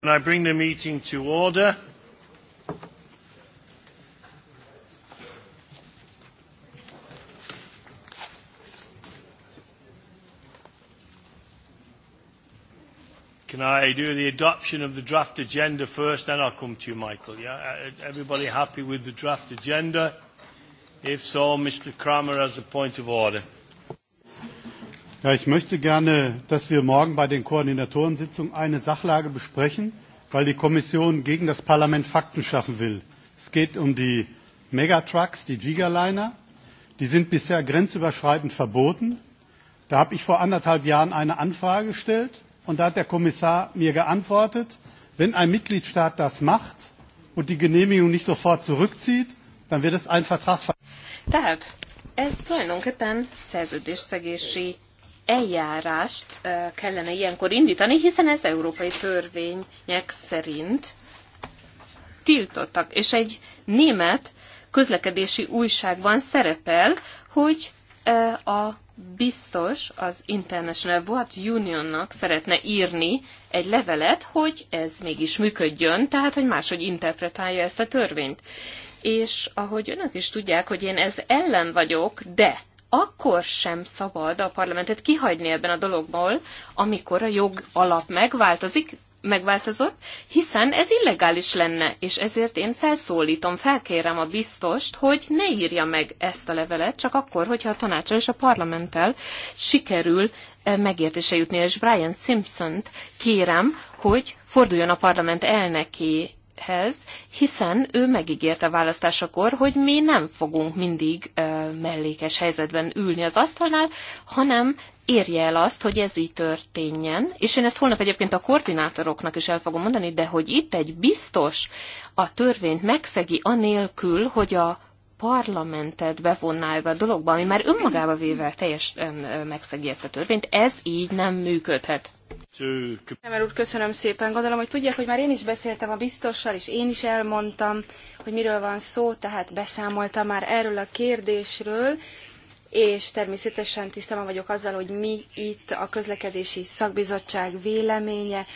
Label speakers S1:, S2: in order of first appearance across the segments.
S1: And I bring the meeting to order.
S2: Can I do the adoption of the draft agenda first, then I'll come to you, Michael? Yeah? Uh, uh, everybody happy with the draft agenda? If so, Mr. Kramer has a point of order. Ja, ich möchte gerne, dass wir morgen bei den Koordinatorensitzungen eine Sachlage besprechen, weil die Kommission gegen das Parlament Fakten schaffen will. Es geht um die Megatrucks, die Gigaliner. Die sind bisher grenzüberschreitend verboten. Da habe ich vor anderthalb Jahren eine Anfrage gestellt und da hat der Kommissar mir geantwortet, wenn ein Mitgliedstaat das macht und die Genehmigung nicht sofort zurückzieht, dann wird es ein Vertragsverfahren.
S1: Tehát ez tulajdonképpen szerződésszegési eljárást kellene ilyenkor indítani, hiszen ez európai törvények szerint tiltottak. És egy német közlekedési újságban szerepel, hogy a biztos az International Boat Unionnak szeretne írni egy levelet, hogy ez mégis működjön, tehát hogy máshogy interpretálja ezt a törvényt. És ahogy önök is tudják, hogy én ez ellen vagyok, de akkor sem szabad a parlamentet kihagyni ebben a dologból, amikor a jog alap megváltozik, megváltozott, hiszen ez illegális lenne, és ezért én felszólítom, felkérem a biztost, hogy ne írja meg ezt a levelet, csak akkor, hogyha a tanácsal és a parlamenttel sikerül eh, megértése jutni, és Brian Simpson-t kérem, hogy forduljon a parlament elnöki, hez, hiszen ő megígérte a választásakor, hogy mi nem fogunk mindig ö, mellékes helyzetben ülni az asztalnál, hanem érje el azt, hogy ez így történjen, és én ezt holnap egyébként a koordinátoroknak is el fogom mondani, de hogy itt egy biztos a törvényt megszegi anélkül, hogy a parlamentet bevonná ebbe a dologba, ami már önmagába véve teljesen megszegi ezt a törvényt, ez így nem működhet.
S2: Emel úr, köszönöm szépen. Gondolom, hogy tudják, hogy már én is beszéltem a biztossal, és én is elmondtam, hogy miről van szó, tehát beszámoltam már erről a kérdésről, és természetesen tisztában vagyok azzal, hogy mi itt a közlekedési szakbizottság véleménye,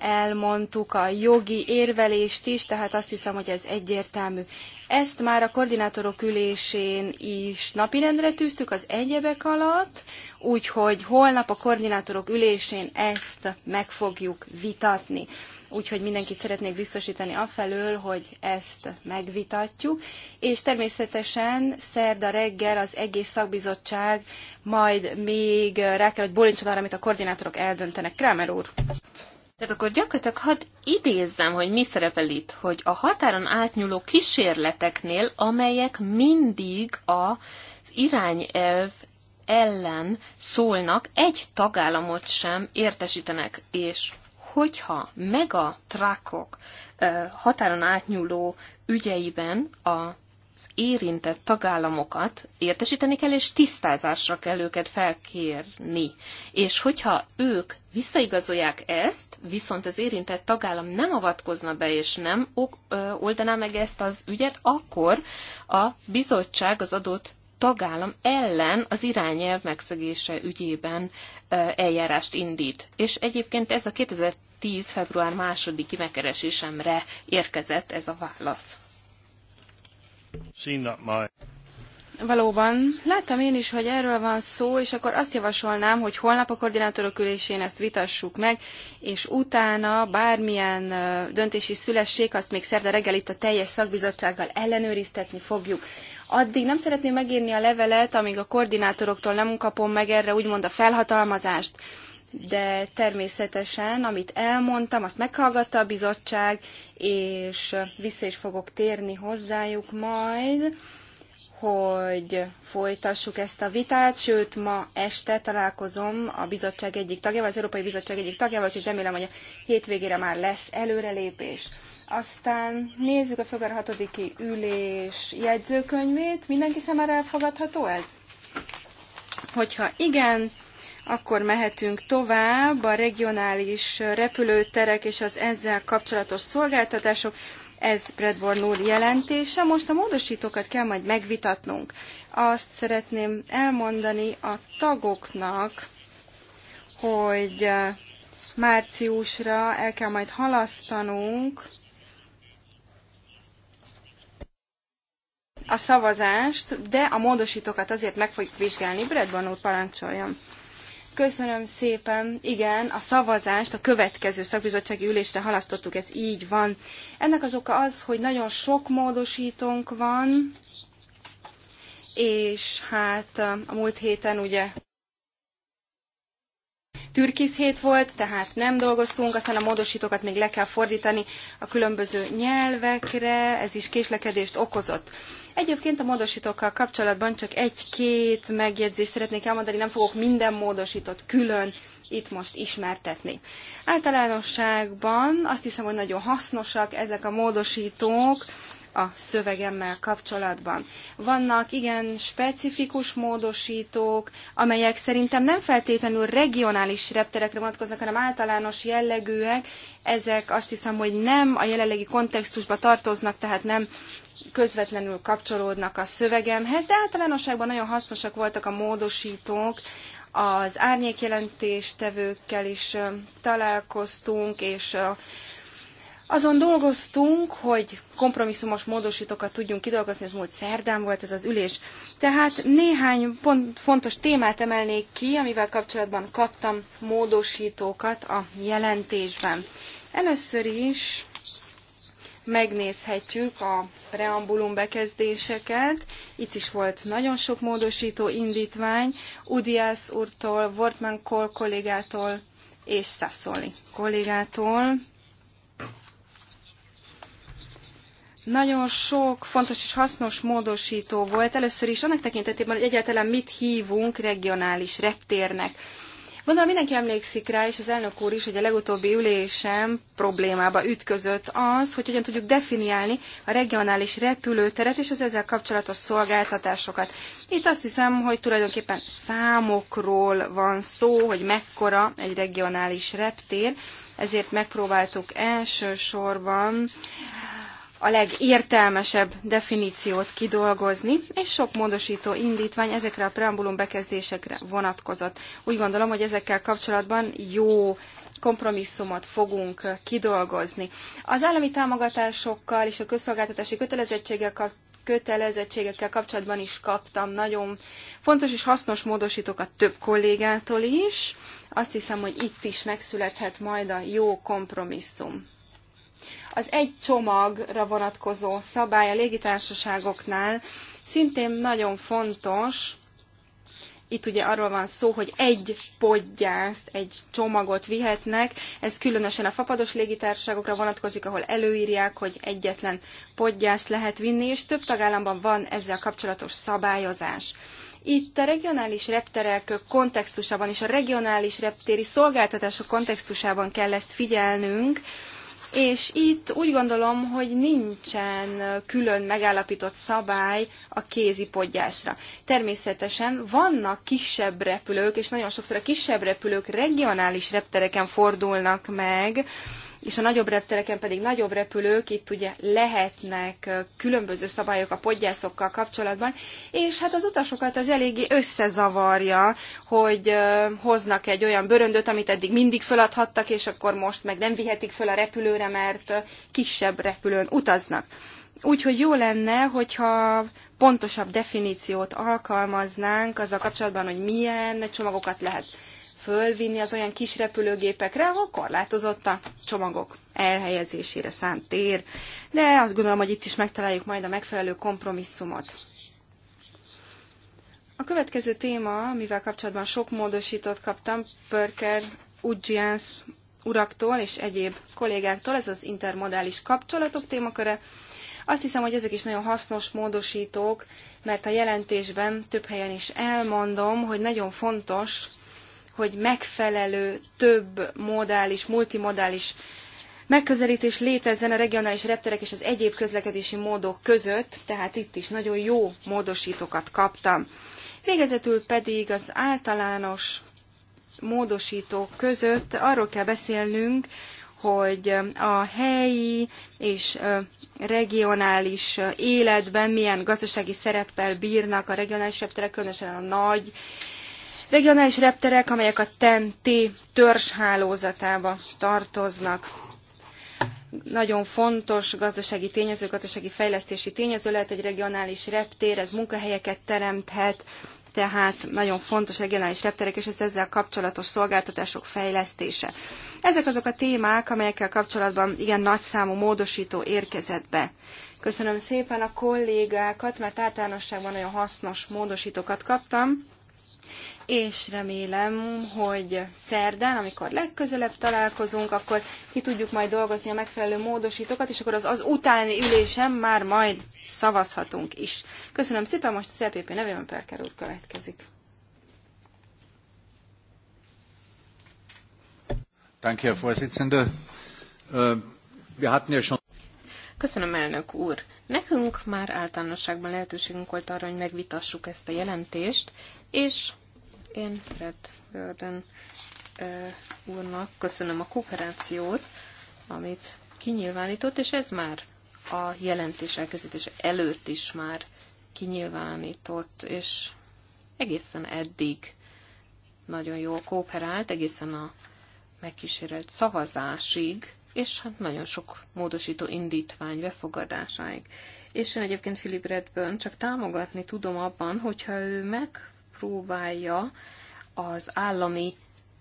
S2: elmondtuk a jogi érvelést is, tehát azt hiszem, hogy ez egyértelmű. Ezt már a koordinátorok ülésén is napirendre tűztük az egyebek alatt, úgyhogy holnap a koordinátorok ülésén ezt meg fogjuk vitatni. Úgyhogy mindenkit szeretnék biztosítani afelől, hogy ezt megvitatjuk, és természetesen szerda reggel az egész szakbizottság majd még rá kell, hogy bólincson arra, amit a koordinátorok eldöntenek. Kramer úr! Tehát akkor gyakorlatilag hadd
S1: idézzem, hogy mi szerepel itt, hogy a határon átnyúló kísérleteknél, amelyek mindig az irányelv ellen szólnak, egy tagállamot sem értesítenek, és hogyha trákok határon átnyúló ügyeiben a az érintett tagállamokat értesíteni kell, és tisztázásra kell őket felkérni. És hogyha ők visszaigazolják ezt, viszont az érintett tagállam nem avatkozna be és nem oldaná meg ezt az ügyet, akkor a bizottság az adott tagállam ellen az irányelv megszegése ügyében eljárást indít. És egyébként ez a 2010. február második
S2: megkeresésemre érkezett ez a válasz. Valóban. Láttam én is, hogy erről van szó, és akkor azt javasolnám, hogy holnap a koordinátorok ülésén ezt vitassuk meg, és utána bármilyen döntési szülesség, azt még szerda reggel itt a teljes szakbizottsággal ellenőriztetni fogjuk. Addig nem szeretném megírni a levelet, amíg a koordinátoroktól nem kapom meg erre úgymond a felhatalmazást de természetesen, amit elmondtam, azt meghallgatta a bizottság, és vissza is fogok térni hozzájuk majd, hogy folytassuk ezt a vitát, sőt, ma este találkozom a bizottság egyik tagjával, az Európai Bizottság egyik tagjával, úgyhogy remélem, hogy a hétvégére már lesz előrelépés. Aztán nézzük a február 6 ülés jegyzőkönyvét. Mindenki számára elfogadható ez? Hogyha igen, akkor mehetünk tovább. A regionális repülőterek és az ezzel kapcsolatos szolgáltatások ez Bradborn úr jelentése. Most a módosítókat kell majd megvitatnunk. Azt szeretném elmondani a tagoknak, hogy eh, márciusra el kell majd halasztanunk a szavazást, de a módosítókat azért meg fogjuk vizsgálni. Bredban úr, parancsoljon! Köszönöm szépen. Igen, a szavazást a következő szakbizottsági ülésre halasztottuk, ez így van. Ennek az oka az, hogy nagyon sok módosítónk van, és hát a múlt héten ugye türkisz hét volt, tehát nem dolgoztunk, aztán a módosítókat még le kell fordítani a különböző nyelvekre, ez is késlekedést okozott. Egyébként a módosítókkal kapcsolatban csak egy-két megjegyzést szeretnék elmondani, nem fogok minden módosított külön itt most ismertetni. Általánosságban azt hiszem, hogy nagyon hasznosak ezek a módosítók, a szövegemmel kapcsolatban. Vannak igen specifikus módosítók, amelyek szerintem nem feltétlenül regionális repterekre vonatkoznak, hanem általános jellegűek. Ezek azt hiszem, hogy nem a jelenlegi kontextusba tartoznak, tehát nem közvetlenül kapcsolódnak a szövegemhez, de általánosságban nagyon hasznosak voltak a módosítók, az árnyékjelentéstevőkkel is találkoztunk, és azon dolgoztunk, hogy kompromisszumos módosítókat tudjunk kidolgozni, ez múlt szerdán volt ez az ülés. Tehát néhány pont, fontos témát emelnék ki, amivel kapcsolatban kaptam módosítókat a jelentésben. Először is megnézhetjük a preambulum bekezdéseket. Itt is volt nagyon sok módosító indítvány Udiász úrtól, Wortmann Kohl kollégától és Sassoli kollégától. Nagyon sok fontos és hasznos módosító volt. Először is annak tekintetében, hogy egyáltalán mit hívunk regionális reptérnek Gondolom mindenki emlékszik rá, és az elnök úr is, hogy a legutóbbi ülésem problémába ütközött az, hogy hogyan tudjuk definiálni a regionális repülőteret és az ezzel kapcsolatos szolgáltatásokat. Itt azt hiszem, hogy tulajdonképpen számokról van szó, hogy mekkora egy regionális reptér, ezért megpróbáltuk elsősorban a legértelmesebb definíciót kidolgozni, és sok módosító indítvány ezekre a preambulum bekezdésekre vonatkozott. Úgy gondolom, hogy ezekkel kapcsolatban jó kompromisszumot fogunk kidolgozni. Az állami támogatásokkal és a közszolgáltatási kötelezettséggel kötelezettségekkel kapcsolatban is kaptam nagyon fontos és hasznos módosítókat több kollégától is. Azt hiszem, hogy itt is megszülethet majd a jó kompromisszum. Az egy csomagra vonatkozó szabály a légitársaságoknál szintén nagyon fontos, itt ugye arról van szó, hogy egy podgyászt, egy csomagot vihetnek, ez különösen a fapados légitársaságokra vonatkozik, ahol előírják, hogy egyetlen podgyászt lehet vinni, és több tagállamban van ezzel kapcsolatos szabályozás. Itt a regionális repterek kontextusában és a regionális reptéri szolgáltatások kontextusában kell ezt figyelnünk, és itt úgy gondolom, hogy nincsen külön megállapított szabály a kézi podgyásra. Természetesen vannak kisebb repülők, és nagyon sokszor a kisebb repülők regionális reptereken fordulnak meg, és a nagyobb reptereken pedig nagyobb repülők, itt ugye lehetnek különböző szabályok a podgyászokkal kapcsolatban, és hát az utasokat az eléggé összezavarja, hogy hoznak egy olyan bőröndöt, amit eddig mindig föladhattak, és akkor most meg nem vihetik föl a repülőre, mert kisebb repülőn utaznak. Úgyhogy jó lenne, hogyha pontosabb definíciót alkalmaznánk azzal kapcsolatban, hogy milyen csomagokat lehet fölvinni az olyan kis repülőgépekre, ahol korlátozott a csomagok elhelyezésére szánt tér. De azt gondolom, hogy itt is megtaláljuk majd a megfelelő kompromisszumot. A következő téma, amivel kapcsolatban sok módosított kaptam, Pörker, ugyens uraktól és egyéb kollégáktól, ez az intermodális kapcsolatok témaköre. Azt hiszem, hogy ezek is nagyon hasznos módosítók, mert a jelentésben több helyen is elmondom, hogy nagyon fontos hogy megfelelő, több modális, multimodális megközelítés létezzen a regionális repterek és az egyéb közlekedési módok között, tehát itt is nagyon jó módosítókat kaptam. Végezetül pedig az általános módosítók között arról kell beszélnünk, hogy a helyi és regionális életben milyen gazdasági szereppel bírnak a regionális repterek, különösen a nagy regionális repterek, amelyek a TEN-T hálózatába tartoznak nagyon fontos gazdasági tényező, gazdasági fejlesztési tényező lehet egy regionális reptér, ez munkahelyeket teremthet, tehát nagyon fontos regionális repterek és az ezzel kapcsolatos szolgáltatások fejlesztése. Ezek azok a témák, amelyekkel kapcsolatban igen nagyszámú módosító érkezett be. Köszönöm szépen a kollégákat, mert általánosságban nagyon hasznos módosítókat kaptam és remélem, hogy szerdán, amikor legközelebb találkozunk, akkor ki tudjuk majd dolgozni a megfelelő módosítókat, és akkor az, az utáni ülésem már majd szavazhatunk is. Köszönöm szépen, most a CPP nevében Perker úr következik.
S3: Äh,
S1: Köszönöm, elnök úr! Nekünk már általánosságban lehetőségünk volt arra, hogy megvitassuk ezt a jelentést, és én Fred Börden úrnak köszönöm a kooperációt, amit kinyilvánított, és ez már a jelentés elkezdése előtt is már kinyilvánított, és egészen eddig nagyon jól kooperált, egészen a megkísérelt szavazásig, és hát nagyon sok módosító indítvány befogadásáig. És én egyébként Philip Redburn csak támogatni tudom abban, hogyha ő meg próbálja az állami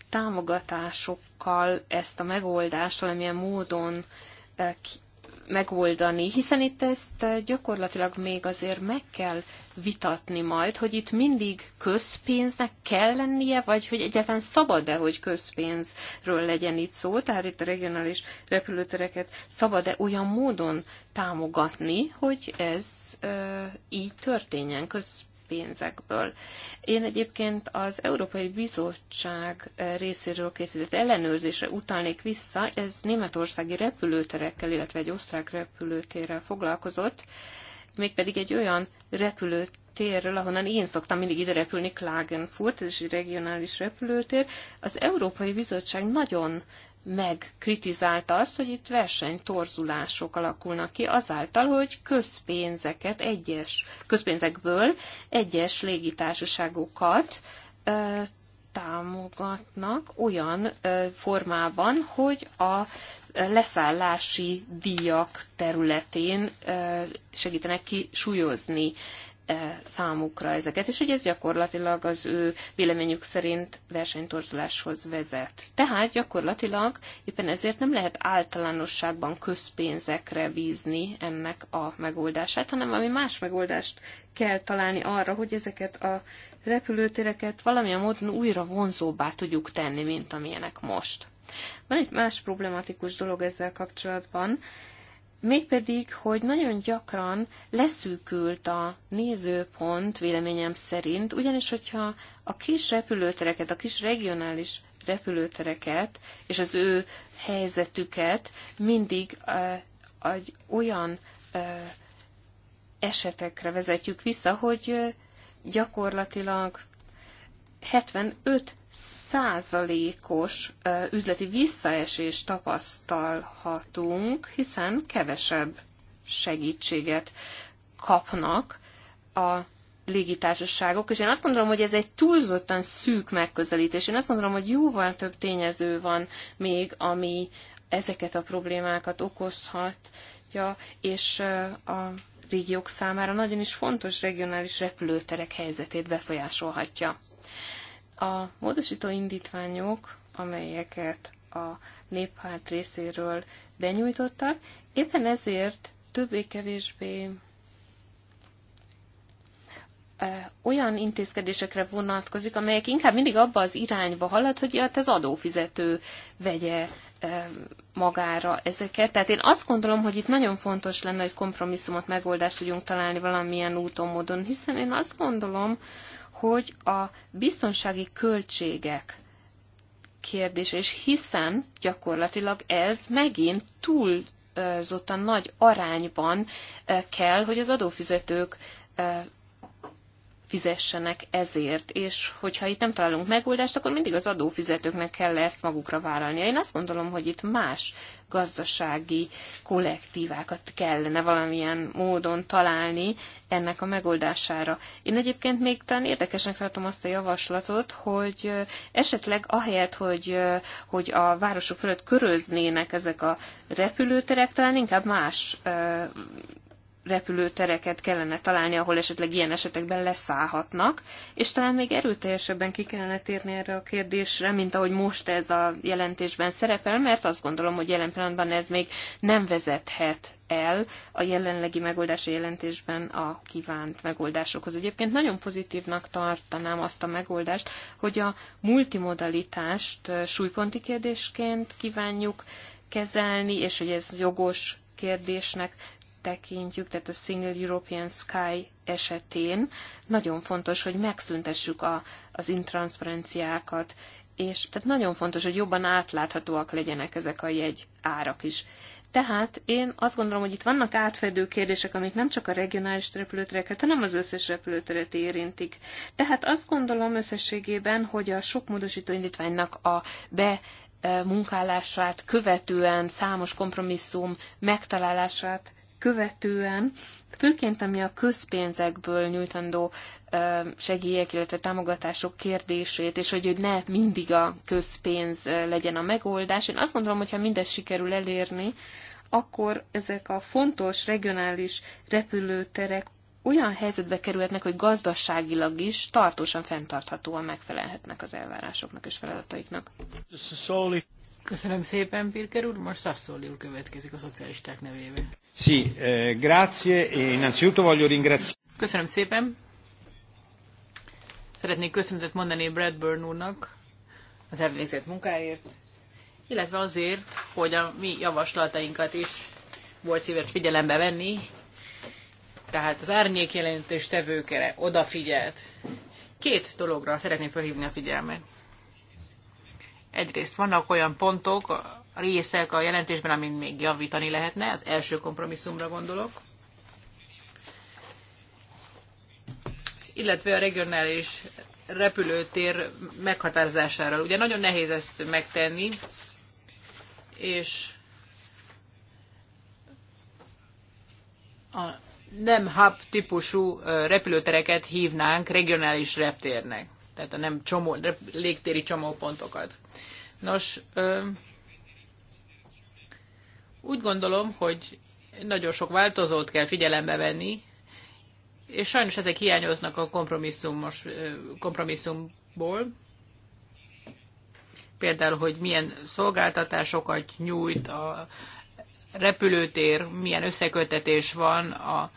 S1: támogatásokkal ezt a megoldást valamilyen módon eh, megoldani, hiszen itt ezt eh, gyakorlatilag még azért meg kell vitatni majd, hogy itt mindig közpénznek kell lennie, vagy hogy egyáltalán szabad-e, hogy közpénzről legyen itt szó, tehát itt a regionális repülőtereket szabad-e olyan módon támogatni, hogy ez e, így történjen, köz, pénzekből. Én egyébként az Európai Bizottság eh, részéről készített ellenőrzésre utalnék vissza, ez németországi repülőterekkel, illetve egy osztrák repülőtérrel foglalkozott, mégpedig egy olyan repülőtérről, ahonnan én szoktam mindig ide repülni, Klagenfurt, ez is egy regionális repülőtér, az Európai Bizottság nagyon megkritizálta azt, hogy itt versenytorzulások alakulnak ki azáltal, hogy közpénzeket egyes, közpénzekből egyes légitársaságokat ö, támogatnak olyan ö, formában, hogy a leszállási díjak területén ö, segítenek ki súlyozni E, számukra ezeket, és hogy ez gyakorlatilag az ő véleményük szerint versenytorzuláshoz vezet. Tehát gyakorlatilag éppen ezért nem lehet általánosságban közpénzekre bízni ennek a megoldását, hanem valami más megoldást kell találni arra, hogy ezeket a repülőtéreket valamilyen módon újra vonzóbbá tudjuk tenni, mint amilyenek most. Van egy más problematikus dolog ezzel kapcsolatban, mégpedig, hogy nagyon gyakran leszűkült a nézőpont véleményem szerint, ugyanis hogyha a kis repülőtereket, a kis regionális repülőtereket és az ő helyzetüket mindig uh, egy olyan uh, esetekre vezetjük vissza, hogy uh, gyakorlatilag 75 százalékos üzleti visszaesést tapasztalhatunk, hiszen kevesebb segítséget kapnak a légitársaságok, és én azt gondolom, hogy ez egy túlzottan szűk megközelítés. Én azt gondolom, hogy jóval több tényező van még, ami ezeket a problémákat okozhatja, és a régiók számára nagyon is fontos regionális repülőterek helyzetét befolyásolhatja. A módosító indítványok, amelyeket a néppárt részéről benyújtottak, éppen ezért többé-kevésbé olyan intézkedésekre vonatkozik, amelyek inkább mindig abba az irányba halad, hogy hát az adófizető vegye magára ezeket. Tehát én azt gondolom, hogy itt nagyon fontos lenne, hogy kompromisszumot, megoldást tudjunk találni valamilyen úton, módon, hiszen én azt gondolom, hogy a biztonsági költségek kérdése, és hiszen gyakorlatilag ez megint túlzottan nagy arányban eh, kell, hogy az adófizetők eh, fizessenek ezért, és hogyha itt nem találunk megoldást, akkor mindig az adófizetőknek kell ezt magukra vállalnia. Én azt gondolom, hogy itt más gazdasági kollektívákat kellene valamilyen módon találni ennek a megoldására. Én egyébként még talán érdekesnek tartom azt a javaslatot, hogy esetleg ahelyett, hogy, hogy a városok fölött köröznének ezek a repülőterek, talán inkább más repülőtereket kellene találni, ahol esetleg ilyen esetekben leszállhatnak, és talán még erőteljesebben ki kellene térni erre a kérdésre, mint ahogy most ez a jelentésben szerepel, mert azt gondolom, hogy jelen pillanatban ez még nem vezethet el a jelenlegi megoldás jelentésben a kívánt megoldásokhoz. Egyébként nagyon pozitívnak tartanám azt a megoldást, hogy a multimodalitást súlyponti kérdésként kívánjuk kezelni, és hogy ez jogos kérdésnek tekintjük, tehát a Single European Sky esetén nagyon fontos, hogy megszüntessük a, az intranszparenciákat, és tehát nagyon fontos, hogy jobban átláthatóak legyenek ezek a jegy árak is. Tehát én azt gondolom, hogy itt vannak átfedő kérdések, amik nem csak a regionális repülőtereket, hát, hanem az összes repülőteret érintik. Tehát azt gondolom összességében, hogy a sok módosító indítványnak a be munkálását követően számos kompromisszum megtalálását követően, főként ami a közpénzekből nyújtandó segélyek, illetve támogatások kérdését, és hogy, hogy ne mindig a közpénz legyen a megoldás. Én azt gondolom, hogyha mindezt sikerül elérni, akkor ezek a fontos regionális repülőterek olyan helyzetbe kerülhetnek, hogy gazdaságilag is tartósan fenntarthatóan megfelelhetnek az elvárásoknak és
S3: feladataiknak. Köszönöm szépen, Pirker úr. Most Sassoli úr következik a szocialisták nevében.
S1: Sí, eh, grazie. E innanzitutto voglio ringraziare.
S3: Köszönöm szépen. Szeretnék köszönetet mondani Bradburn úrnak az elvégzett munkáért, illetve azért, hogy a mi javaslatainkat is volt szíves figyelembe venni, tehát az árnyék jelentős tevőkere odafigyelt. Két dologra szeretném felhívni a figyelmet. Egyrészt vannak olyan pontok, részek a jelentésben, amin még javítani lehetne, az első kompromisszumra gondolok. Illetve a regionális repülőtér meghatározására. Ugye nagyon nehéz ezt megtenni, és a nem hub típusú repülőtereket hívnánk regionális reptérnek tehát a nem csomó, de légtéri csomópontokat. Nos, úgy gondolom, hogy nagyon sok változót kell figyelembe venni, és sajnos ezek hiányoznak a kompromisszumos, kompromisszumból. Például, hogy milyen szolgáltatásokat nyújt a repülőtér, milyen összekötetés van a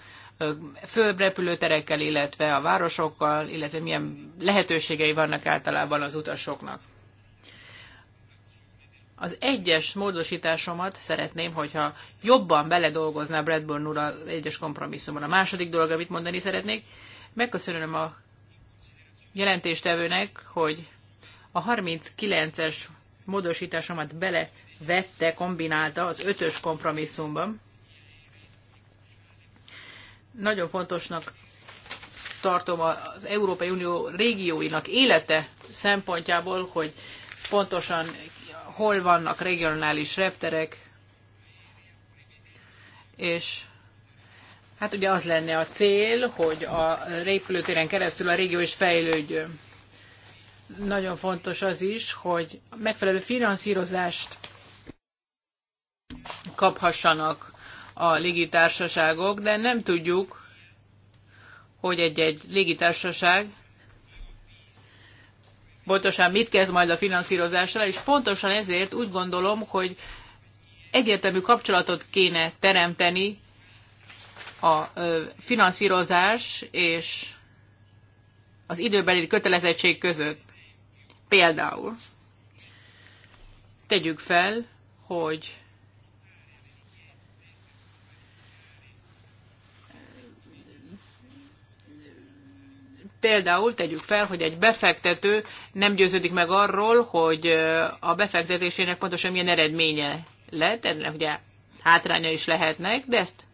S3: földrepülőterekkel, illetve a városokkal, illetve milyen lehetőségei vannak általában az utasoknak. Az egyes módosításomat szeretném, hogyha jobban beledolgozná Bradburn úr az egyes kompromisszumon. A második dolog, amit mondani szeretnék, megköszönöm a jelentéstevőnek, hogy a 39-es módosításomat belevette, kombinálta az ötös kompromisszumban. Nagyon fontosnak tartom az Európai Unió régióinak élete szempontjából, hogy pontosan hol vannak regionális repterek, és hát ugye az lenne a cél, hogy a repülőtéren keresztül a régió is fejlődjön. Nagyon fontos az is, hogy megfelelő finanszírozást kaphassanak a légitársaságok, de nem tudjuk, hogy egy-egy légitársaság pontosan mit kezd majd a finanszírozással, és pontosan ezért úgy gondolom, hogy egyértelmű kapcsolatot kéne teremteni a finanszírozás és az időbeli kötelezettség között. Például tegyük fel, hogy Például tegyük fel, hogy egy befektető nem győződik meg arról, hogy a befektetésének pontosan milyen eredménye lett, ennek ugye hátránya is lehetnek, de ezt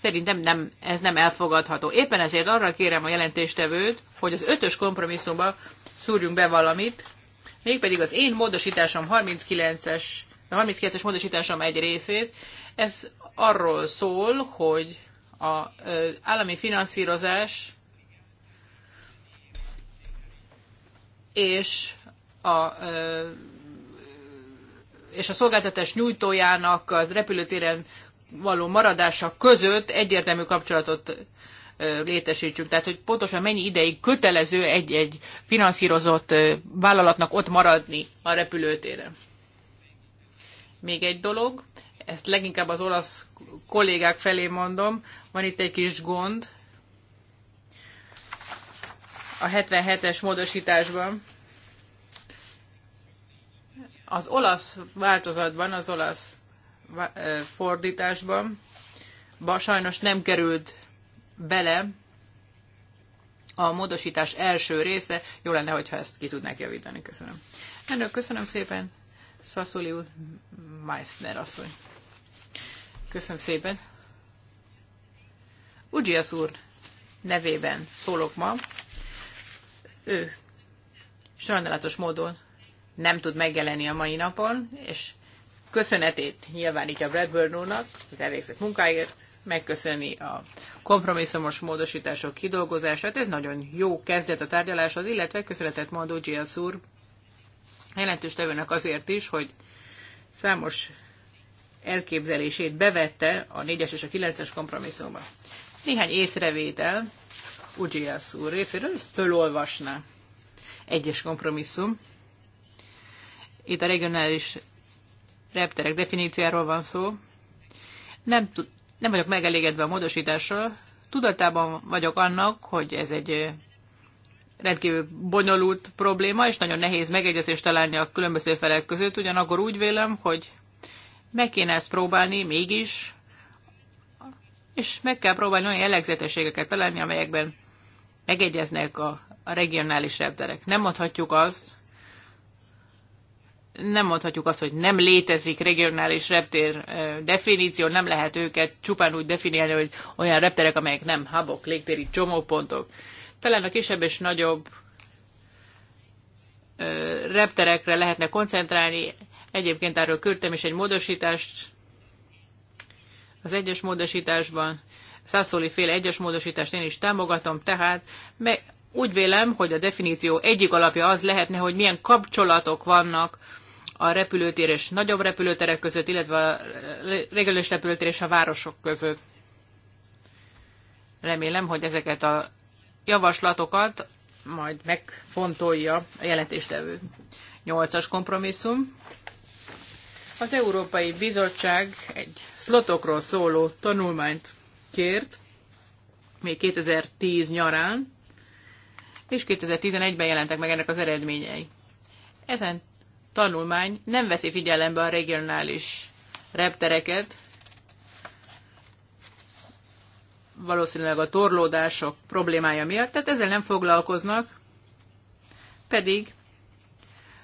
S3: szerintem nem, ez nem elfogadható. Éppen ezért arra kérem a jelentéstevőt, hogy az ötös kompromisszumba szúrjunk be valamit, mégpedig az én módosításom 39-es, a 39-es módosításom egy részét, ez arról szól, hogy az állami finanszírozás és a és a szolgáltatás nyújtójának az repülőtéren való maradása között egyértelmű kapcsolatot létesítsünk. Tehát, hogy pontosan mennyi ideig kötelező egy-egy finanszírozott vállalatnak ott maradni a repülőtéren. Még egy dolog, ezt leginkább az olasz kollégák felé mondom, van itt egy kis gond, a 77-es módosításban. Az olasz változatban, az olasz eh, fordításban ba sajnos nem került bele a módosítás első része. Jó lenne, hogyha ezt ki tudnák javítani. Köszönöm. Ennek köszönöm szépen. Szaszuli úr, Meissner asszony. Köszönöm szépen. Ugyiasz úr nevében szólok ma, ő sajnálatos módon nem tud megjelenni a mai napon, és köszönetét nyilvánítja Bradburn úrnak az elvégzett munkáért, megköszöni a kompromisszumos módosítások kidolgozását. Ez nagyon jó kezdet a tárgyaláshoz, illetve köszönetet mondó Gilles úr jelentős tevőnek azért is, hogy számos elképzelését bevette a 4-es és a 9-es kompromisszumba. Néhány észrevétel Ugyiász úr részéről, ezt fölolvasná. Egyes kompromisszum. Itt a regionális repterek definíciáról van szó. Nem, nem vagyok megelégedve a módosítással. Tudatában vagyok annak, hogy ez egy rendkívül bonyolult probléma, és nagyon nehéz megegyezést találni a különböző felek között, ugyanakkor úgy vélem, hogy meg kéne ezt próbálni mégis, és meg kell próbálni olyan jellegzetességeket találni, amelyekben megegyeznek a, a regionális repterek. Nem mondhatjuk azt, nem mondhatjuk azt, hogy nem létezik regionális reptér definíció, nem lehet őket csupán úgy definiálni, hogy olyan repterek, amelyek nem habok légtéri csomópontok. Talán a kisebb és nagyobb repterekre lehetne koncentrálni. Egyébként erről küldtem is egy módosítást az egyes módosításban szászóli féle egyes módosítást én is támogatom, tehát meg úgy vélem, hogy a definíció egyik alapja az lehetne, hogy milyen kapcsolatok vannak a repülőtér és nagyobb repülőterek között, illetve a regionális repülőtér és a városok között. Remélem, hogy ezeket a javaslatokat majd megfontolja a jelentéstevő. Nyolcas kompromisszum. Az Európai Bizottság egy szlotokról szóló tanulmányt kért, még 2010 nyarán, és 2011-ben jelentek meg ennek az eredményei. Ezen tanulmány nem veszi figyelembe a regionális reptereket, valószínűleg a torlódások problémája miatt, tehát ezzel nem foglalkoznak, pedig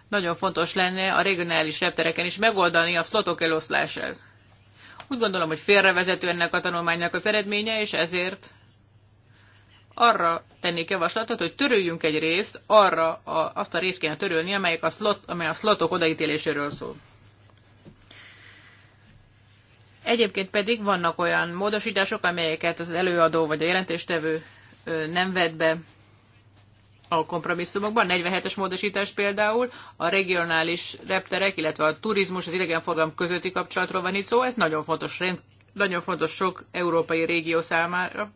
S3: nagyon fontos lenne a regionális reptereken is megoldani a szlotok eloszlását. Úgy gondolom, hogy félrevezető ennek a tanulmánynak az eredménye, és ezért arra tennék javaslatot, hogy törüljünk egy részt, arra a, azt a részt kéne törölni, amelyik a slot, amely a slotok odaítéléséről szól. Egyébként pedig vannak olyan módosítások, amelyeket az előadó vagy a jelentéstevő nem vett be a kompromisszumokban, 47-es módosítás például, a regionális repterek, illetve a turizmus, az idegenforgalom közötti kapcsolatról van itt szó, ez nagyon fontos, rend, nagyon fontos sok európai régió számára.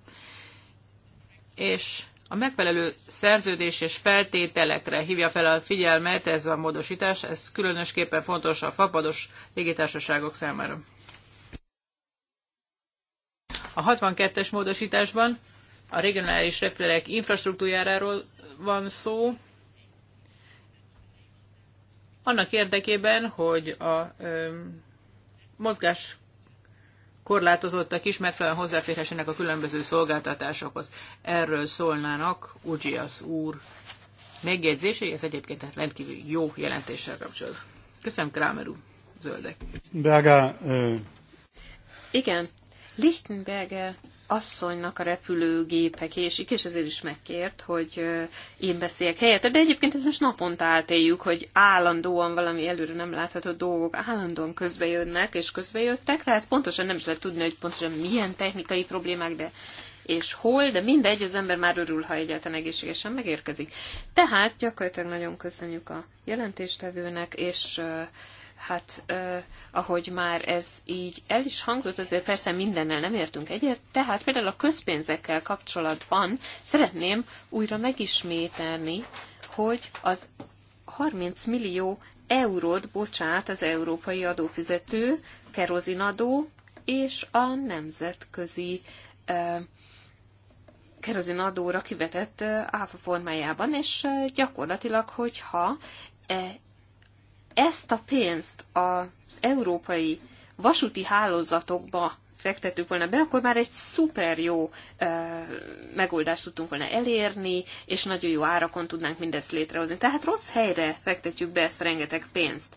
S3: És a megfelelő szerződés és feltételekre hívja fel a figyelmet ez a módosítás, ez különösképpen fontos a fapados légitársaságok számára. A 62-es módosításban a regionális repülők infrastruktúrájáról van szó, annak érdekében, hogy a ö, mozgás korlátozottak is megfelelően hozzáférhessenek a különböző szolgáltatásokhoz. Erről szólnának Ugyiasz úr megjegyzései, ez egyébként rendkívül jó jelentéssel kapcsolatban. Köszönöm, Kramer úr, zöldek.
S2: Berger, ö...
S3: Igen,
S1: Lichtenberger asszonynak a repülőgépe késik, és ezért is megkért, hogy én beszéljek helyette. De egyébként ez most naponta átéljük, hogy állandóan valami előre nem látható dolgok állandóan közbejönnek, és közbejöttek, tehát pontosan nem is lehet tudni, hogy pontosan milyen technikai problémák, de és hol, de mindegy, az ember már örül, ha egyáltalán egészségesen megérkezik. Tehát gyakorlatilag nagyon köszönjük a jelentéstevőnek, és Hát, eh, ahogy már ez így el is hangzott, azért persze mindennel nem értünk egyet, tehát például a közpénzekkel kapcsolatban szeretném újra megismételni, hogy az 30 millió eurót bocsát az európai adófizető, kerozinadó és a nemzetközi eh, kerozinadóra kivetett áfa formájában, és gyakorlatilag, hogyha e ezt a pénzt az európai vasúti hálózatokba fektettük volna be, akkor már egy szuper jó ö, megoldást tudtunk volna elérni, és nagyon jó árakon tudnánk mindezt létrehozni. Tehát rossz helyre fektetjük be ezt a rengeteg pénzt.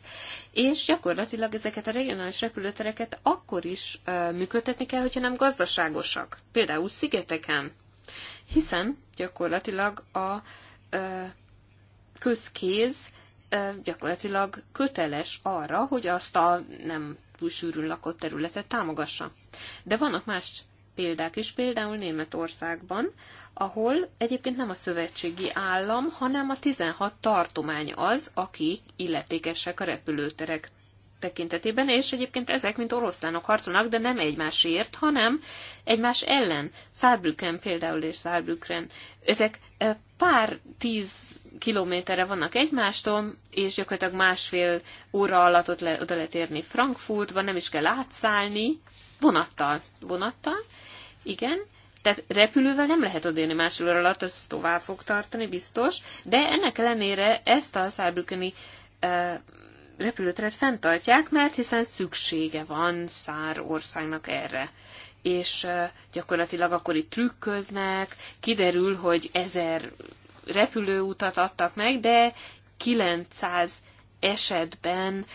S1: És gyakorlatilag ezeket a regionális repülőtereket akkor is ö, működtetni kell, hogyha nem gazdaságosak. Például szigeteken. Hiszen gyakorlatilag a ö, közkéz gyakorlatilag köteles arra, hogy azt a nem túl sűrűn lakott területet támogassa. De vannak más példák is, például Németországban, ahol egyébként nem a szövetségi állam, hanem a 16 tartomány az, akik illetékesek a repülőterek tekintetében, és egyébként ezek, mint oroszlánok harcolnak, de nem egymásért, hanem egymás ellen. Szárbrücken például és Szárbrücken. Ezek pár tíz kilométerre vannak egymástól, és gyakorlatilag másfél óra alatt ott le, oda lehet érni Frankfurtba, nem is kell átszállni, vonattal, vonattal, igen, tehát repülővel nem lehet odérni másfél óra alatt, ez tovább fog tartani, biztos, de ennek ellenére ezt a szárbrükeni e, repülőteret fenntartják, mert hiszen szüksége van szár országnak erre és gyakorlatilag akkor itt trükköznek, kiderül, hogy ezer repülőutat adtak meg, de 900 esetben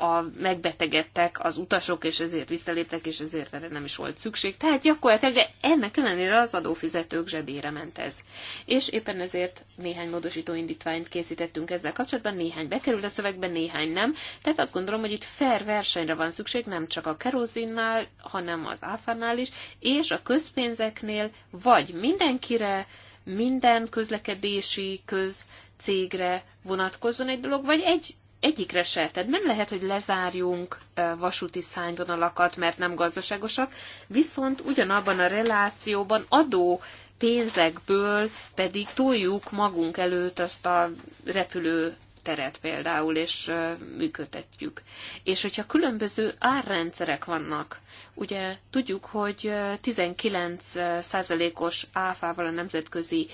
S1: a megbetegedtek az utasok, és ezért visszaléptek, és ezért erre nem is volt szükség. Tehát gyakorlatilag ennek ellenére az adófizetők zsebére ment ez. És éppen ezért néhány módosító indítványt készítettünk ezzel kapcsolatban, néhány bekerült a szövegbe, néhány nem. Tehát azt gondolom, hogy itt fair versenyre van szükség, nem csak a kerozinnál, hanem az áfánál is, és a közpénzeknél vagy mindenkire, minden közlekedési, köz cégre vonatkozzon egy dolog, vagy egy egyikre se. Tehát nem lehet, hogy lezárjunk vasúti szányvonalakat, mert nem gazdaságosak, viszont ugyanabban a relációban adó pénzekből pedig túljuk magunk előtt azt a repülő teret például, és működtetjük. És hogyha különböző árrendszerek vannak, ugye tudjuk, hogy 19%-os áfával a nemzetközi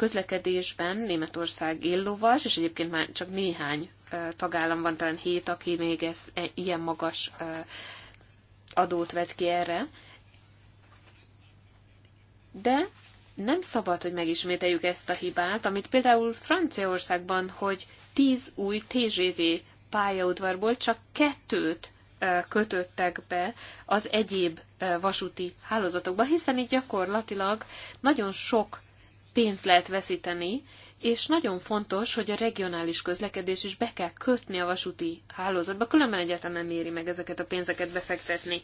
S1: közlekedésben Németország éllovas, és egyébként már csak néhány tagállam van, talán hét, aki még ez, e, ilyen magas adót vet ki erre. De nem szabad, hogy megismételjük ezt a hibát, amit például Franciaországban, hogy tíz új TGV pályaudvarból csak kettőt kötöttek be az egyéb vasúti hálózatokba, hiszen így gyakorlatilag nagyon sok pénzt lehet veszíteni, és nagyon fontos, hogy a regionális közlekedés is be kell kötni a vasúti hálózatba, különben egyáltalán nem éri meg ezeket a pénzeket befektetni.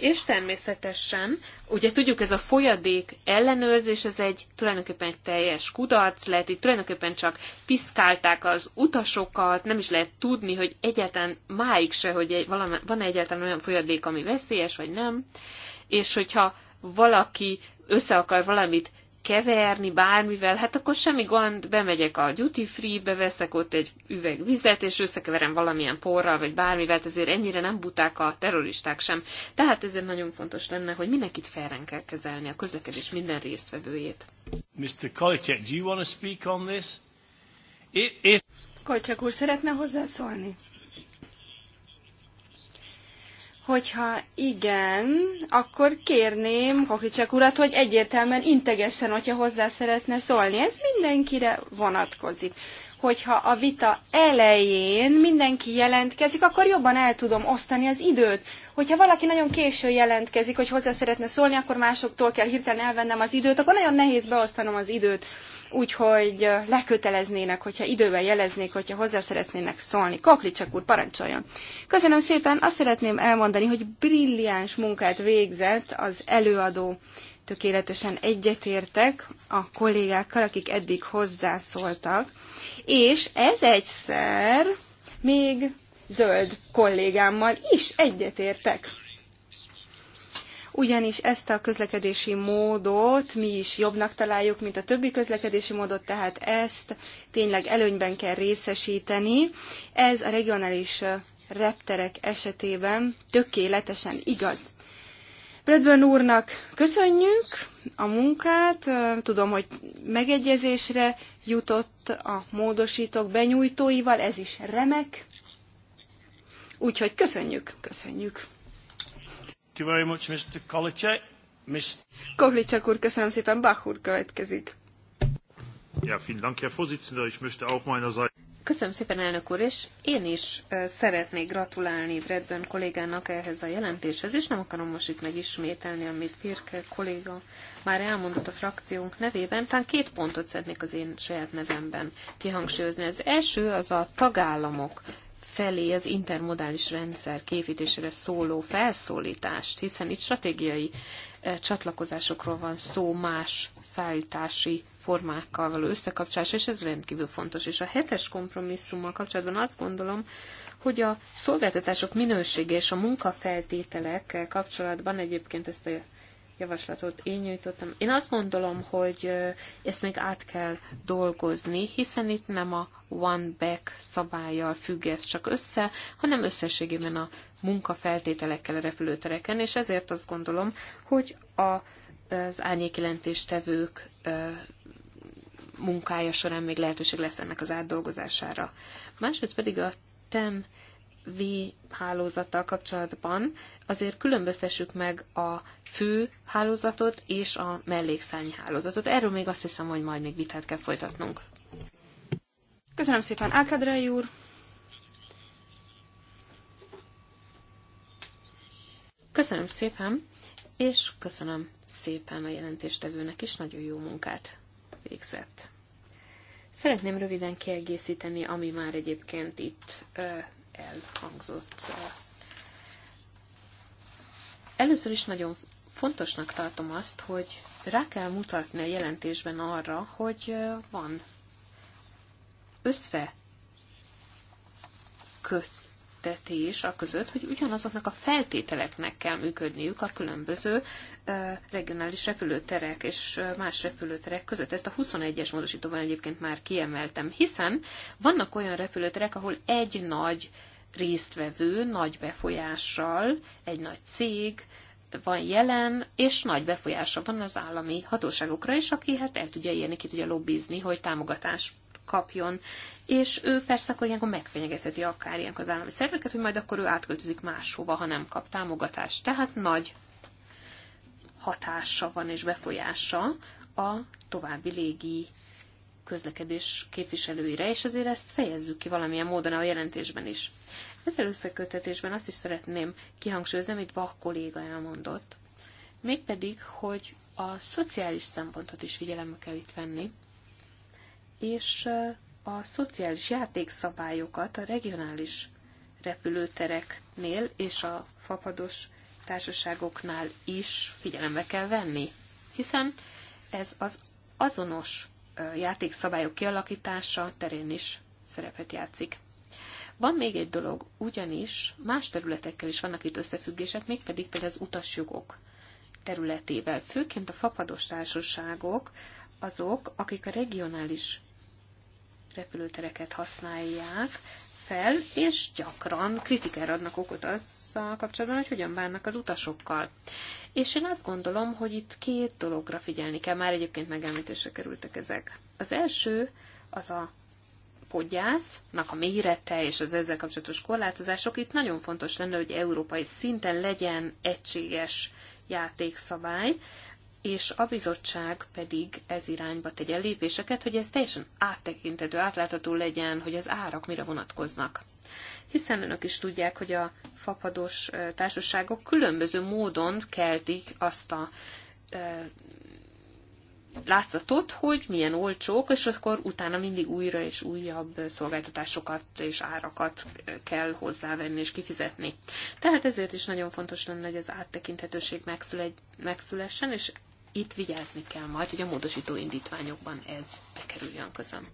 S1: És természetesen, ugye tudjuk, ez a folyadék ellenőrzés, ez egy tulajdonképpen egy teljes kudarc lehet, itt tulajdonképpen csak piszkálták az utasokat, nem is lehet tudni, hogy egyáltalán máig se, hogy van-e egyáltalán olyan folyadék, ami veszélyes, vagy nem. És hogyha valaki össze akar valamit keverni bármivel, hát akkor semmi gond, bemegyek a duty free-be, veszek ott egy üveg vizet, és összekeverem valamilyen porral, vagy bármivel, ezért ennyire nem buták a terroristák sem. Tehát ezért nagyon fontos lenne, hogy mindenkit felren kell kezelni, a közlekedés minden résztvevőjét.
S2: Mr. Kolicek, do you want to speak on this? If... Kolicek úr, szeretne hozzászólni? Hogyha igen, akkor kérném Koklicsek urat, hogy egyértelműen integessen, hogyha hozzá szeretne szólni. Ez mindenkire vonatkozik. Hogyha a vita elején mindenki jelentkezik, akkor jobban el tudom osztani az időt. Hogyha valaki nagyon késő jelentkezik, hogy hozzá szeretne szólni, akkor másoktól kell hirtelen elvennem az időt, akkor nagyon nehéz beosztanom az időt úgyhogy leköteleznének, hogyha időben jeleznék, hogyha hozzá szeretnének szólni. Koklicsak úr, parancsoljon! Köszönöm szépen, azt szeretném elmondani, hogy brilliáns munkát végzett az előadó. Tökéletesen egyetértek a kollégákkal, akik eddig hozzászóltak, és ez egyszer még zöld kollégámmal is egyetértek ugyanis ezt a közlekedési módot mi is jobbnak találjuk, mint a többi közlekedési módot, tehát ezt tényleg előnyben kell részesíteni. Ez a regionális repterek esetében tökéletesen igaz. Bradburn úrnak köszönjük a munkát, tudom, hogy megegyezésre jutott a módosítók benyújtóival, ez is remek, úgyhogy köszönjük, köszönjük you very much, Mr. Kolicek. úr, köszönöm szépen. Bach úr következik.
S3: Ja, vielen Dank, Herr Vorsitzender. Ich möchte auch meinerseits...
S2: Köszönöm szépen, elnök úr,
S1: és én is szeretnék gratulálni Bradburn kollégának ehhez a jelentéshez, és nem akarom most itt megismételni, amit Pirke kolléga már elmondott a frakciónk nevében. Talán két pontot szeretnék az én saját nevemben kihangsúlyozni. Az első az a tagállamok felé az intermodális rendszer képítésére szóló felszólítást, hiszen itt stratégiai eh, csatlakozásokról van szó más szállítási formákkal való összekapcsolás, és ez rendkívül fontos. És a hetes kompromisszummal kapcsolatban azt gondolom, hogy a szolgáltatások minősége és a munkafeltételek kapcsolatban egyébként ezt a javaslatot én nyújtottam. Én azt gondolom, hogy ezt még át kell dolgozni, hiszen itt nem a one back szabályjal függ ez csak össze, hanem összességében a munkafeltételekkel a repülőtereken, és ezért azt gondolom, hogy a, az árnyékjelentéstevők munkája során még lehetőség lesz ennek az átdolgozására. Másrészt pedig a ten V-hálózattal kapcsolatban azért különböztessük meg a fő hálózatot és a mellékszárnyi hálózatot. Erről még azt hiszem, hogy majd még vitát kell folytatnunk. Köszönöm szépen, Ákadrai úr! Köszönöm szépen, és köszönöm szépen a jelentéstevőnek is, nagyon jó munkát végzett. Szeretném röviden kiegészíteni, ami már egyébként itt elhangzott. Először is nagyon fontosnak tartom azt, hogy rá kell mutatni a jelentésben arra, hogy van összeköttetés a között, hogy ugyanazoknak a feltételeknek kell működniük a különböző regionális repülőterek és más repülőterek között. Ezt a 21-es módosítóban egyébként már kiemeltem, hiszen vannak olyan repülőterek, ahol egy nagy résztvevő nagy befolyással, egy nagy cég van jelen, és nagy befolyása van az állami hatóságokra is, aki hát el tudja érni, ki tudja lobbizni, hogy támogatást kapjon, és ő persze akkor ilyenkor megfenyegetheti akár ilyen az állami szerveket, hogy majd akkor ő átköltözik máshova, ha nem kap támogatást. Tehát nagy hatása van és befolyása a további légi közlekedés képviselőire, és azért ezt fejezzük ki valamilyen módon a jelentésben is. Ezzel összekötetésben azt is szeretném kihangsúlyozni, amit Bach kolléga elmondott, mégpedig, hogy a szociális szempontot is figyelembe kell itt venni, és a szociális játékszabályokat a regionális repülőtereknél és a fapados társaságoknál is figyelembe kell venni, hiszen ez az azonos játékszabályok kialakítása terén is szerepet játszik. Van még egy dolog, ugyanis más területekkel is vannak itt összefüggések, mégpedig például az utasjogok területével. Főként a fapados társaságok azok, akik a regionális repülőtereket használják fel, és gyakran kritikára adnak okot azzal kapcsolatban, hogy hogyan bánnak az utasokkal. És én azt gondolom, hogy itt két dologra figyelni kell, már egyébként megemlítésre kerültek ezek. Az első az a podgyásznak a mérete és az ezzel kapcsolatos korlátozások. Itt nagyon fontos lenne, hogy európai szinten legyen egységes játékszabály, és a bizottság pedig ez irányba tegye lépéseket, hogy ez teljesen áttekintető, átlátható legyen, hogy az árak mire vonatkoznak. Hiszen önök is tudják, hogy a fapados társaságok különböző módon keltik azt a e, látszatot, hogy milyen olcsók, és akkor utána mindig újra és újabb szolgáltatásokat és árakat kell hozzávenni és kifizetni. Tehát ezért is nagyon fontos lenne, hogy az áttekinthetőség megszülessen, és itt vigyázni kell majd, hogy a módosító indítványokban
S3: ez bekerüljön. Köszönöm.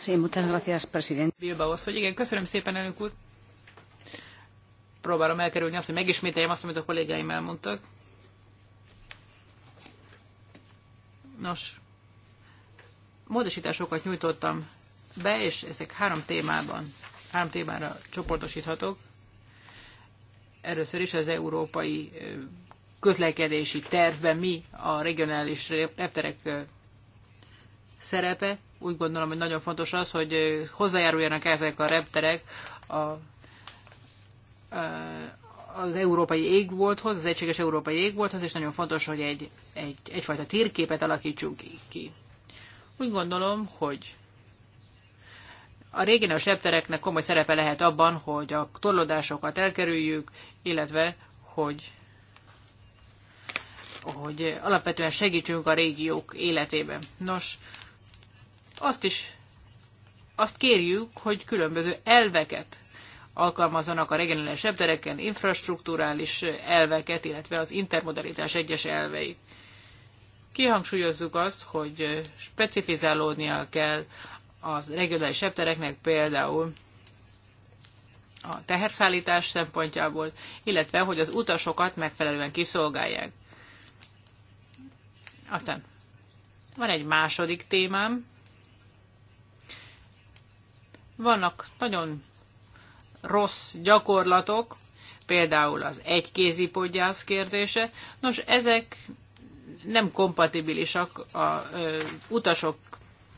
S1: Sí, muchas gracias, presidente.
S3: Bilbao, hogy igen, köszönöm szépen, elnök úr. Próbálom elkerülni azt, hogy megismételjem azt, amit a kollégáim elmondtak. Nos, módosításokat nyújtottam be, és ezek három témában, három témára csoportosíthatok. Először is az európai közlekedési tervben mi a regionális repterek szerepe. Úgy gondolom, hogy nagyon fontos az, hogy hozzájáruljanak ezek a repterek a, a, az európai égbolthoz, az egységes európai égbolthoz, és nagyon fontos, hogy egy, egy, egyfajta térképet alakítsunk ki. Úgy gondolom, hogy a régénes reptereknek komoly szerepe lehet abban, hogy a torlódásokat elkerüljük, illetve hogy hogy alapvetően segítsünk a régiók életében. Nos, azt is azt kérjük, hogy különböző elveket alkalmazzanak a regionális ebdereken, infrastruktúrális elveket, illetve az intermodalitás egyes elveit. Kihangsúlyozzuk azt, hogy specifizálódnia kell az regionális reptereknek például a teherszállítás szempontjából, illetve hogy az utasokat megfelelően kiszolgálják. Aztán van egy második témám. Vannak nagyon rossz gyakorlatok, például az egykézi podgyász kérdése. Nos, ezek nem kompatibilisak a ö, utasok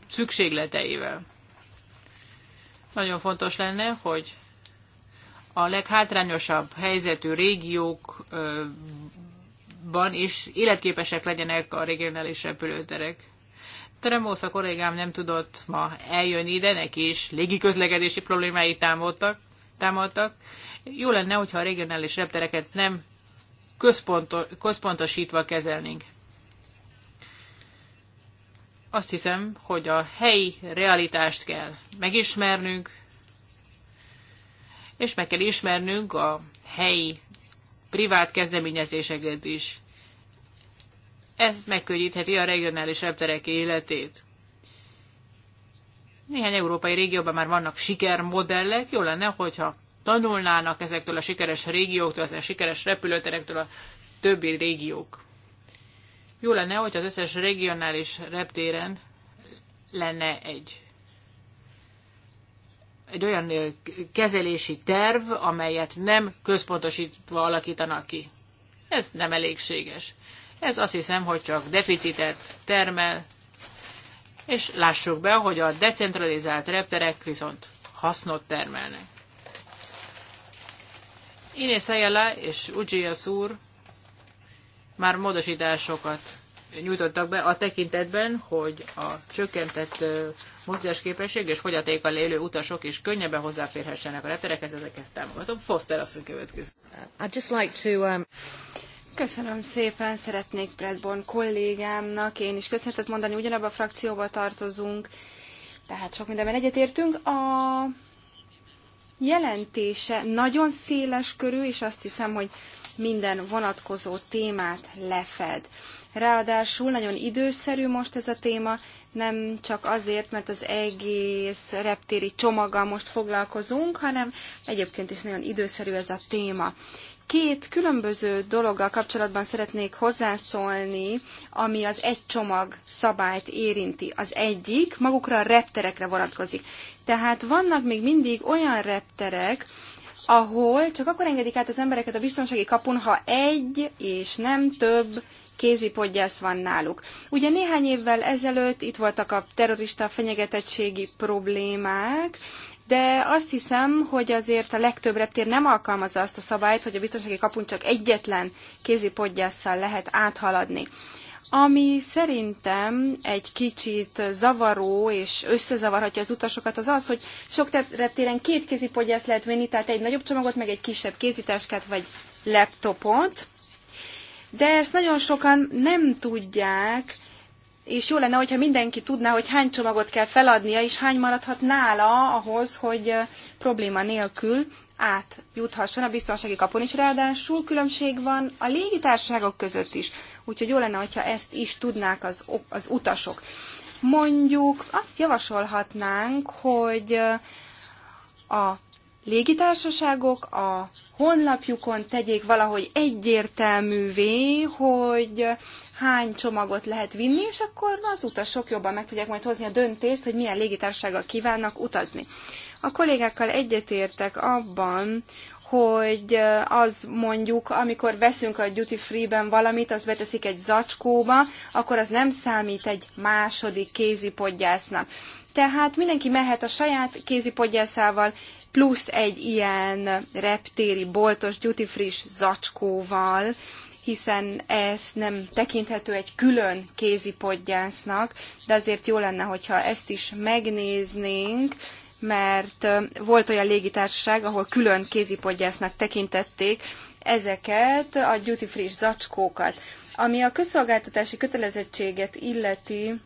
S3: szükségleteivel. Nagyon fontos lenne, hogy a leghátrányosabb helyzetű régiók ban is életképesek legyenek a regionális repülőterek. a kollégám nem tudott ma eljönni ide, neki is légiközlekedési problémái támadtak, támadtak. Jó lenne, hogyha a regionális reptereket nem központosítva kezelnénk. Azt hiszem, hogy a helyi realitást kell megismernünk, és meg kell ismernünk a helyi privát kezdeményezéseket is. Ez megkönnyítheti a regionális repterek életét. Néhány európai régióban már vannak sikermodellek, jó lenne, hogyha tanulnának ezektől a sikeres régióktól, ezen sikeres repülőterektől a többi régiók. Jó lenne, hogy az összes regionális reptéren lenne egy egy olyan kezelési terv, amelyet nem központosítva alakítanak ki. Ez nem elégséges. Ez azt hiszem, hogy csak deficitet termel, és lássuk be, hogy a decentralizált repterek viszont hasznot termelnek. Inés Ayala és Ujjia Szúr már módosításokat nyújtottak be a tekintetben, hogy a csökkentett mozgásképesség és fogyatékkal élő utasok is könnyebben hozzáférhessenek a repterekhez, ezekhez támogatom. Foster asszony következő.
S2: I'd just like to, um... Köszönöm szépen, szeretnék Bradborn kollégámnak én is köszönetet mondani, ugyanabban a frakcióba tartozunk, tehát sok mindenben egyetértünk. A jelentése nagyon széles körű, és azt hiszem, hogy minden vonatkozó témát lefed. Ráadásul nagyon időszerű most ez a téma, nem csak azért, mert az egész reptéri csomaggal most foglalkozunk, hanem egyébként is nagyon időszerű ez a téma. Két különböző dologgal kapcsolatban szeretnék hozzászólni, ami az egy csomag szabályt érinti. Az egyik magukra a repterekre vonatkozik. Tehát vannak még mindig olyan repterek, ahol csak akkor engedik át az embereket a biztonsági kapun, ha egy és nem több podgyász van náluk. Ugye néhány évvel ezelőtt itt voltak a terrorista fenyegetettségi problémák, de azt hiszem, hogy azért a legtöbb reptér nem alkalmazza azt a szabályt, hogy a biztonsági kapun csak egyetlen kézipodgyásszal lehet áthaladni ami szerintem egy kicsit zavaró és összezavarhatja az utasokat, az az, hogy sok reptéren két kézi podgyászt lehet vinni, tehát egy nagyobb csomagot, meg egy kisebb kézitáskát vagy laptopot de ezt nagyon sokan nem tudják, és jó lenne, hogyha mindenki tudná, hogy hány csomagot kell feladnia, és hány maradhat nála ahhoz, hogy probléma nélkül átjuthasson a biztonsági kapon, és ráadásul különbség van a légitárságok között is. Úgyhogy jó lenne, hogyha ezt is tudnák az, az utasok. Mondjuk azt javasolhatnánk, hogy a légitársaságok, a honlapjukon tegyék valahogy egyértelművé, hogy hány csomagot lehet vinni, és akkor az utasok jobban meg tudják majd hozni a döntést, hogy milyen légitársággal kívánnak utazni. A kollégákkal egyetértek abban, hogy az mondjuk, amikor veszünk a duty free-ben valamit, azt beteszik egy zacskóba, akkor az nem számít egy második kézipodgyásznak. Tehát mindenki mehet a saját kézipodgyászával, plusz egy ilyen reptéri boltos duty free zacskóval, hiszen ez nem tekinthető egy külön kézipodgyásznak, de azért jó lenne, hogyha ezt is megnéznénk, mert volt olyan légitársaság, ahol külön kézipodgyásznak tekintették ezeket a duty free zacskókat. Ami a közszolgáltatási kötelezettséget illeti,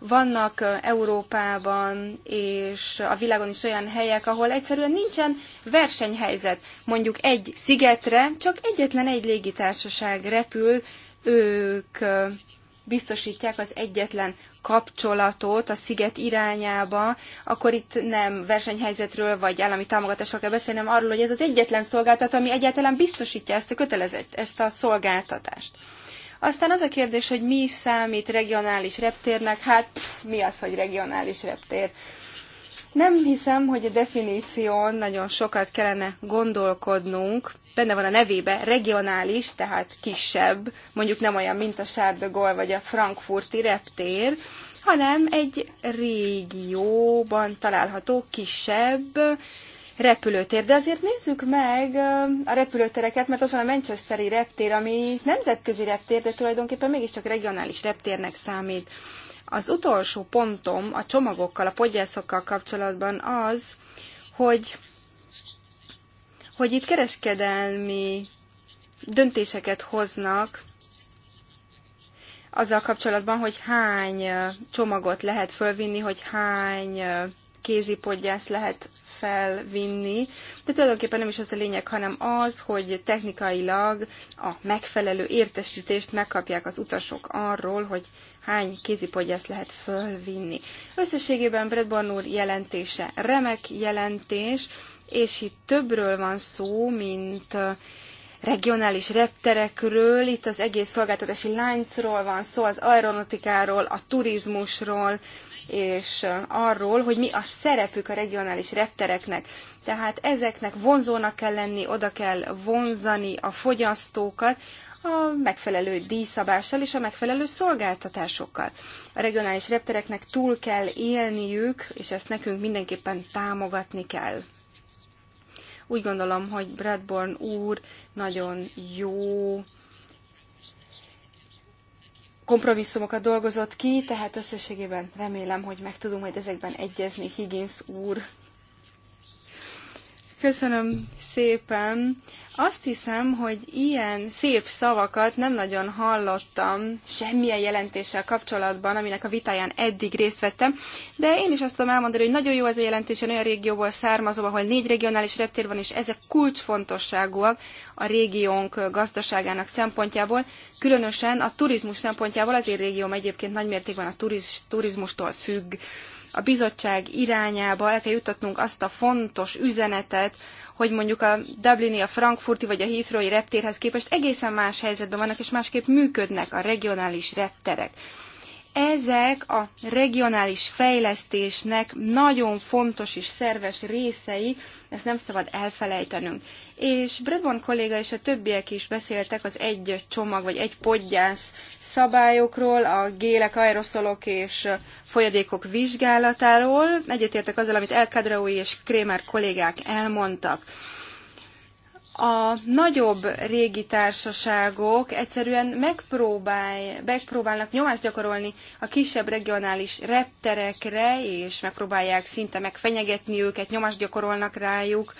S2: vannak Európában és a világon is olyan helyek, ahol egyszerűen nincsen versenyhelyzet. Mondjuk egy szigetre csak egyetlen egy légitársaság repül, ők biztosítják az egyetlen kapcsolatot a sziget irányába, akkor itt nem versenyhelyzetről vagy állami támogatásról kell beszélni, hanem arról, hogy ez az egyetlen szolgáltató, ami egyáltalán biztosítja ezt a kötelezett, ezt a szolgáltatást. Aztán az a kérdés, hogy mi számít regionális reptérnek, hát pff, mi az, hogy regionális reptér? Nem hiszem, hogy a definíción nagyon sokat kellene gondolkodnunk. Benne van a nevébe regionális, tehát kisebb, mondjuk nem olyan, mint a Charles de Gaulle vagy a frankfurti reptér, hanem egy régióban található kisebb repülőtér. De azért nézzük meg a repülőtereket, mert ott van a Manchesteri reptér, ami nemzetközi reptér, de tulajdonképpen mégiscsak regionális reptérnek számít. Az utolsó pontom a csomagokkal, a podgyászokkal kapcsolatban az, hogy, hogy itt kereskedelmi döntéseket hoznak azzal kapcsolatban, hogy hány csomagot lehet fölvinni, hogy hány kézipodgyászt lehet felvinni, de tulajdonképpen nem is az a lényeg, hanem az, hogy technikailag a megfelelő értesítést megkapják az utasok arról, hogy hány kézipodgyászt lehet fölvinni. Összességében Bredborn úr jelentése remek jelentés, és itt többről van szó, mint regionális repterekről, itt az egész szolgáltatási láncról van szó, az aeronautikáról, a turizmusról, és arról, hogy mi a szerepük a regionális reptereknek. Tehát ezeknek vonzónak kell lenni, oda kell vonzani a fogyasztókat, a megfelelő díjszabással és a megfelelő szolgáltatásokkal. A regionális reptereknek túl kell élniük, és ezt nekünk mindenképpen támogatni kell. Úgy gondolom, hogy Bradborn úr nagyon jó kompromisszumokat dolgozott ki, tehát összességében remélem, hogy meg tudunk majd ezekben egyezni Higgins úr Köszönöm szépen. Azt hiszem, hogy ilyen szép szavakat nem nagyon hallottam semmilyen jelentéssel kapcsolatban, aminek a vitáján eddig részt vettem, de én is azt tudom elmondani, hogy nagyon jó ez a jelentés, én olyan régióból származom, ahol négy regionális reptér van, és ezek kulcsfontosságúak a régiónk gazdaságának szempontjából, különösen a turizmus szempontjából, az én régióm egyébként nagymértékben a turiz, turizmustól függ a bizottság irányába el kell juttatnunk azt a fontos üzenetet, hogy mondjuk a Dublini, a Frankfurti vagy a Heathrowi reptérhez képest egészen más helyzetben vannak, és másképp működnek a regionális repterek ezek a regionális fejlesztésnek nagyon fontos és szerves részei, ezt nem szabad elfelejtenünk. És Bredborn kolléga és a többiek is beszéltek az egy csomag vagy egy podgyász szabályokról, a gélek, aeroszolok és folyadékok vizsgálatáról. Egyetértek azzal, amit El Kadraui és Krémer kollégák elmondtak a nagyobb régi társaságok egyszerűen megpróbál, megpróbálnak nyomást gyakorolni a kisebb regionális repterekre, és megpróbálják szinte megfenyegetni őket, nyomást gyakorolnak rájuk.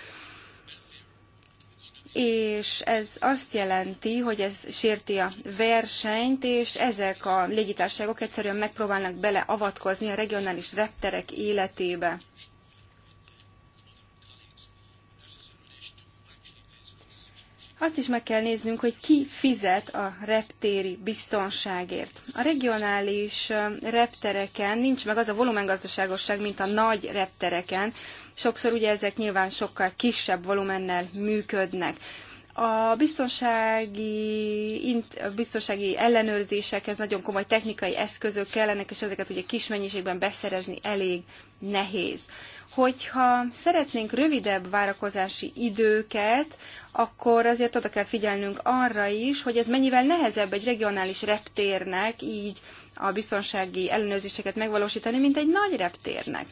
S2: És ez azt jelenti, hogy ez sérti a versenyt, és ezek a légitárságok egyszerűen megpróbálnak beleavatkozni a regionális repterek életébe. Azt is meg kell néznünk, hogy ki fizet a reptéri biztonságért. A regionális reptereken nincs meg az a volumengazdaságosság, mint a nagy reptereken. Sokszor ugye ezek nyilván sokkal kisebb volumennel működnek. A biztonsági, int, biztonsági ellenőrzésekhez nagyon komoly technikai eszközök kellenek, és ezeket ugye kis mennyiségben beszerezni elég nehéz hogyha szeretnénk rövidebb várakozási időket, akkor azért oda kell figyelnünk arra is, hogy ez mennyivel nehezebb egy regionális reptérnek így a biztonsági ellenőrzéseket megvalósítani, mint egy nagy reptérnek.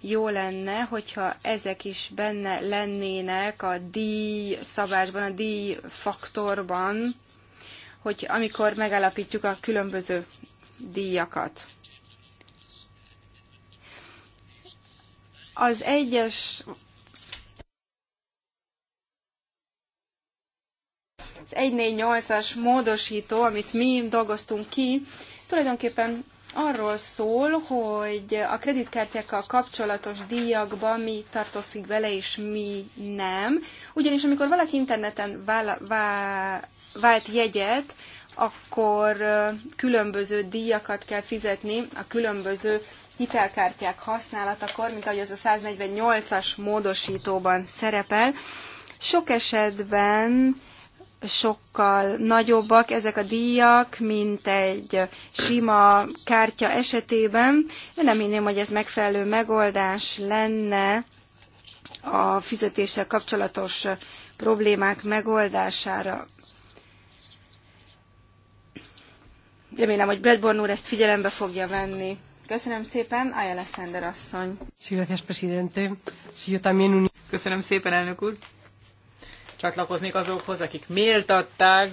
S2: Jó lenne, hogyha ezek is benne lennének a díj szabásban, a díj faktorban, hogy amikor megállapítjuk a különböző díjakat. Az egyes az 148-as módosító, amit mi dolgoztunk ki, tulajdonképpen arról szól, hogy a kreditkártyákkal kapcsolatos díjakba mi tartozik bele, és mi nem. Ugyanis amikor valaki interneten vála, vált jegyet, akkor különböző díjakat kell fizetni a különböző hitelkártyák használatakor, mint ahogy ez a 148-as módosítóban szerepel. Sok esetben sokkal nagyobbak ezek a díjak, mint egy sima kártya esetében. Én nem hinném, hogy ez megfelelő megoldás lenne a fizetéssel kapcsolatos problémák megoldására. Remélem, hogy Bradborn úr ezt figyelembe fogja venni. Köszönöm szépen, Ayala Sender asszony.
S3: Sí, gracias, presidente. Sí, yo también un... Köszönöm szépen, elnök úr. Csatlakoznék azokhoz, akik méltatták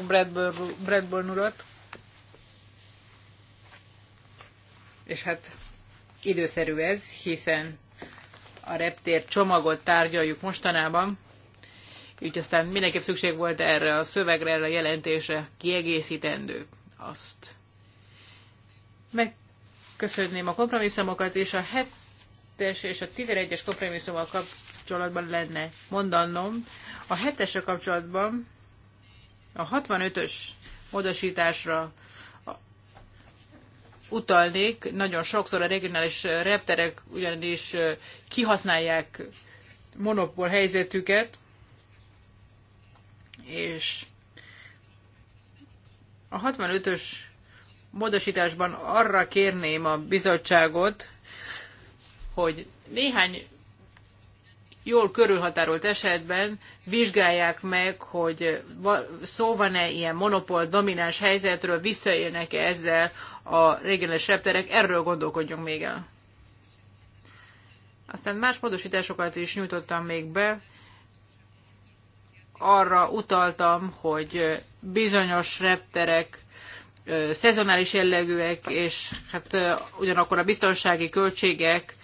S3: Bradburn, urat. És hát időszerű ez, hiszen a reptér csomagot tárgyaljuk mostanában, így aztán mindenképp szükség volt erre a szövegre, erre a jelentésre kiegészítendő azt. Meg Köszönném a kompromisszumokat, és a 7-es és a 11-es kompromisszummal kapcsolatban lenne mondanom. A 7 kapcsolatban a 65-ös módosításra utalnék. Nagyon sokszor a regionális repterek ugyanis kihasználják monopól helyzetüket, és a 65-ös módosításban arra kérném a bizottságot, hogy néhány jól körülhatárolt esetben vizsgálják meg, hogy szó van-e ilyen monopól domináns helyzetről, visszaélnek-e ezzel a regionális repterek, erről gondolkodjunk még el. Aztán más módosításokat is nyújtottam még be. Arra utaltam, hogy bizonyos repterek szezonális jellegűek, és hát ugyanakkor a biztonsági költségek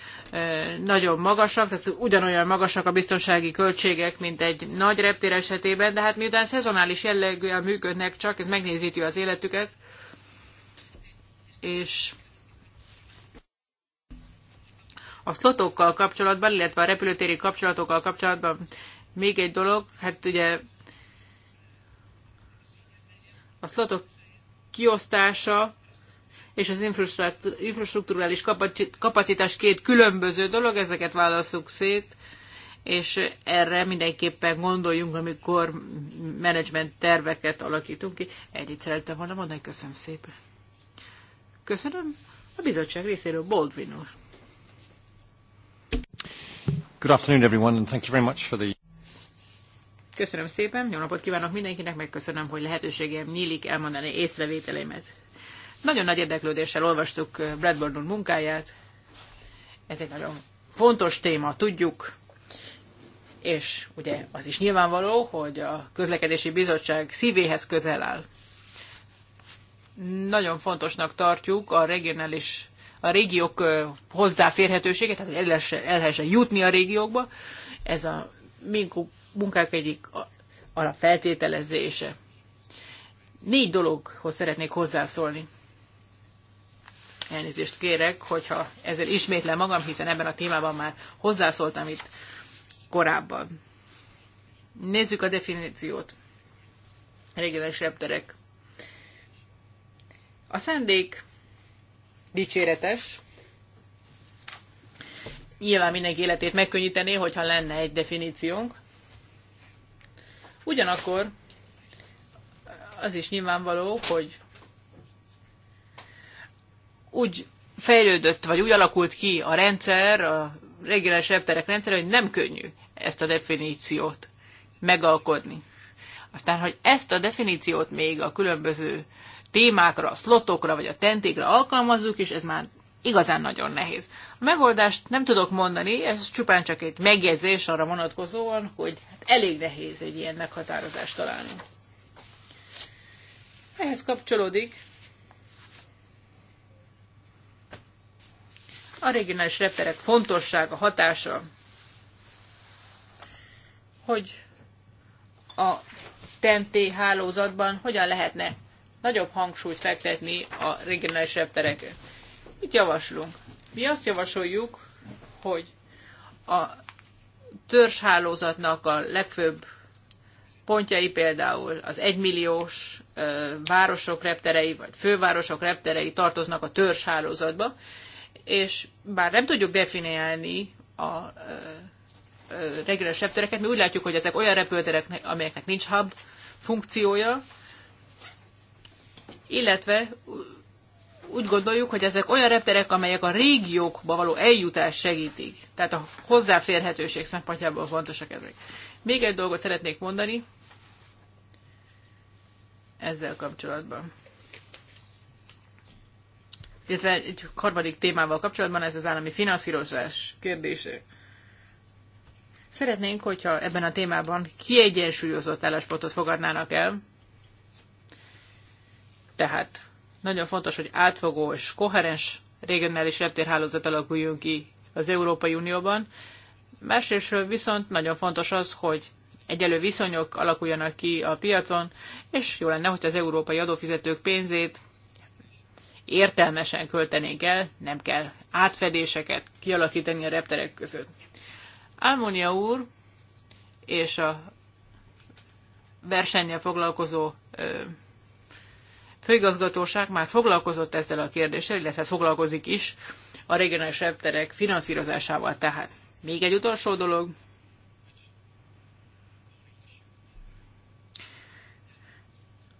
S3: nagyon magasak, tehát ugyanolyan magasak a biztonsági költségek, mint egy nagy reptér esetében, de hát miután szezonális jellegűen működnek csak, ez megnézíti az életüket, és a szlotokkal kapcsolatban, illetve a repülőtéri kapcsolatokkal kapcsolatban még egy dolog, hát ugye a szlotok kiosztása és az infrastruktúrális kapacitás két különböző dolog, ezeket válaszuk szét, és erre mindenképpen gondoljunk, amikor menedzsment terveket alakítunk ki. Ennyit szerettem volna mondani, köszönöm szépen. Köszönöm a bizottság részéről, Baldwin úr. Good afternoon, everyone, and thank you very much for the... Köszönöm szépen, jó napot kívánok mindenkinek, megköszönöm, hogy lehetőségem nyílik elmondani észrevételeimet. Nagyon nagy érdeklődéssel olvastuk Bradburn munkáját. Ez egy nagyon fontos téma, tudjuk, és ugye az is nyilvánvaló, hogy a közlekedési bizottság szívéhez közel áll. Nagyon fontosnak tartjuk a regionális a régiók hozzáférhetőséget, tehát el lehessen jutni a régiókba. Ez a minkuk munkák egyik feltételezése Négy dologhoz szeretnék hozzászólni. Elnézést kérek, hogyha ezzel ismétlem magam, hiszen ebben a témában már hozzászóltam itt korábban. Nézzük a definíciót. Regionális repterek. A szándék dicséretes. Nyilván mindenki életét megkönnyítené, hogyha lenne egy definíciónk. Ugyanakkor az is nyilvánvaló, hogy úgy fejlődött, vagy úgy alakult ki a rendszer, a regionális repterek rendszer, hogy nem könnyű ezt a definíciót megalkodni. Aztán, hogy ezt a definíciót még a különböző témákra, a szlotokra, vagy a tentékre alkalmazzuk, és ez már igazán nagyon nehéz. A megoldást nem tudok mondani, ez csupán csak egy megjegyzés arra vonatkozóan, hogy hát elég nehéz egy ilyen meghatározást találni. Ehhez kapcsolódik a regionális repterek fontossága, hatása, hogy a TNT hálózatban hogyan lehetne nagyobb hangsúlyt fektetni a regionális repterekre. Mit javaslunk? Mi azt javasoljuk, hogy a törzshálózatnak a legfőbb pontjai például az egymilliós városok repterei, vagy fővárosok repterei tartoznak a törzshálózatba, és bár nem tudjuk definiálni a regionális reptereket, mi úgy látjuk, hogy ezek olyan repülterek, amelyeknek nincs hub funkciója, illetve úgy gondoljuk, hogy ezek olyan repterek, amelyek a régiókba való eljutást segítik. Tehát a hozzáférhetőség szempontjából fontosak ezek. Még egy dolgot szeretnék mondani ezzel kapcsolatban. Illetve egy harmadik témával kapcsolatban ez az állami finanszírozás kérdése. Szeretnénk, hogyha ebben a témában kiegyensúlyozott álláspontot fogadnának el, tehát nagyon fontos, hogy átfogó és koherens regionális reptérhálózat alakuljon ki az Európai Unióban. Másrésztről viszont nagyon fontos az, hogy egyelő viszonyok alakuljanak ki a piacon, és jó lenne, hogy az európai adófizetők pénzét értelmesen költenénk el, nem kell átfedéseket kialakítani a repterek között. Álmonia úr és a versennyel foglalkozó főigazgatóság már foglalkozott ezzel a kérdéssel, illetve foglalkozik is a regionális repterek finanszírozásával tehát. Még egy utolsó dolog.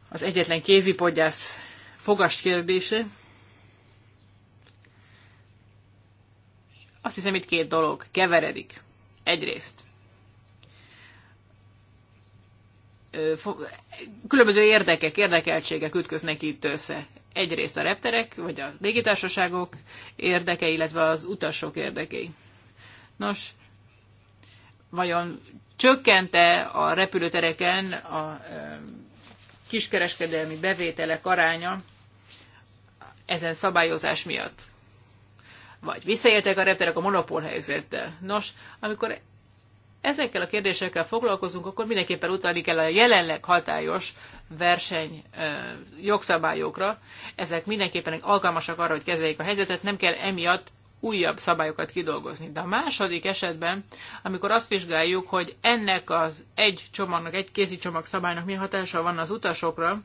S3: Az egyetlen kézipodgyász fogast kérdése. Azt hiszem itt két dolog keveredik. Egyrészt különböző érdekek, érdekeltségek ütköznek itt össze. Egyrészt a repterek, vagy a légitársaságok érdeke, illetve az utasok érdekei. Nos, vajon csökkente a repülőtereken a kiskereskedelmi bevételek aránya ezen szabályozás miatt? Vagy visszaéltek a repterek a monopól helyzettel? Nos, amikor ezekkel a kérdésekkel foglalkozunk, akkor mindenképpen utalni kell a jelenleg hatályos verseny jogszabályokra. Ezek mindenképpen alkalmasak arra, hogy kezeljék a helyzetet, nem kell emiatt újabb szabályokat kidolgozni. De a második esetben, amikor azt vizsgáljuk, hogy ennek az egy csomagnak, egy kézi csomag szabálynak mi hatása van az utasokra,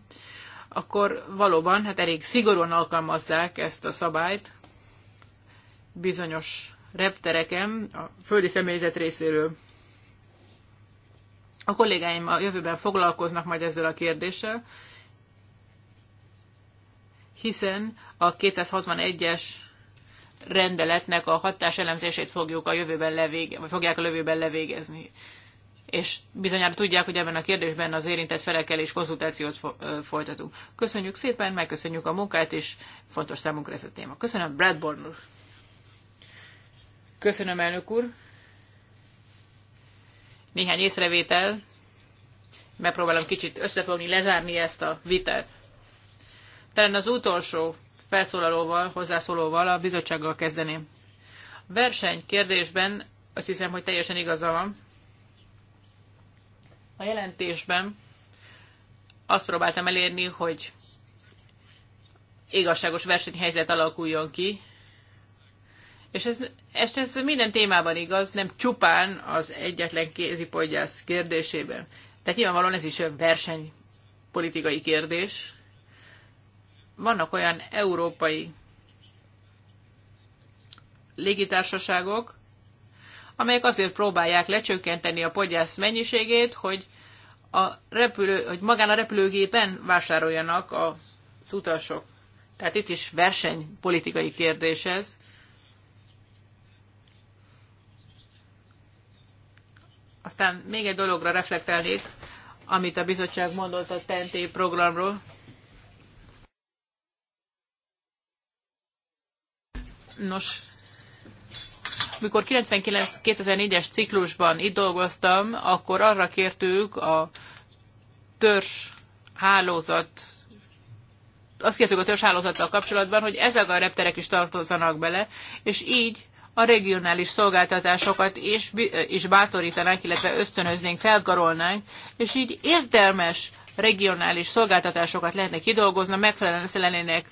S3: akkor valóban hát elég szigorúan alkalmazzák ezt a szabályt bizonyos reptereken a földi személyzet részéről. A kollégáim a jövőben foglalkoznak majd ezzel a kérdéssel, hiszen a 261-es rendeletnek a elemzését fogjuk a jövőben levége, vagy fogják a jövőben levégezni. És bizonyára tudják, hogy ebben a kérdésben az érintett felekkel és konzultációt folytatunk. Köszönjük szépen, megköszönjük a munkát, és fontos számunkra ez a téma. Köszönöm, Brad Bornur. Köszönöm, elnök úr néhány észrevétel, megpróbálom kicsit összefogni, lezárni ezt a vitát. Talán az utolsó felszólalóval, hozzászólóval a bizottsággal kezdeném. A verseny kérdésben azt hiszem, hogy teljesen igaza van. A jelentésben azt próbáltam elérni, hogy igazságos versenyhelyzet alakuljon ki, és ez, ez, ez minden témában igaz, nem csupán az egyetlen kézipodgyász kérdésében. Tehát nyilvánvalóan ez is egy versenypolitikai kérdés. Vannak olyan európai légitársaságok, amelyek azért próbálják lecsökkenteni a podgyász mennyiségét, hogy, a repülő, hogy magán a repülőgépen vásároljanak az utasok. Tehát itt is versenypolitikai kérdés ez. Aztán még egy dologra reflektálnék, amit a bizottság mondott a TNT programról. Nos, mikor 99-2004-es ciklusban itt dolgoztam, akkor arra kértük a törzs hálózat azt kértük a törzs hálózattal kapcsolatban, hogy ezek a repterek is tartozzanak bele, és így a regionális szolgáltatásokat is, is bátorítanánk, illetve ösztönöznénk, felkarolnánk, és így értelmes regionális szolgáltatásokat lehetne kidolgozni, megfelelően össze lennének,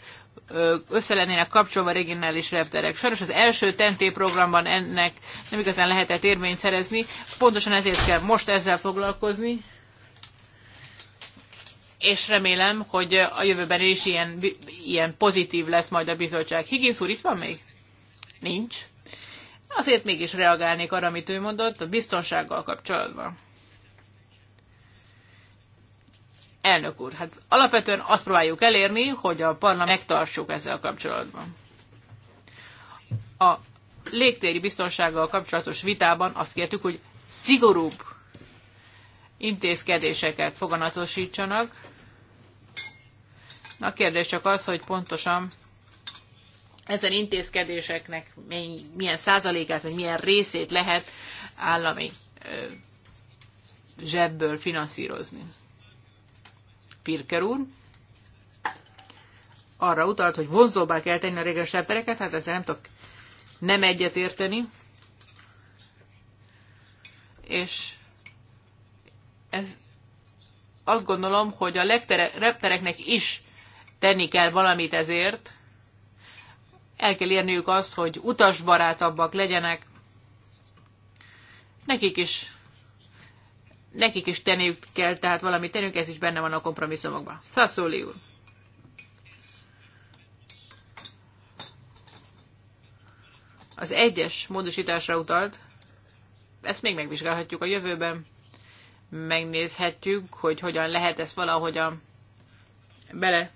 S3: össze lennének kapcsolva regionális repterek. Sajnos az első TNT programban ennek nem igazán lehetett érvényt szerezni, pontosan ezért kell most ezzel foglalkozni, és remélem, hogy a jövőben is ilyen, ilyen pozitív lesz majd a bizottság. Higgins úr itt van még? Nincs. Azért mégis reagálnék arra, amit ő mondott, a biztonsággal kapcsolatban. Elnök úr, hát alapvetően azt próbáljuk elérni, hogy a parlament megtartsuk ezzel kapcsolatban. A légtéri biztonsággal kapcsolatos vitában azt kértük, hogy szigorúbb intézkedéseket foganatosítsanak. A kérdés csak az, hogy pontosan ezen intézkedéseknek milyen százalékát, vagy milyen részét lehet állami zsebből finanszírozni. Pirker úr arra utalt, hogy vonzóbbá kell tenni a régesebb tereket, hát ezzel nem tudok nem egyet érteni. És ez, azt gondolom, hogy a reptereknek is tenni kell valamit ezért, el kell érniük azt, hogy utasbarátabbak legyenek, nekik is nekik is tenniük kell, tehát valamit tenniük, ez is benne van a kompromisszumokban. Szaszóli úr. Az egyes módosításra utalt, ezt még megvizsgálhatjuk a jövőben, megnézhetjük, hogy hogyan lehet ezt valahogyan bele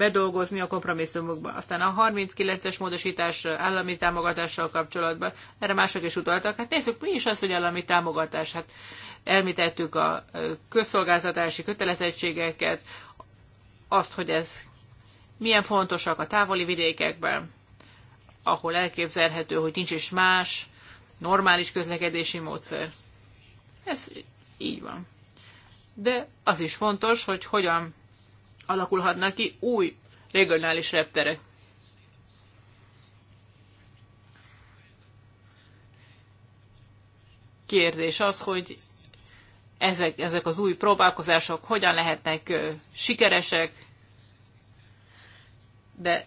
S3: bedolgozni a kompromisszumokba. Aztán a 39-es módosítás állami támogatással kapcsolatban, erre mások is utaltak. Hát nézzük, mi is az, hogy állami támogatás. Hát elmitettük a közszolgáltatási kötelezettségeket, azt, hogy ez milyen fontosak a távoli vidékekben, ahol elképzelhető, hogy nincs is más normális közlekedési módszer. Ez így van. De az is fontos, hogy hogyan alakulhatnak ki új regionális repterek. Kérdés az, hogy ezek, ezek az új próbálkozások hogyan lehetnek sikeresek, de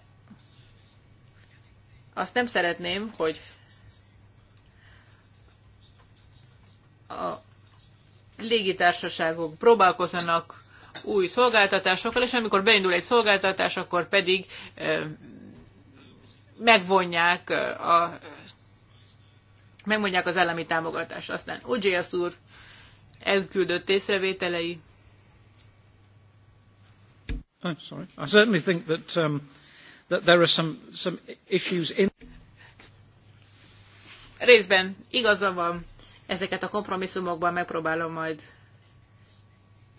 S3: azt nem szeretném, hogy a légitársaságok próbálkozanak új szolgáltatásokkal, és amikor beindul egy szolgáltatás, akkor pedig megvonják a megmondják az állami támogatást. Aztán OJS úr elküldött észrevételei.
S2: Oh, sorry. I certainly think that, um, that there are some, some issues in...
S3: Részben igaza van, ezeket a kompromisszumokban megpróbálom majd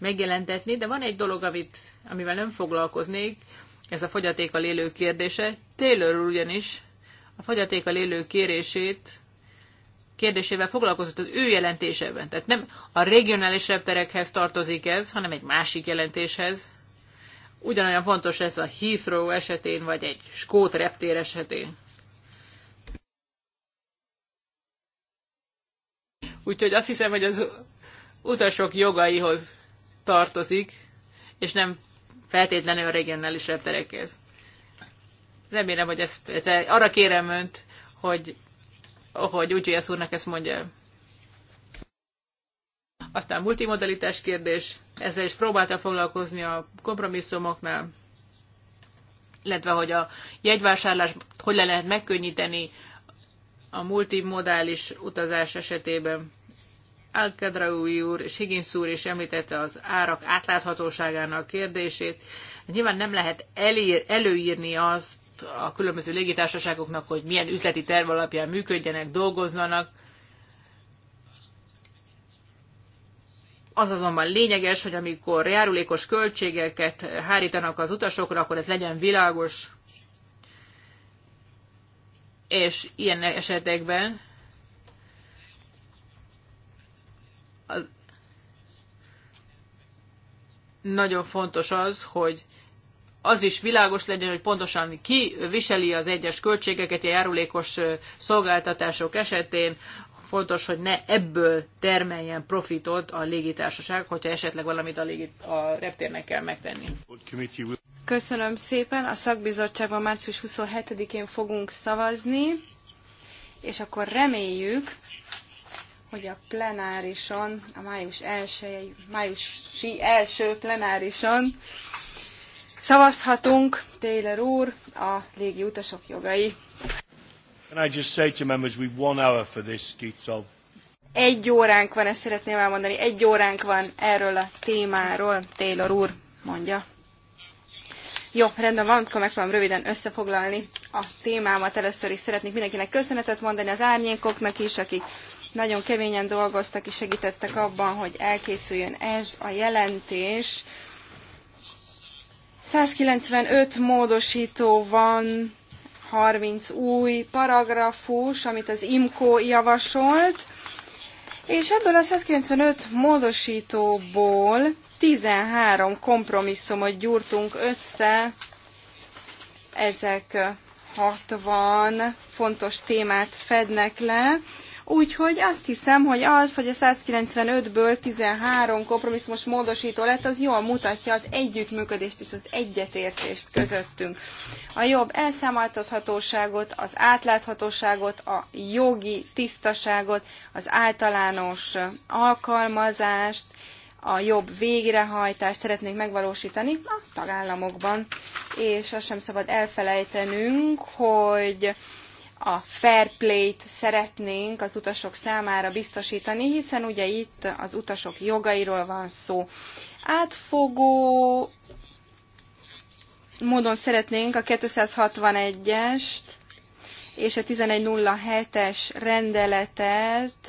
S3: megjelentetni, de van egy dolog, amit, amivel nem foglalkoznék, ez a fogyatékkal élő kérdése. Taylor ugyanis a fogyatékkal élő kérését kérdésével foglalkozott az ő jelentésében. Tehát nem a regionális repterekhez tartozik ez, hanem egy másik jelentéshez. Ugyanolyan fontos ez a Heathrow esetén, vagy egy skót reptér esetén. Úgyhogy azt hiszem, hogy az utasok jogaihoz tartozik, és nem feltétlenül a regionális repterekhez. Remélem, hogy ezt, arra kérem önt, hogy, hogy UGS úrnak ezt mondja. Aztán multimodalitás kérdés, ezzel is próbáltam foglalkozni a kompromisszumoknál, illetve hogy a jegyvásárlás hogy le lehet megkönnyíteni a multimodális utazás esetében. Alkadraui úr és Higgins úr is említette az árak átláthatóságának kérdését. Nyilván nem lehet elér, előírni azt a különböző légitársaságoknak, hogy milyen üzleti terv alapján működjenek, dolgozzanak. Az azonban lényeges, hogy amikor járulékos költségeket hárítanak az utasokra, akkor ez legyen világos, és ilyen esetekben az nagyon fontos az, hogy az is világos legyen, hogy pontosan ki viseli az egyes költségeket a járulékos szolgáltatások esetén, fontos, hogy ne ebből termeljen profitot a légitársaság, hogyha esetleg valamit a, légit, a reptérnek kell megtenni.
S2: Köszönöm szépen. A szakbizottságban március 27-én fogunk szavazni, és akkor reméljük, hogy a plenárison, a május elsői, májusi első plenárison szavazhatunk, Taylor úr, a légi utasok jogai. Can I just say to members, we've one hour for this, Kitsov. Egy óránk van, ezt szeretném elmondani, egy óránk van erről a témáról, Taylor úr mondja. Jó, rendben van, akkor megpróbálom röviden összefoglalni a témámat. Először is szeretnék mindenkinek köszönetet mondani az árnyékoknak is, akik nagyon keményen dolgoztak és segítettek abban, hogy elkészüljön ez a jelentés. 195 módosító van, 30 új paragrafus, amit az IMCO javasolt, és ebből a 195 módosítóból 13 kompromisszumot gyúrtunk össze, ezek 60 fontos témát fednek le, Úgyhogy azt hiszem, hogy az, hogy a 195-ből 13 kompromisszumos módosító lett, az jól mutatja az együttműködést és az egyetértést közöttünk. A jobb elszámoltathatóságot, az átláthatóságot, a jogi tisztaságot, az általános alkalmazást, a jobb végrehajtást szeretnénk megvalósítani a tagállamokban. És azt sem szabad elfelejtenünk, hogy a fair play-t szeretnénk az utasok számára biztosítani, hiszen ugye itt az utasok jogairól van szó. Átfogó módon szeretnénk a 261-est és a 1107-es rendeletet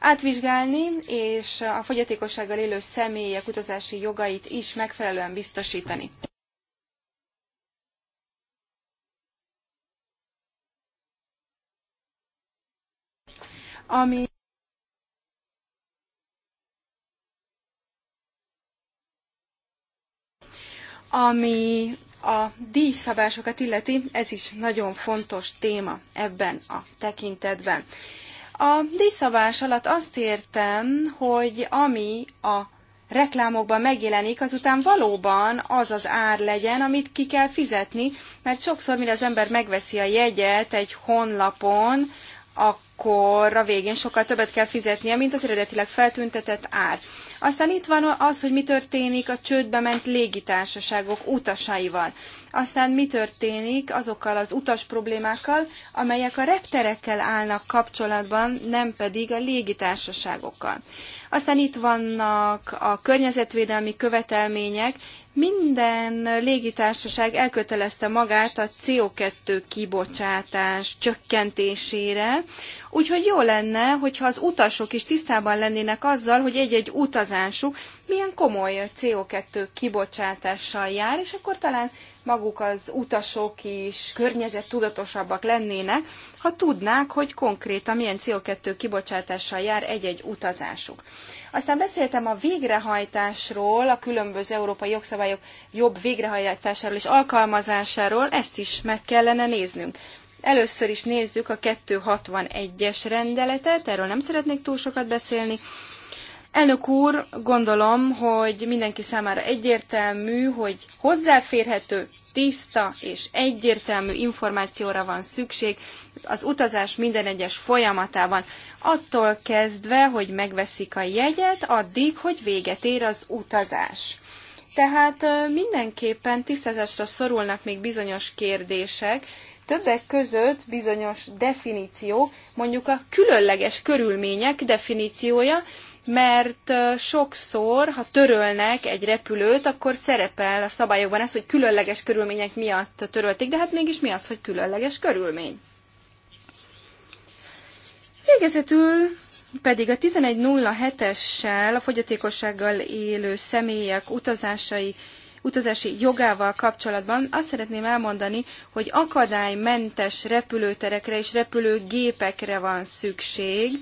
S2: átvizsgálni, és a fogyatékossággal élő személyek utazási jogait is megfelelően biztosítani. ami ami a díjszabásokat illeti, ez is nagyon fontos téma ebben a tekintetben. A díjszabás alatt azt értem, hogy ami a reklámokban megjelenik, azután valóban az az ár legyen, amit ki kell fizetni, mert sokszor, mire az ember megveszi a jegyet egy honlapon, akkor a végén sokkal többet kell fizetnie, mint az eredetileg feltüntetett ár. Aztán itt van az, hogy mi történik a csődbe ment légitársaságok utasaival. Aztán mi történik azokkal az utas problémákkal, amelyek a repterekkel állnak kapcsolatban, nem pedig a légitársaságokkal. Aztán itt vannak a környezetvédelmi követelmények, minden légitársaság elkötelezte magát a CO2 kibocsátás csökkentésére, úgyhogy jó lenne, hogyha az utasok is tisztában lennének azzal, hogy egy-egy utazás alkalmazásuk milyen komoly CO2 kibocsátással jár, és akkor talán maguk az utasok is környezettudatosabbak lennének, ha tudnák, hogy konkrétan milyen CO2 kibocsátással jár egy-egy utazásuk. Aztán beszéltem a végrehajtásról, a különböző európai jogszabályok jobb végrehajtásáról és alkalmazásáról, ezt is meg kellene néznünk. Először is nézzük a 261-es rendeletet, erről nem szeretnék túl sokat beszélni. Elnök úr, gondolom, hogy mindenki számára egyértelmű, hogy hozzáférhető, tiszta és egyértelmű információra van szükség az utazás minden egyes folyamatában. Attól kezdve, hogy megveszik a jegyet, addig, hogy véget ér az utazás. Tehát mindenképpen tisztázásra szorulnak még bizonyos kérdések, többek között bizonyos definíció, mondjuk a különleges körülmények definíciója, mert sokszor, ha törölnek egy repülőt, akkor szerepel a szabályokban ez, hogy különleges körülmények miatt törölték, de hát mégis mi az, hogy különleges körülmény? Végezetül pedig a 1107-essel a fogyatékossággal élő személyek utazásai utazási jogával kapcsolatban azt szeretném elmondani, hogy akadálymentes repülőterekre és repülőgépekre van szükség,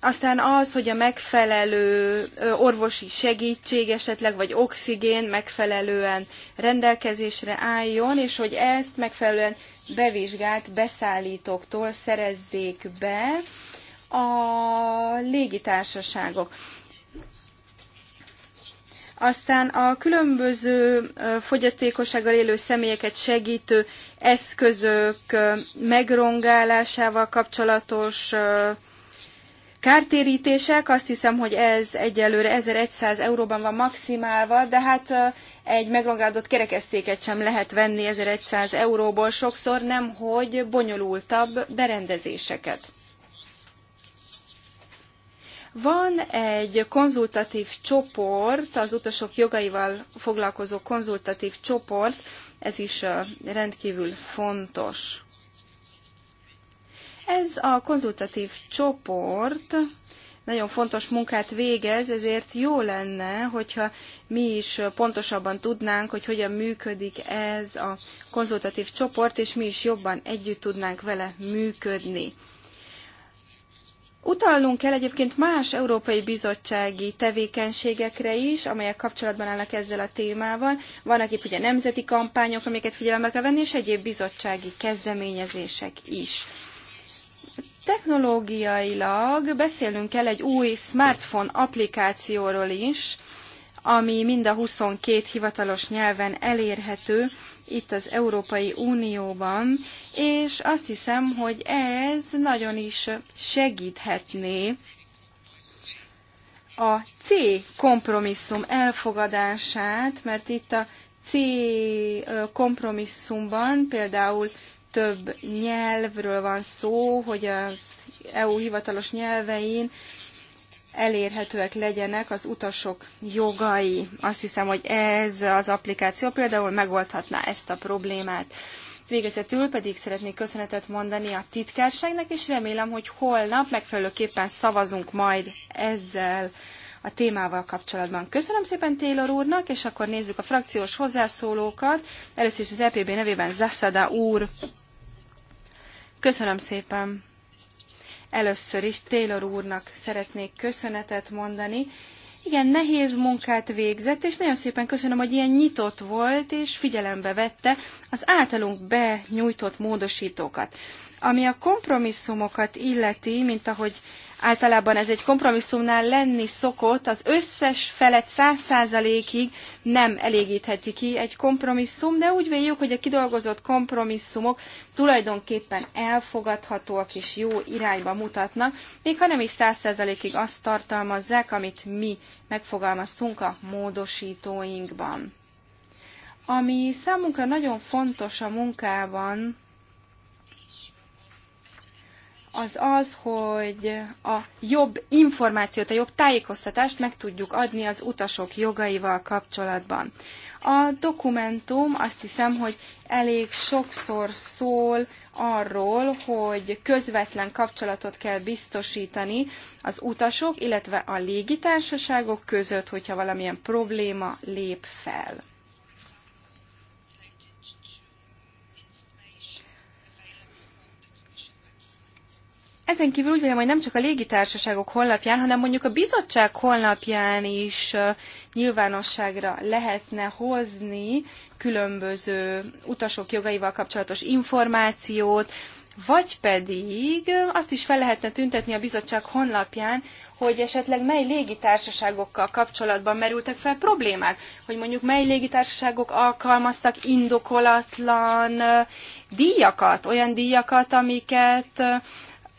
S2: Aztán az, hogy a megfelelő orvosi segítség esetleg, vagy oxigén megfelelően rendelkezésre álljon, és hogy ezt megfelelően bevizsgált beszállítóktól szerezzék be a légitársaságok. Aztán a különböző fogyatékossággal élő személyeket segítő eszközök megrongálásával kapcsolatos kártérítések, azt hiszem, hogy ez egyelőre 1100 euróban van maximálva, de hát egy megrongálódott kerekesszéket sem lehet venni 1100 euróból sokszor, nem hogy bonyolultabb berendezéseket. Van egy konzultatív csoport, az utasok jogaival foglalkozó konzultatív csoport, ez is rendkívül fontos. Ez a konzultatív csoport nagyon fontos munkát végez, ezért jó lenne, hogyha mi is pontosabban tudnánk, hogy hogyan működik ez a konzultatív csoport, és mi is jobban együtt tudnánk vele működni. Utalnunk kell egyébként más európai bizottsági tevékenységekre is, amelyek kapcsolatban állnak ezzel a témával. Vannak itt ugye nemzeti kampányok, amiket figyelembe kell venni, és egyéb bizottsági kezdeményezések is. Technológiailag beszélünk el egy új smartphone applikációról is, ami mind a 22 hivatalos nyelven elérhető itt az Európai Unióban, és azt hiszem, hogy ez nagyon is segíthetné a C kompromisszum elfogadását, mert itt a C kompromisszumban például több nyelvről van szó, hogy az EU hivatalos nyelvein elérhetőek legyenek az utasok jogai. Azt hiszem, hogy ez az applikáció például megoldhatná ezt a problémát. Végezetül pedig szeretnék köszönetet mondani a titkárságnak, és remélem, hogy holnap megfelelőképpen szavazunk majd ezzel a témával kapcsolatban. Köszönöm szépen Taylor úrnak, és akkor nézzük a frakciós hozzászólókat. Először is az EPB nevében Zasada úr. Köszönöm szépen! Először is Taylor úrnak szeretnék köszönetet mondani. Igen, nehéz munkát végzett, és nagyon szépen köszönöm, hogy ilyen nyitott volt, és figyelembe vette az általunk benyújtott módosítókat. Ami a kompromisszumokat illeti, mint ahogy általában ez egy kompromisszumnál lenni szokott, az összes felet száz százalékig nem elégítheti ki egy kompromisszum, de úgy véljük, hogy a kidolgozott kompromisszumok tulajdonképpen elfogadhatóak és jó irányba mutatnak, még ha nem is száz százalékig azt tartalmazzák, amit mi megfogalmaztunk a módosítóinkban. Ami számunkra nagyon fontos a munkában, az az, hogy a jobb információt, a jobb tájékoztatást meg tudjuk adni az utasok jogaival kapcsolatban. A dokumentum azt hiszem, hogy elég sokszor szól arról, hogy közvetlen kapcsolatot kell biztosítani az utasok, illetve a légitársaságok között, hogyha valamilyen probléma lép fel. Ezen kívül úgy vélem, hogy nem csak a légitársaságok honlapján, hanem mondjuk a bizottság honlapján is nyilvánosságra lehetne hozni különböző utasok jogaival kapcsolatos információt, vagy pedig azt is fel lehetne tüntetni a bizottság honlapján, hogy esetleg mely légitársaságokkal kapcsolatban merültek fel problémák, hogy mondjuk mely légitársaságok alkalmaztak indokolatlan díjakat, olyan díjakat, amiket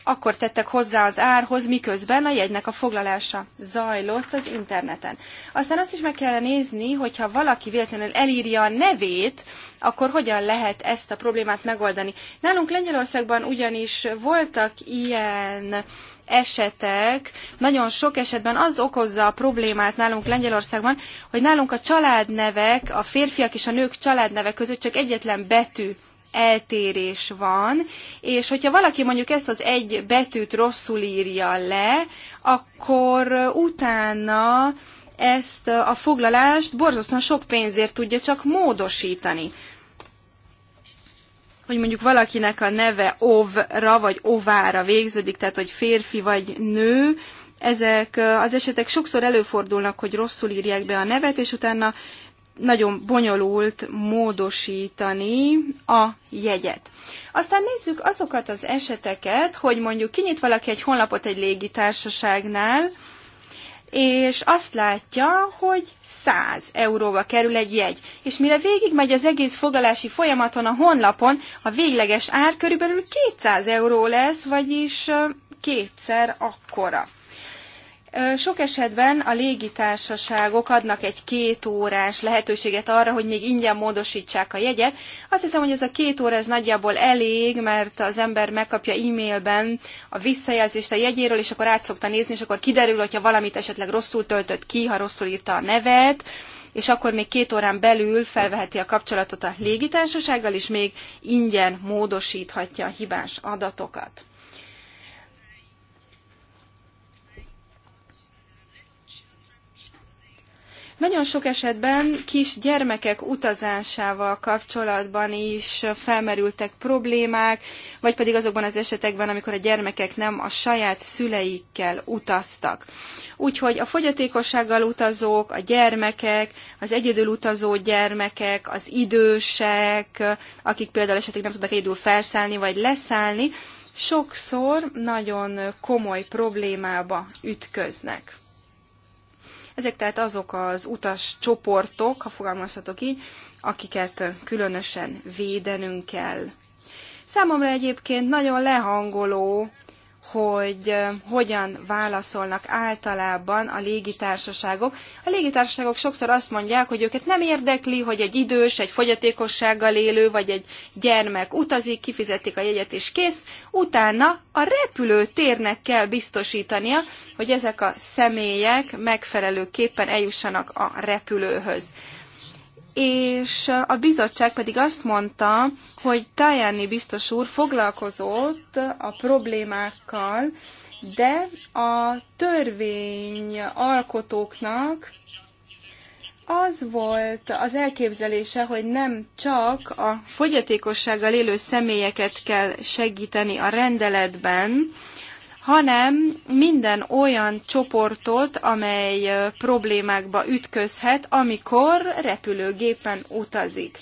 S2: akkor tettek hozzá az árhoz, miközben a jegynek a foglalása zajlott az interneten. Aztán azt is meg kellene nézni, hogyha valaki véletlenül elírja a nevét, akkor hogyan lehet ezt a problémát megoldani. Nálunk Lengyelországban ugyanis voltak ilyen esetek, nagyon sok esetben az okozza a problémát nálunk Lengyelországban, hogy nálunk a családnevek, a férfiak és a nők családnevek között csak egyetlen betű eltérés van, és hogyha valaki mondjuk ezt az egy betűt rosszul írja le, akkor utána ezt a foglalást borzasztóan sok pénzért tudja csak módosítani. Hogy mondjuk valakinek a neve ovra vagy ovára végződik, tehát hogy férfi vagy nő, ezek az esetek sokszor előfordulnak, hogy rosszul írják be a nevet, és utána nagyon bonyolult módosítani a jegyet. Aztán nézzük azokat az eseteket, hogy mondjuk kinyit valaki egy honlapot egy légitársaságnál, és azt látja, hogy 100 euróba kerül egy jegy. És mire végig megy az egész foglalási folyamaton a honlapon, a végleges ár körülbelül 200 euró lesz, vagyis kétszer akkora. Sok esetben a légitársaságok adnak egy két órás lehetőséget arra, hogy még ingyen módosítsák a jegyet. Azt hiszem, hogy ez a két óra ez nagyjából elég, mert az ember megkapja e-mailben a visszajelzést a jegyéről, és akkor át szokta nézni, és akkor kiderül, hogyha valamit esetleg rosszul töltött ki, ha rosszul írta a nevet, és akkor még két órán belül felveheti a kapcsolatot a légitársasággal, és még ingyen módosíthatja a hibás adatokat. Nagyon sok esetben kis gyermekek utazásával kapcsolatban is felmerültek problémák, vagy pedig azokban az esetekben, amikor a gyermekek nem a saját szüleikkel utaztak. Úgyhogy a fogyatékossággal utazók, a gyermekek, az egyedül utazó gyermekek, az idősek, akik például esetleg nem tudnak egyedül felszállni vagy leszállni, sokszor nagyon komoly problémába ütköznek. Ezek tehát azok az utas csoportok, ha fogalmazhatok így, akiket különösen védenünk kell. Számomra egyébként nagyon lehangoló hogy hogyan válaszolnak általában a légitársaságok. A légitársaságok sokszor azt mondják, hogy őket nem érdekli, hogy egy idős, egy fogyatékossággal élő, vagy egy gyermek utazik, kifizetik a jegyet és kész. Utána a repülőtérnek kell biztosítania, hogy ezek a személyek megfelelőképpen eljussanak a repülőhöz és a bizottság pedig azt mondta, hogy Tajani biztos úr foglalkozott a problémákkal, de a törvény alkotóknak az volt az elképzelése, hogy nem csak a fogyatékossággal élő személyeket kell segíteni a rendeletben, hanem minden olyan csoportot, amely problémákba ütközhet, amikor repülőgépen utazik.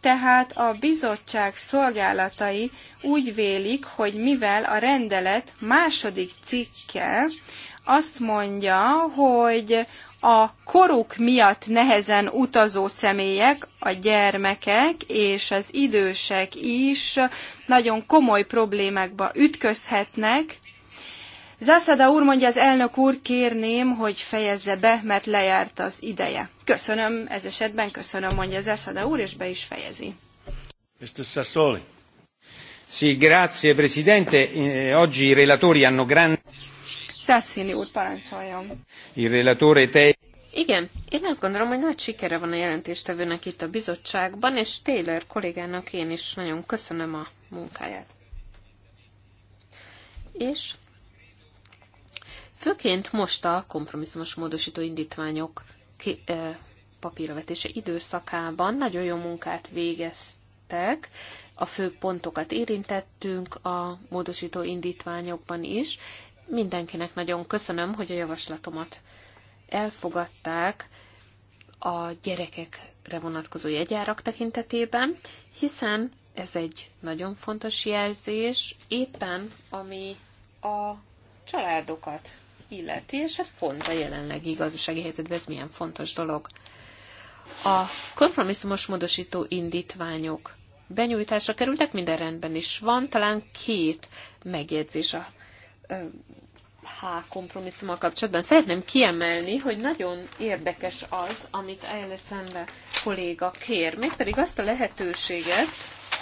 S2: Tehát a bizottság szolgálatai úgy vélik, hogy mivel a rendelet második cikke azt mondja, hogy a koruk miatt nehezen utazó személyek, a gyermekek és az idősek is nagyon komoly problémákba ütközhetnek. Zászada úr mondja az elnök úr, kérném, hogy fejezze be, mert lejárt az ideje. Köszönöm, ez esetben köszönöm, mondja Zászada úr, és be is fejezi.
S3: Mr. Sassoli. Sì, grazie Presidente. Eh, oggi i relatori hanno grande...
S2: Sassini úr parancsoljon.
S1: Igen, én azt gondolom, hogy nagy sikere van a jelentéstevőnek itt a bizottságban, és Taylor kollégának én is nagyon köszönöm a munkáját. És főként most a kompromisszumos módosító indítványok ki, eh, papírvetése időszakában nagyon jó munkát végeztek, a fő pontokat érintettünk a módosító indítványokban is, mindenkinek nagyon köszönöm, hogy a javaslatomat elfogadták a gyerekekre vonatkozó jegyárak tekintetében, hiszen ez egy nagyon fontos jelzés, éppen ami a családokat illeti, és hát font a jelenlegi gazdasági helyzetben, ez milyen fontos dolog. A kompromisszumos módosító indítványok benyújtásra kerültek, minden rendben is van, talán két megjegyzés a H kompromisszummal kapcsolatban szeretném kiemelni, hogy nagyon érdekes az, amit Ayala kolléga kér, mégpedig azt a lehetőséget,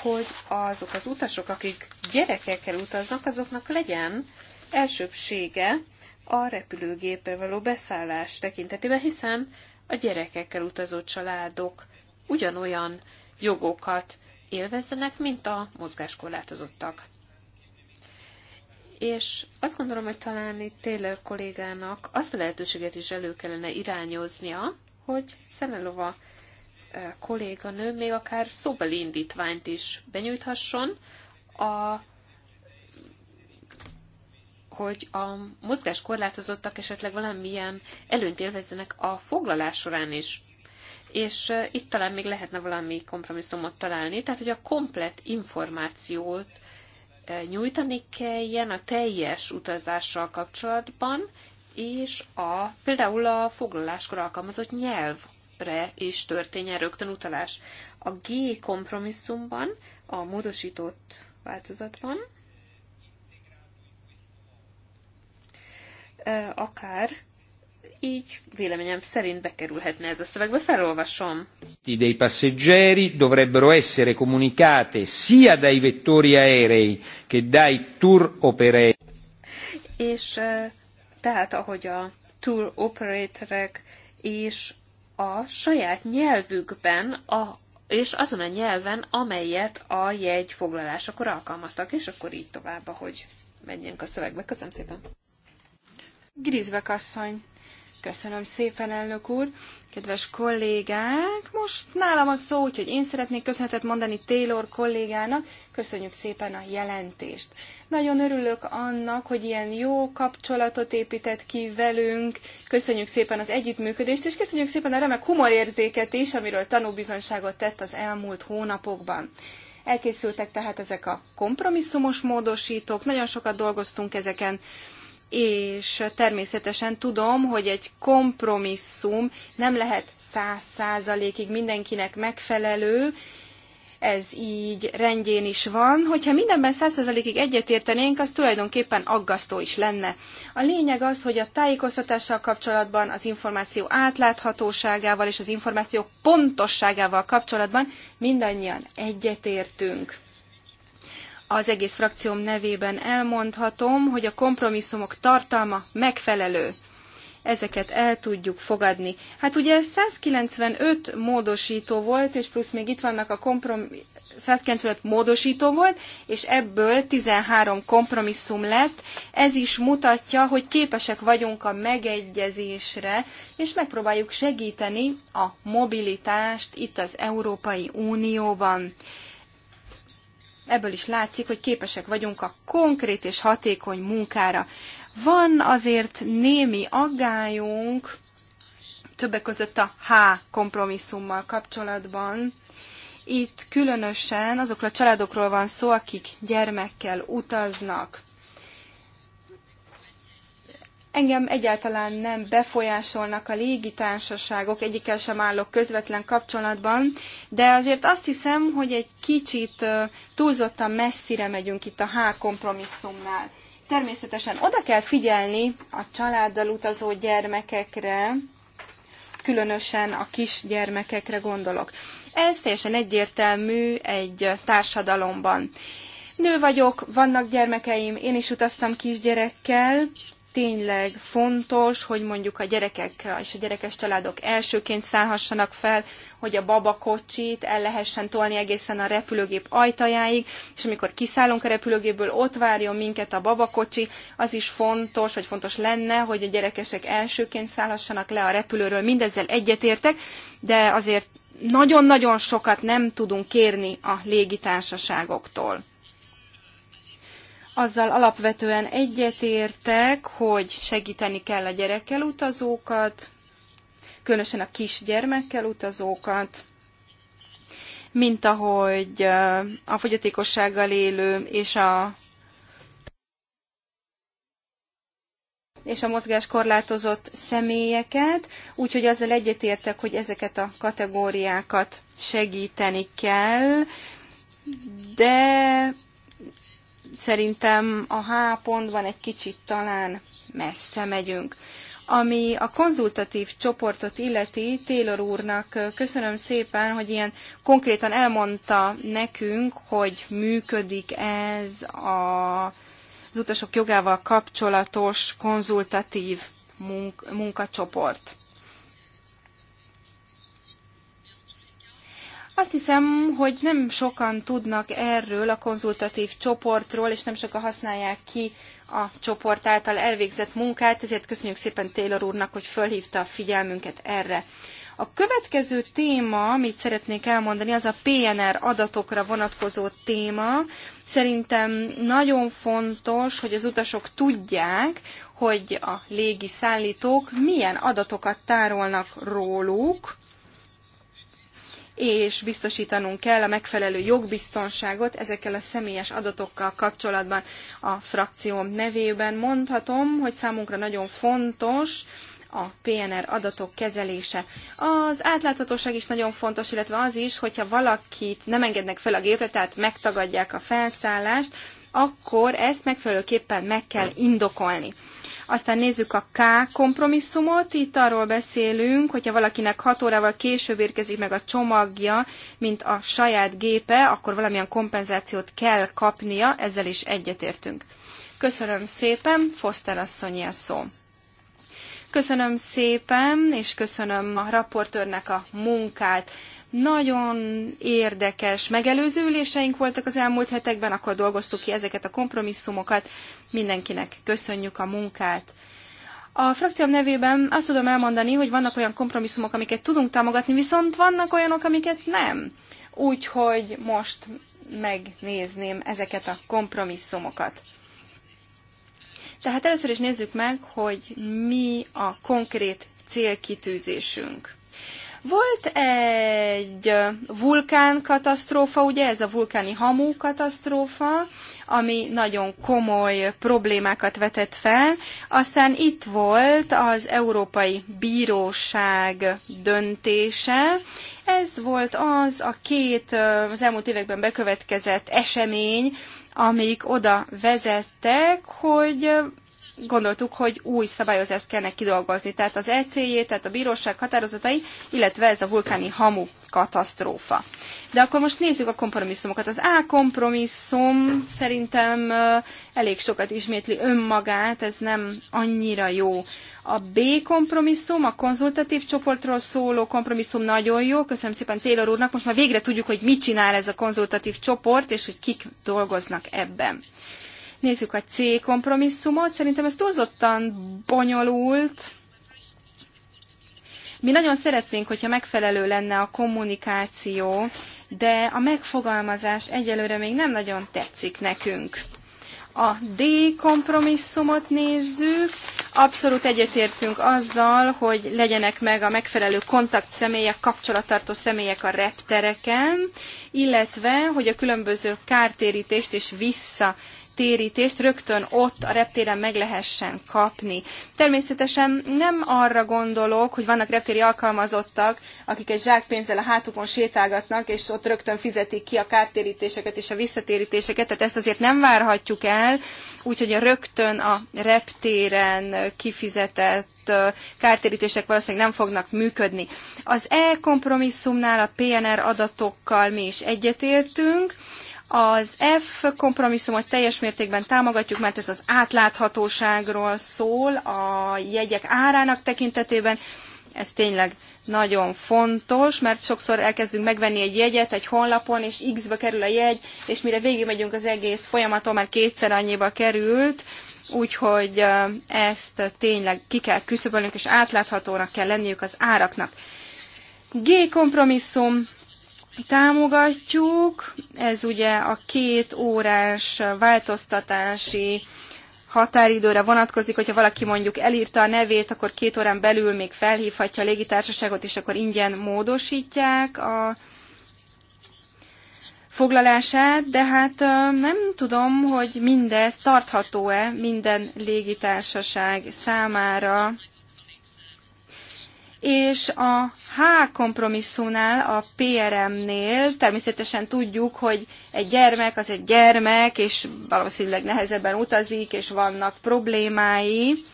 S1: hogy azok az utasok, akik gyerekekkel utaznak, azoknak legyen elsőbsége a repülőgépre való beszállás tekintetében, hiszen a gyerekekkel utazó családok ugyanolyan jogokat élvezzenek, mint a mozgáskorlátozottak és azt gondolom, hogy talán itt Taylor kollégának azt a lehetőséget is elő kellene irányoznia, hogy Szenelova kolléganő még akár szóbeli indítványt is benyújthasson, a, hogy a mozgáskorlátozottak esetleg valamilyen előnyt élvezzenek a foglalás során is. És itt talán még lehetne valami kompromisszumot találni, tehát hogy a komplet információt nyújtani kelljen a teljes utazással kapcsolatban, és a, például a foglaláskor alkalmazott nyelvre is történjen rögtön utalás. A G kompromisszumban, a módosított változatban, akár így véleményem szerint bekerülhetne ez a szövegbe. Felolvasom.
S3: dei passeggeri dovrebbero essere comunicate sia dai vettori aerei che dai tour operei.
S1: És eh, tehát ahogy a tour operatorek és a saját nyelvükben a és azon a nyelven, amelyet a jegy foglalásakor alkalmaztak, és akkor így tovább, hogy
S2: menjünk a szövegbe. Köszönöm szépen! Grizbek asszony! Köszönöm szépen, elnök úr! Kedves kollégák, most nálam a szó, úgyhogy én szeretnék köszönetet mondani Taylor kollégának. Köszönjük szépen a jelentést. Nagyon örülök annak, hogy ilyen jó kapcsolatot épített ki velünk. Köszönjük szépen az együttműködést, és köszönjük szépen a remek humorérzéket is, amiről tanúbizonságot tett az elmúlt hónapokban. Elkészültek tehát ezek a kompromisszumos módosítók, nagyon sokat dolgoztunk ezeken, és természetesen tudom, hogy egy kompromisszum nem lehet száz százalékig mindenkinek megfelelő, ez így rendjén is van. Hogyha mindenben százszerzalékig egyetértenénk, az tulajdonképpen aggasztó is lenne. A lényeg az, hogy a tájékoztatással kapcsolatban, az információ átláthatóságával és az információ pontosságával kapcsolatban mindannyian egyetértünk. Az egész frakcióm nevében elmondhatom, hogy a kompromisszumok tartalma megfelelő. Ezeket el tudjuk fogadni. Hát ugye 195 módosító volt, és plusz még itt vannak a kompromisszumok, 195 módosító volt, és ebből 13 kompromisszum lett. Ez is mutatja, hogy képesek vagyunk a megegyezésre, és megpróbáljuk segíteni a mobilitást itt az Európai Unióban ebből is látszik, hogy képesek vagyunk a konkrét és hatékony munkára. Van azért némi aggályunk, többek között a H kompromisszummal kapcsolatban. Itt különösen azokról a családokról van szó, akik gyermekkel utaznak. Engem egyáltalán nem befolyásolnak a légitársaságok, egyikkel sem állok közvetlen kapcsolatban, de azért azt hiszem, hogy egy kicsit túlzottan messzire megyünk itt a H kompromisszumnál. Természetesen oda kell figyelni a családdal utazó gyermekekre, különösen a kisgyermekekre gondolok. Ez teljesen egyértelmű egy társadalomban. Nő vagyok, vannak gyermekeim, én is utaztam kisgyerekkel, tényleg fontos, hogy mondjuk a gyerekek és a gyerekes családok elsőként szállhassanak fel, hogy a babakocsit el lehessen tolni egészen a repülőgép ajtajáig, és amikor kiszállunk a repülőgépből, ott várjon minket a babakocsi. Az is fontos, vagy fontos lenne, hogy a gyerekesek elsőként szállhassanak le a repülőről. Mindezzel egyetértek, de azért nagyon-nagyon sokat nem tudunk kérni a légitársaságoktól azzal alapvetően egyetértek, hogy segíteni kell a gyerekkel utazókat, különösen a kisgyermekkel utazókat, mint ahogy a fogyatékossággal élő és a és a mozgáskorlátozott személyeket, úgyhogy azzal egyetértek, hogy ezeket a kategóriákat segíteni kell, de Szerintem a H pontban egy kicsit talán messze megyünk. Ami a konzultatív csoportot illeti, Taylor úrnak köszönöm szépen, hogy ilyen konkrétan elmondta nekünk, hogy működik ez a, az utasok jogával kapcsolatos konzultatív munkacsoport. Azt hiszem, hogy nem sokan tudnak erről a konzultatív csoportról, és nem sokan használják ki a csoport által elvégzett munkát, ezért köszönjük szépen Taylor úrnak, hogy fölhívta a figyelmünket erre. A következő téma, amit szeretnék elmondani, az a PNR adatokra vonatkozó téma. Szerintem nagyon fontos, hogy az utasok tudják, hogy a légi szállítók milyen adatokat tárolnak róluk, és biztosítanunk kell a megfelelő jogbiztonságot ezekkel a személyes adatokkal kapcsolatban. A frakcióm nevében mondhatom, hogy számunkra nagyon fontos, a PNR adatok kezelése. Az átláthatóság is nagyon fontos, illetve az is, hogyha valakit nem engednek fel a gépre, tehát megtagadják a felszállást, akkor ezt megfelelőképpen meg kell indokolni. Aztán nézzük a K kompromisszumot, itt arról beszélünk, hogyha valakinek 6 órával később érkezik meg a csomagja, mint a saját gépe, akkor valamilyen kompenzációt kell kapnia, ezzel is egyetértünk. Köszönöm szépen, Foster asszonyi a szó. Köszönöm szépen, és köszönöm a raportőrnek a munkát. Nagyon érdekes megelőző üléseink voltak az elmúlt hetekben, akkor dolgoztuk ki ezeket a kompromisszumokat. Mindenkinek köszönjük a munkát. A frakcióm nevében azt tudom elmondani, hogy vannak olyan kompromisszumok, amiket tudunk támogatni, viszont vannak olyanok, amiket nem. Úgyhogy most megnézném ezeket a kompromisszumokat. Tehát először is nézzük meg, hogy mi a konkrét célkitűzésünk. Volt egy vulkánkatasztrófa, ugye ez a vulkáni hamú katasztrófa, ami nagyon komoly problémákat vetett fel. Aztán itt volt az Európai Bíróság döntése. Ez volt az a két az elmúlt években bekövetkezett esemény, amik oda vezettek, hogy gondoltuk, hogy új szabályozást kellene kidolgozni. Tehát az ECJ, tehát a bíróság határozatai, illetve ez a vulkáni hamu katasztrófa. De akkor most nézzük a kompromisszumokat. Az A kompromisszum szerintem elég sokat ismétli önmagát, ez nem annyira jó. A B kompromisszum, a konzultatív csoportról szóló kompromisszum nagyon jó. Köszönöm szépen Taylor úrnak. Most már végre tudjuk, hogy mit csinál ez a konzultatív csoport, és hogy kik dolgoznak ebben. Nézzük a C kompromisszumot. Szerintem ez túlzottan bonyolult. Mi nagyon szeretnénk, hogyha megfelelő lenne a kommunikáció, de a megfogalmazás egyelőre még nem nagyon tetszik nekünk. A D kompromisszumot nézzük. Abszolút egyetértünk azzal, hogy legyenek meg a megfelelő kontakt személyek, kapcsolattartó személyek a reptereken, illetve, hogy a különböző kártérítést és vissza térítést rögtön ott a reptéren meg lehessen kapni. Természetesen nem arra gondolok, hogy vannak reptéri alkalmazottak, akik egy zsákpénzzel a hátukon sétálgatnak, és ott rögtön fizetik ki a kártérítéseket és a visszatérítéseket, tehát ezt azért nem várhatjuk el, úgyhogy a rögtön a reptéren kifizetett kártérítések valószínűleg nem fognak működni. Az e-kompromisszumnál a PNR adatokkal mi is egyetértünk, az F kompromisszumot teljes mértékben támogatjuk, mert ez az átláthatóságról szól a jegyek árának tekintetében. Ez tényleg nagyon fontos, mert sokszor elkezdünk megvenni egy jegyet egy honlapon, és X-be kerül a jegy, és mire végigmegyünk az egész folyamaton, már kétszer annyiba került, úgyhogy ezt tényleg ki kell küszöbölnünk, és átláthatónak kell lenniük az áraknak. G kompromisszum, támogatjuk. Ez ugye a két órás változtatási határidőre vonatkozik, hogyha valaki mondjuk elírta a nevét, akkor két órán belül még felhívhatja a légitársaságot, és akkor ingyen módosítják a foglalását, de hát nem tudom, hogy mindez tartható-e minden légitársaság számára és a H kompromisszumnál, a PRM-nél természetesen tudjuk, hogy egy gyermek az egy gyermek, és valószínűleg nehezebben utazik, és vannak problémái,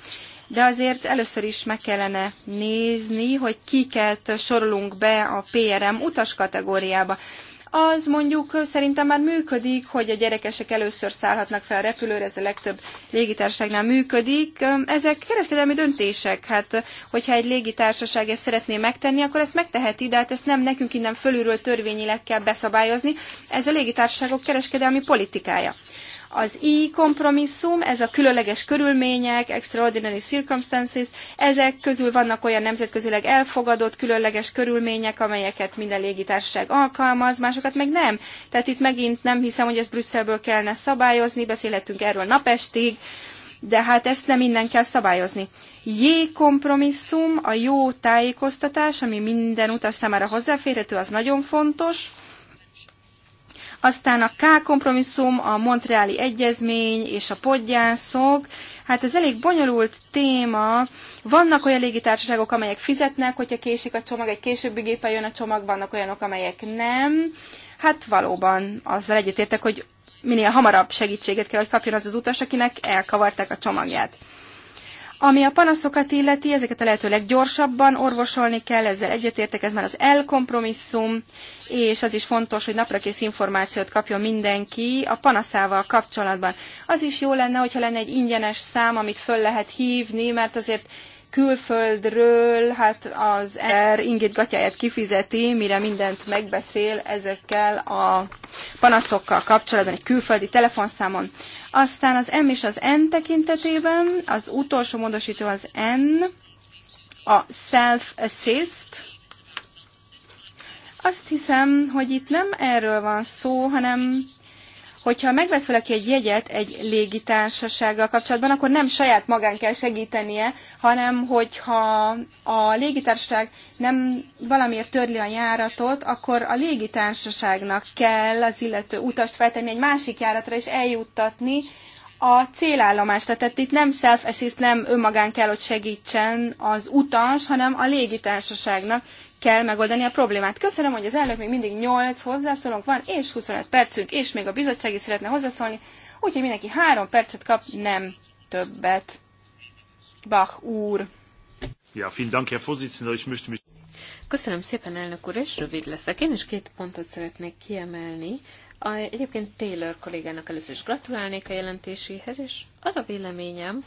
S2: de azért először is meg kellene nézni, hogy kiket sorolunk be a PRM utas kategóriába az mondjuk szerintem már működik, hogy a gyerekesek először szállhatnak fel a repülőre, ez a legtöbb légitársaságnál működik. Ezek kereskedelmi döntések, hát hogyha egy légitársaság ezt szeretné megtenni, akkor ezt megteheti, de hát ezt nem nekünk innen fölülről törvényileg kell beszabályozni, ez a légitársaságok kereskedelmi politikája. Az I kompromisszum, ez a különleges körülmények, extraordinary circumstances, ezek közül vannak olyan nemzetközileg elfogadott különleges körülmények, amelyeket minden légitársaság alkalmaz, másokat meg nem. Tehát itt megint nem hiszem, hogy ezt Brüsszelből kellene szabályozni, beszélhetünk erről napestig, de hát ezt nem innen kell szabályozni. J kompromisszum, a jó tájékoztatás, ami minden utas számára hozzáférhető, az nagyon fontos. Aztán a K kompromisszum, a Montreali Egyezmény és a podgyászok, hát ez elég bonyolult téma. Vannak olyan légitársaságok, amelyek fizetnek, hogyha késik a csomag, egy későbbi gépen jön a csomag, vannak olyanok, amelyek nem. Hát valóban azzal egyetértek, hogy minél hamarabb segítséget kell, hogy kapjon az az utas, akinek elkavarták a csomagját. Ami a panaszokat illeti, ezeket a lehető leggyorsabban orvosolni kell, ezzel egyetértek, ez már az elkompromisszum, és az is fontos, hogy naprakész információt kapjon mindenki a panaszával kapcsolatban. Az is jó lenne, hogyha lenne egy ingyenes szám, amit föl lehet hívni, mert azért külföldről, hát az er ingét gatyáját kifizeti, mire mindent megbeszél ezekkel a panaszokkal kapcsolatban, egy külföldi telefonszámon aztán az M és az N tekintetében, az utolsó módosító az N, a self-assist, azt hiszem, hogy itt nem erről van szó, hanem hogyha megvesz valaki egy jegyet egy légitársasággal kapcsolatban, akkor nem saját magán kell segítenie, hanem hogyha a légitársaság nem valamiért törli a járatot, akkor a légitársaságnak kell az illető utast feltenni egy másik járatra és eljuttatni a célállomásra, Tehát itt nem self-assist, nem önmagán kell, hogy segítsen az utas, hanem a légitársaságnak kell megoldani a problémát. Köszönöm, hogy az elnök még mindig 8 hozzászólónk van, és 25 percünk, és még a bizottság is szeretne hozzászólni, úgyhogy mindenki 3 percet kap, nem többet. Bach úr.
S3: Ja, vielen Dank, Herr Vorsitzender. Ich möchte mich...
S1: Köszönöm szépen, elnök úr, és rövid leszek. Én is két pontot szeretnék kiemelni a, egyébként Taylor kollégának először is gratulálnék a jelentéséhez, és az a véleményem,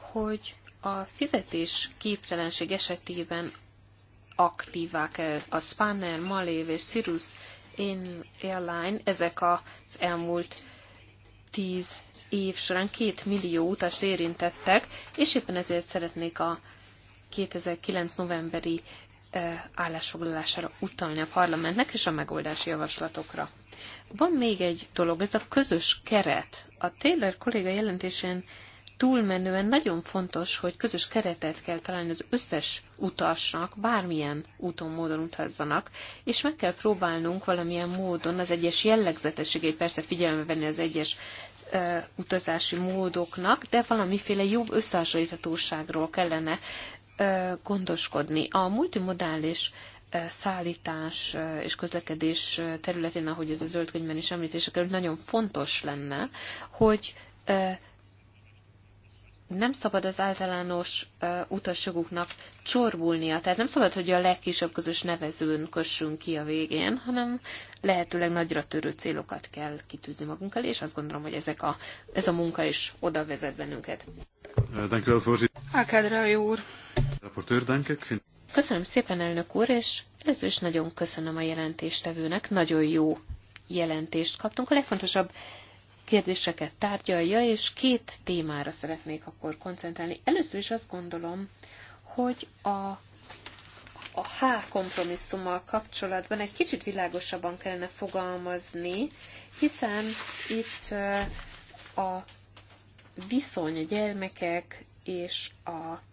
S1: hogy a fizetés képtelenség esetében aktívák eh, a Spanner, Malév és Cirrus Airline, ezek az elmúlt tíz év során két millió utas érintettek, és éppen ezért szeretnék a 2009. novemberi eh, állásfoglalására utalni a parlamentnek és a megoldási javaslatokra. Van még egy dolog, ez a közös keret. A Taylor kolléga jelentésén túlmenően nagyon fontos, hogy közös keretet kell találni az összes utasnak, bármilyen úton, módon utazzanak, és meg kell próbálnunk valamilyen módon az egyes jellegzetességét persze figyelembe venni az egyes uh, utazási módoknak, de valamiféle jobb összehasonlíthatóságról kellene uh, gondoskodni. A multimodális szállítás és közlekedés területén, ahogy ez a könyvben is említése került, nagyon fontos lenne, hogy nem szabad az általános uh, utasjoguknak csorbulnia, tehát nem szabad, hogy a legkisebb közös nevezőn kössünk ki a végén, hanem lehetőleg nagyra törő célokat kell kitűzni magunk elé, és azt gondolom, hogy ezek a, ez a munka is oda vezet bennünket. Ákádra, jó úr! Raportőr, Köszönöm szépen, elnök úr, és először is nagyon köszönöm a jelentéstevőnek, nagyon jó jelentést kaptunk. A legfontosabb kérdéseket tárgyalja, és két témára szeretnék akkor koncentrálni. Először is azt gondolom, hogy a a H kompromisszummal kapcsolatban egy kicsit világosabban kellene fogalmazni, hiszen itt a viszony a gyermekek és a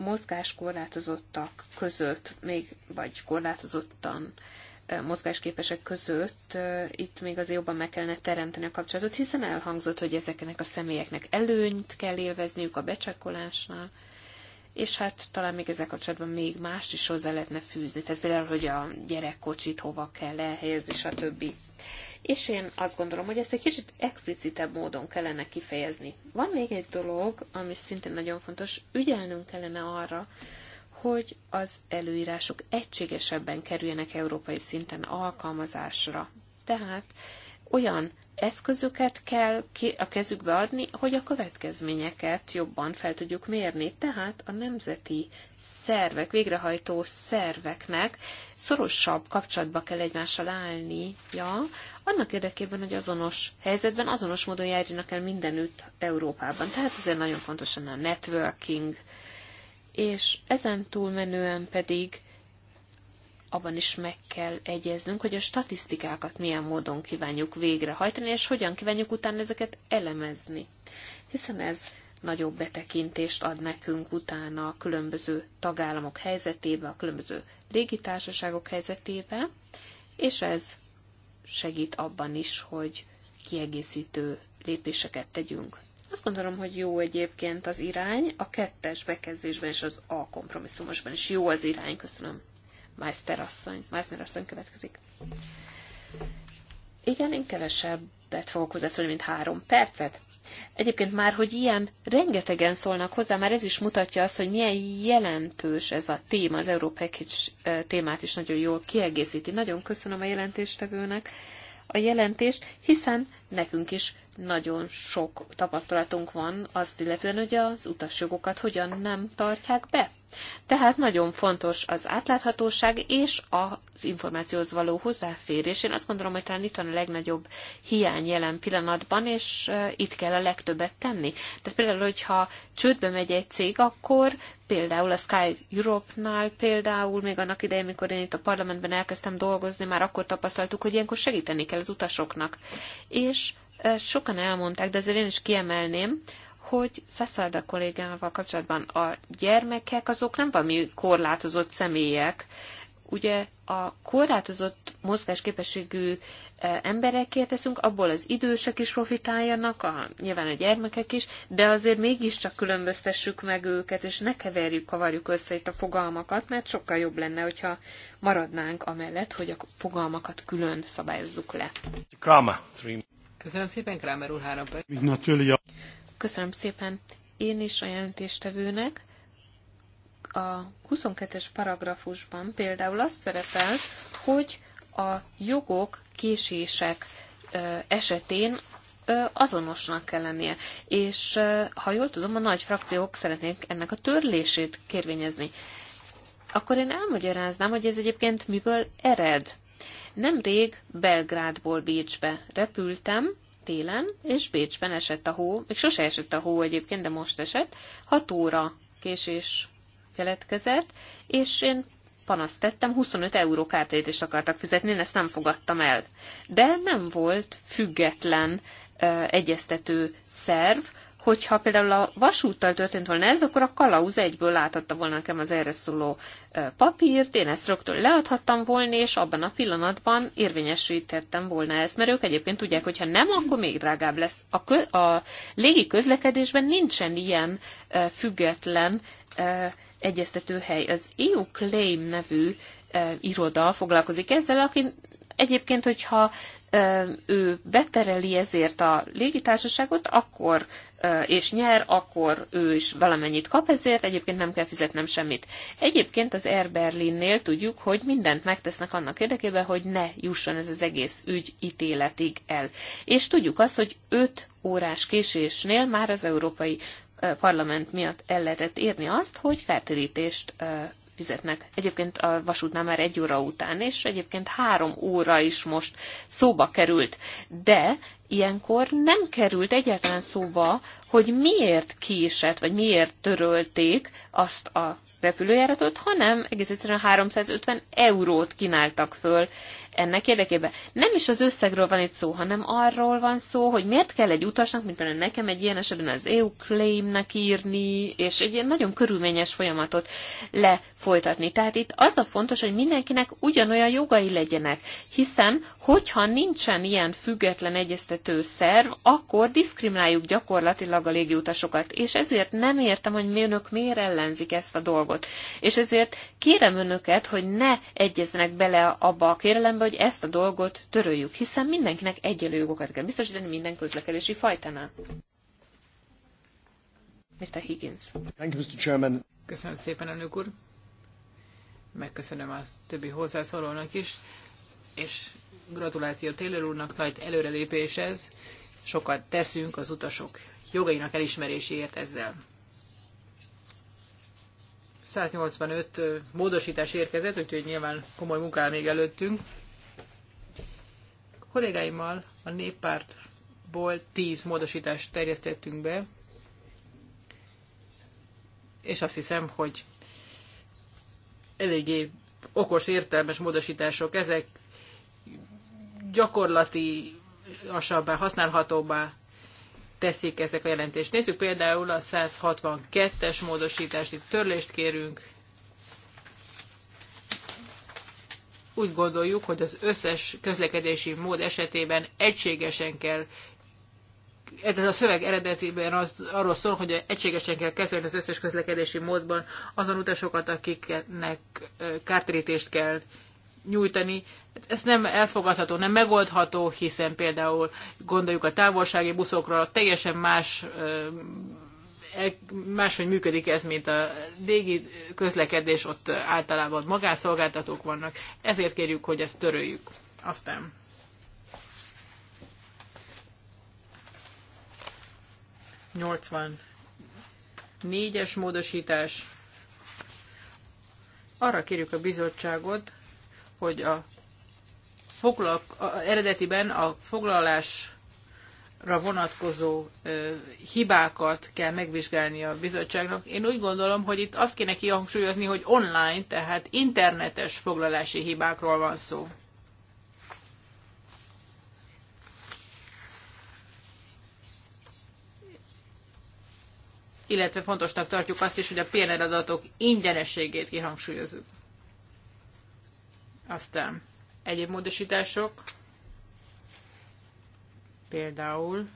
S1: mozgáskorlátozottak között, még vagy korlátozottan mozgásképesek között itt még azért jobban meg kellene teremteni a kapcsolatot, hiszen elhangzott, hogy ezeknek a személyeknek előnyt kell élvezniük a becsekolásnál, és hát talán még ezek a csatban még más is hozzá lehetne fűzni, tehát például, hogy a gyerekkocsit hova kell elhelyezni, stb. És én azt gondolom, hogy ezt egy kicsit explicitebb módon kellene kifejezni. Van még egy dolog, ami szintén nagyon fontos, ügyelnünk kellene arra, hogy az előírások egységesebben kerüljenek európai szinten alkalmazásra. Tehát olyan eszközöket kell a kezükbe adni, hogy a következményeket jobban fel tudjuk mérni. Tehát a nemzeti szervek, végrehajtó szerveknek szorosabb kapcsolatba kell egymással állnia, annak érdekében, hogy azonos helyzetben, azonos módon járjanak el mindenütt Európában. Tehát ezért nagyon fontosan a networking, és ezen túlmenően pedig abban is meg kell egyeznünk, hogy a statisztikákat milyen módon kívánjuk végrehajtani, és hogyan kívánjuk utána ezeket elemezni. Hiszen ez nagyobb betekintést ad nekünk utána a különböző tagállamok helyzetébe, a különböző légitársaságok helyzetébe, és ez segít abban is, hogy kiegészítő lépéseket tegyünk. Azt gondolom, hogy jó egyébként az irány, a kettes bekezdésben és az A kompromisszumosban is jó az irány. Köszönöm. Meister asszony, asszony következik. Igen, én kevesebbet fogok hozzászólni, mint három percet. Egyébként már, hogy ilyen rengetegen szólnak hozzá, már ez is mutatja azt, hogy milyen jelentős ez a téma, az Package témát is nagyon jól kiegészíti. Nagyon köszönöm a jelentéstevőnek a jelentést, hiszen nekünk is nagyon sok tapasztalatunk van azt illetően, hogy az utasjogokat hogyan nem tartják be. Tehát nagyon fontos az átláthatóság és az információhoz való hozzáférés. Én azt gondolom, hogy talán itt van a legnagyobb hiány jelen pillanatban, és itt kell a legtöbbet tenni. Tehát például, hogyha csődbe megy egy cég, akkor például a Sky Europe-nál például, még annak idején, mikor én itt a parlamentben elkezdtem dolgozni, már akkor tapasztaltuk, hogy ilyenkor segíteni kell az utasoknak. És sokan elmondták, de azért én is kiemelném, hogy Szaszalda kollégával kapcsolatban a gyermekek azok nem valami korlátozott személyek, ugye a korlátozott mozgásképességű emberekért teszünk, abból az idősek is profitáljanak, a, nyilván a gyermekek is, de azért mégiscsak különböztessük meg őket, és ne keverjük, kavarjuk össze itt a fogalmakat, mert sokkal jobb lenne, hogyha maradnánk amellett, hogy a fogalmakat külön szabályozzuk le. Kramer, Köszönöm szépen, Krámer úr, három perc. Köszönöm szépen. Én is a jelentéstevőnek a 22-es paragrafusban például azt szerepel, hogy a jogok késések esetén azonosnak kell lennie. És ha jól tudom, a nagy frakciók szeretnék ennek a törlését kérvényezni. Akkor én elmagyaráznám, hogy ez egyébként miből ered Nemrég Belgrádból Bécsbe repültem, télen, és Bécsben esett a hó, még sose esett a hó egyébként, de most esett, hat óra késés keletkezett, és én panaszt tettem, 25 euró is akartak fizetni, én ezt nem fogadtam el. De nem volt független uh, egyeztető szerv, hogyha például a vasúttal történt volna ez, akkor a kalauz egyből láthatta volna nekem az erre szóló papírt, én ezt rögtön leadhattam volna, és abban a pillanatban érvényesítettem volna ezt, mert ők egyébként tudják, hogy ha nem, akkor még drágább lesz. A, kö, a légi közlekedésben nincsen ilyen független e, egyeztető hely. Az EU Claim nevű iroda foglalkozik ezzel, aki egyébként, hogyha ő bepereli ezért a légitársaságot, akkor és nyer, akkor ő is valamennyit kap ezért, egyébként nem kell fizetnem semmit. Egyébként az Air Berlinnél tudjuk, hogy mindent megtesznek annak érdekében, hogy ne jusson ez az egész ügy ítéletig el. És tudjuk azt, hogy 5 órás késésnél már az Európai Parlament miatt el lehetett érni azt, hogy fertőzést fizetnek. Egyébként a vasútnál már egy óra után, és egyébként három óra is most szóba került. De ilyenkor nem került egyáltalán szóba, hogy miért késett, vagy miért törölték azt a repülőjáratot, hanem egész egyszerűen 350 eurót kínáltak föl ennek érdekében. Nem is az összegről van itt szó, hanem arról van szó, hogy miért kell egy utasnak, mint például nekem egy ilyen esetben az EU claimnek írni, és egy ilyen nagyon körülményes folyamatot lefolytatni. Tehát itt az a fontos, hogy mindenkinek ugyanolyan jogai legyenek, hiszen hogyha nincsen ilyen független egyeztető szerv, akkor diszkrimináljuk gyakorlatilag a légiutasokat, és ezért nem értem, hogy mi önök miért ellenzik ezt a dolgot. És ezért kérem önöket, hogy ne egyezzenek bele abba a kérelembe, hogy ezt a dolgot töröljük, hiszen mindenkinek egyenlő jogokat kell biztosítani minden közlekedési fajtánál.
S3: Mr. Higgins. Thank you,
S2: Mr. Chairman.
S3: Köszönöm szépen, elnök úr. Megköszönöm a többi hozzászólónak is, és gratuláció Taylor úrnak, nagy előrelépés ez. Sokat teszünk az utasok jogainak elismeréséért ezzel. 185 módosítás érkezett, úgyhogy nyilván komoly munkál még előttünk kollégáimmal a néppártból tíz módosítást terjesztettünk be, és azt hiszem, hogy eléggé okos, értelmes módosítások ezek, gyakorlati asabbá, használhatóbbá teszik ezek a jelentést. Nézzük például a 162-es módosítást, itt törlést kérünk, úgy gondoljuk, hogy az összes közlekedési mód esetében egységesen kell ez a szöveg eredetében az, arról szól, hogy egységesen kell kezelni az összes közlekedési módban azon utasokat, akiknek kártérítést kell nyújtani. Hát ez nem elfogadható, nem megoldható, hiszen például gondoljuk a távolsági buszokra, teljesen más máshogy működik ez, mint a légi közlekedés, ott általában magánszolgáltatók vannak, ezért kérjük, hogy ezt töröljük. Aztán nyolcvan négyes módosítás. Arra kérjük a bizottságot, hogy a foglal, a, eredetiben a foglalás ra vonatkozó hibákat kell megvizsgálni a bizottságnak. Én úgy gondolom, hogy itt azt kéne kihangsúlyozni, hogy online, tehát internetes foglalási hibákról van szó. illetve fontosnak tartjuk azt is, hogy a PNR adatok ingyenességét kihangsúlyozzuk. Aztán egyéb módosítások. Például,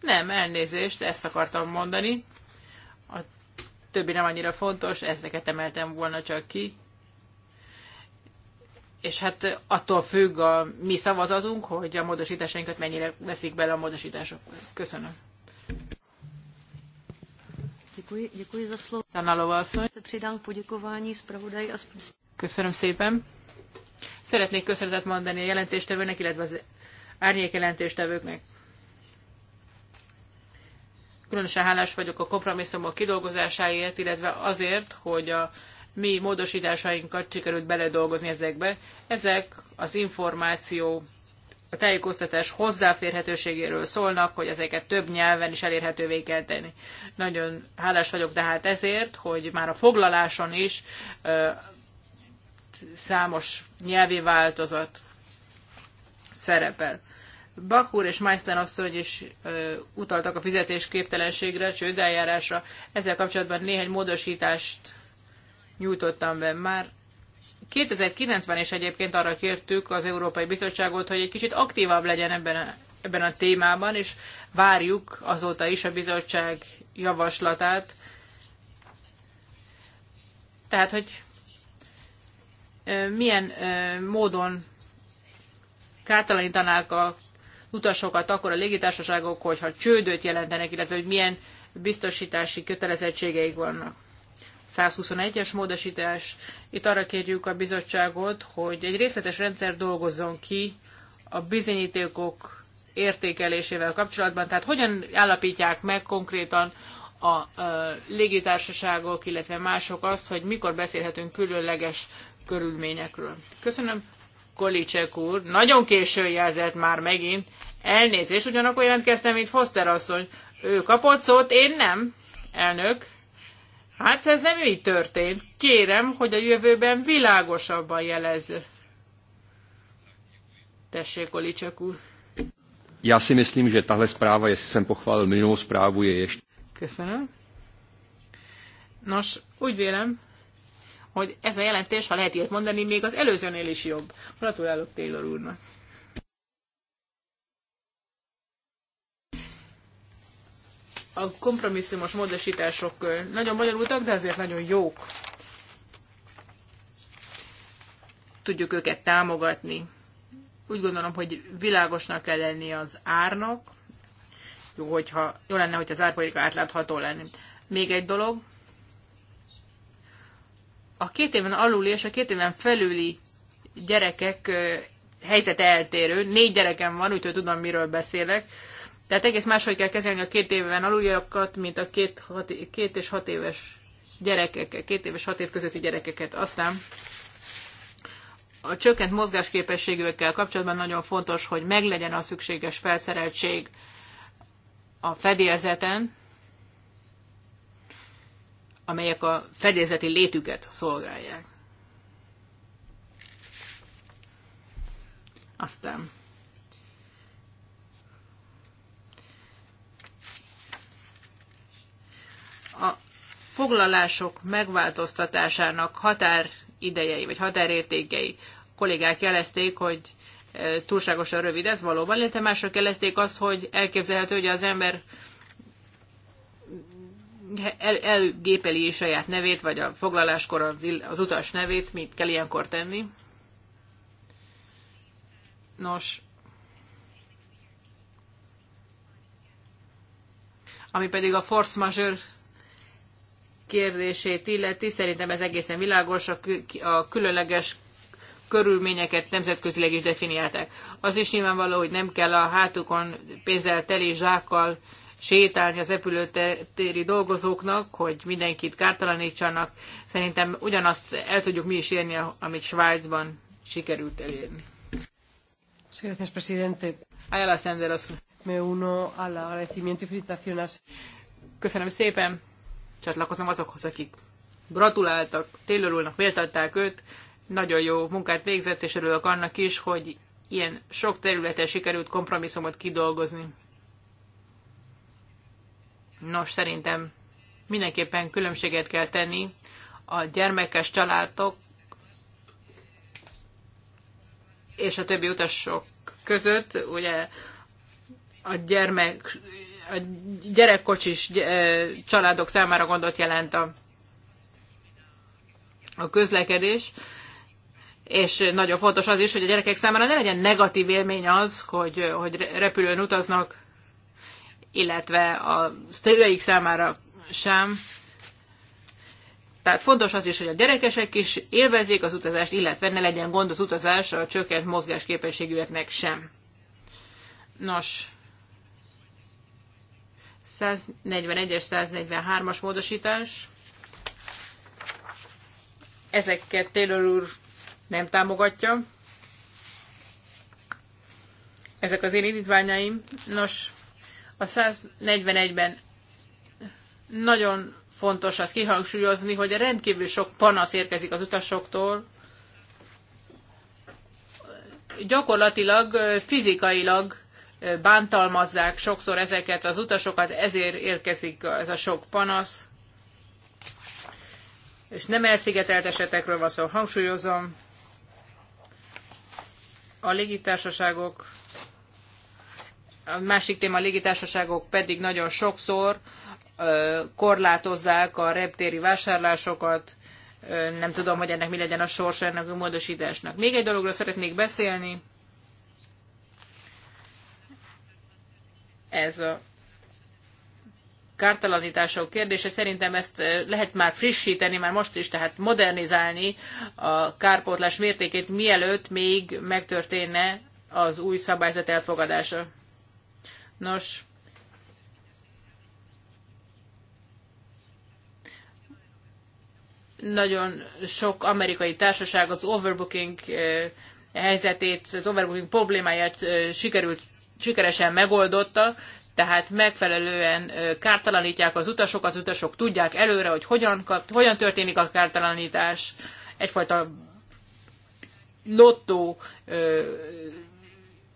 S3: nem, elnézést, ezt akartam mondani. A többi nem annyira fontos, ezeket emeltem volna csak ki. És hát attól függ a mi szavazatunk, hogy a módosításainkat mennyire veszik bele a módosításokba. Köszönöm. Děkuji, za slovo. Přidám poděkování zpravodaj a Köszönöm szépen. Szeretnék köszönetet mondani a jelentéstevőnek, illetve az árnyékjelentéstevőknek. Különösen hálás vagyok a kompromisszumok kidolgozásáért, illetve azért, hogy a mi módosításainkat sikerült beledolgozni ezekbe. Ezek az információ, a tájékoztatás hozzáférhetőségéről szólnak, hogy ezeket több nyelven is elérhetővé kell tenni. Nagyon hálás vagyok tehát ezért, hogy már a foglaláson is ö, számos nyelvi változat szerepel. Bakur és Meissner asszony is ö, utaltak a fizetésképtelenségre, csődeljárásra. Ezzel kapcsolatban néhány módosítást nyújtottam be már. 2090 és egyébként arra kértük az Európai Bizottságot, hogy egy kicsit aktívabb legyen ebben a, ebben a témában, és várjuk azóta is a bizottság javaslatát. Tehát, hogy milyen módon kártalanítanák a utasokat akkor a légitársaságok, hogyha csődöt jelentenek, illetve hogy milyen biztosítási kötelezettségeik vannak. 121-es módosítás. Itt arra kérjük a bizottságot, hogy egy részletes rendszer dolgozzon ki a bizonyítékok értékelésével kapcsolatban, tehát hogyan állapítják meg konkrétan a, a légitársaságok, illetve mások azt, hogy mikor beszélhetünk különleges körülményekről. Köszönöm. Kolicek úr, nagyon későn jelzett már megint, elnézést, ugyanakkor jelentkeztem, mint Foster asszony. Ő kapott szót, én nem, elnök. Hát ez nem így történt. Kérem, hogy a jövőben világosabban jelez. Tessék, Kolicek úr.
S1: Já si myslím, že tahle zpráva, jestli jsem pochválil minulou zprávu, je ještě...
S3: Köszönöm. Nos, úgy vélem, hogy ez a jelentés, ha lehet ilyet mondani, még az előzőnél is jobb. Gratulálok Taylor úrnak. A kompromisszumos módosítások nagyon bonyolultak, de azért nagyon jók. Tudjuk őket támogatni. Úgy gondolom, hogy világosnak kell lenni az árnak. Jó, hogyha, jó lenne, hogy az árpolitika átlátható lenne. Még egy dolog, a két éven aluli és a két éven felüli gyerekek helyzete eltérő. Négy gyerekem van, úgyhogy tudom, miről beszélek. Tehát egész máshogy kell kezelni a két éven aluljakat, mint a két, hat, két és hat éves gyerekek, két éves hat év közötti gyerekeket. Aztán a csökkent mozgásképességűekkel kapcsolatban nagyon fontos, hogy meglegyen a szükséges felszereltség a fedélzeten, amelyek a fedélzeti létüket szolgálják. Aztán a foglalások megváltoztatásának határidejei vagy határértékei kollégák jelezték, hogy e, túlságosan rövid ez valóban, illetve mások jelezték azt, hogy elképzelhető, hogy az ember el, elgépeli saját nevét, vagy a foglaláskor az, az utas nevét, mit kell ilyenkor tenni. Nos, ami pedig a force majeure kérdését illeti, szerintem ez egészen világos, a különleges körülményeket nemzetközileg is definiálták. Az is nyilvánvaló, hogy nem kell a hátukon pénzzel teli zsákkal sétálni az epülőtéri dolgozóknak, hogy mindenkit kártalanítsanak. Szerintem ugyanazt el tudjuk mi is érni, amit Svájcban sikerült elérni. Gracias, presidente. Ayala Senderos. Me uno al agradecimiento y felicitaciones. Köszönöm szépen. Csatlakozom azokhoz, akik gratuláltak, Taylor méltatták őt, nagyon jó munkát végzett, és örülök annak is, hogy ilyen sok területen sikerült kompromisszumot kidolgozni. Nos, szerintem mindenképpen különbséget kell tenni a gyermekes családok és a többi utasok között. Ugye a gyermek, a gyerekkocsis eh, családok számára gondot jelent a, a közlekedés és nagyon fontos az is, hogy a gyerekek számára ne legyen negatív élmény az, hogy, hogy repülőn utaznak, illetve a szüleik számára sem. Tehát fontos az is, hogy a gyerekesek is élvezzék az utazást, illetve ne legyen gond az utazásra a csökkent mozgásképességűeknek sem. Nos, 141-es, 143-as módosítás. Ezeket Taylor úr nem támogatja. Ezek az én indítványaim. Nos, a 141-ben nagyon fontos az kihangsúlyozni, hogy rendkívül sok panasz érkezik az utasoktól, gyakorlatilag fizikailag bántalmazzák sokszor ezeket az utasokat, ezért érkezik ez a sok panasz. És nem elszigetelt esetekről van szó, hangsúlyozom. A légitársaságok a másik téma a légitársaságok pedig nagyon sokszor korlátozzák a reptéri vásárlásokat, nem tudom, hogy ennek mi legyen a sorsa ennek a módosításnak. Még egy dologról szeretnék beszélni. Ez a kártalanítások kérdése. Szerintem ezt lehet már frissíteni, már most is, tehát modernizálni a kárpótlás mértékét, mielőtt még megtörténne az új szabályzat elfogadása. Nos, nagyon sok amerikai társaság az overbooking eh, helyzetét, az overbooking problémáját eh, sikerült, sikeresen megoldotta, tehát megfelelően eh, kártalanítják az utasokat, az utasok tudják előre, hogy hogyan, hogyan történik a kártalanítás, egyfajta lottó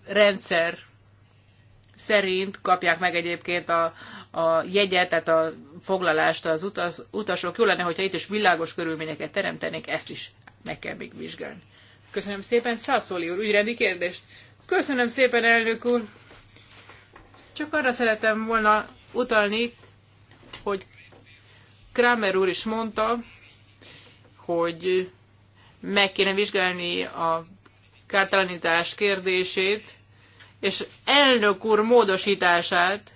S3: rendszer szerint kapják meg egyébként a, a jegyet, tehát a foglalást az utas utasok. Jó lenne, hogyha itt is világos körülményeket teremtenék, ezt is meg kell még vizsgálni. Köszönöm szépen, Szaszoli úr, ügyrendi kérdést. Köszönöm szépen, elnök úr. Csak arra szeretem volna utalni, hogy Kramer úr is mondta, hogy meg kéne vizsgálni a kártalanítás kérdését, és elnök úr módosítását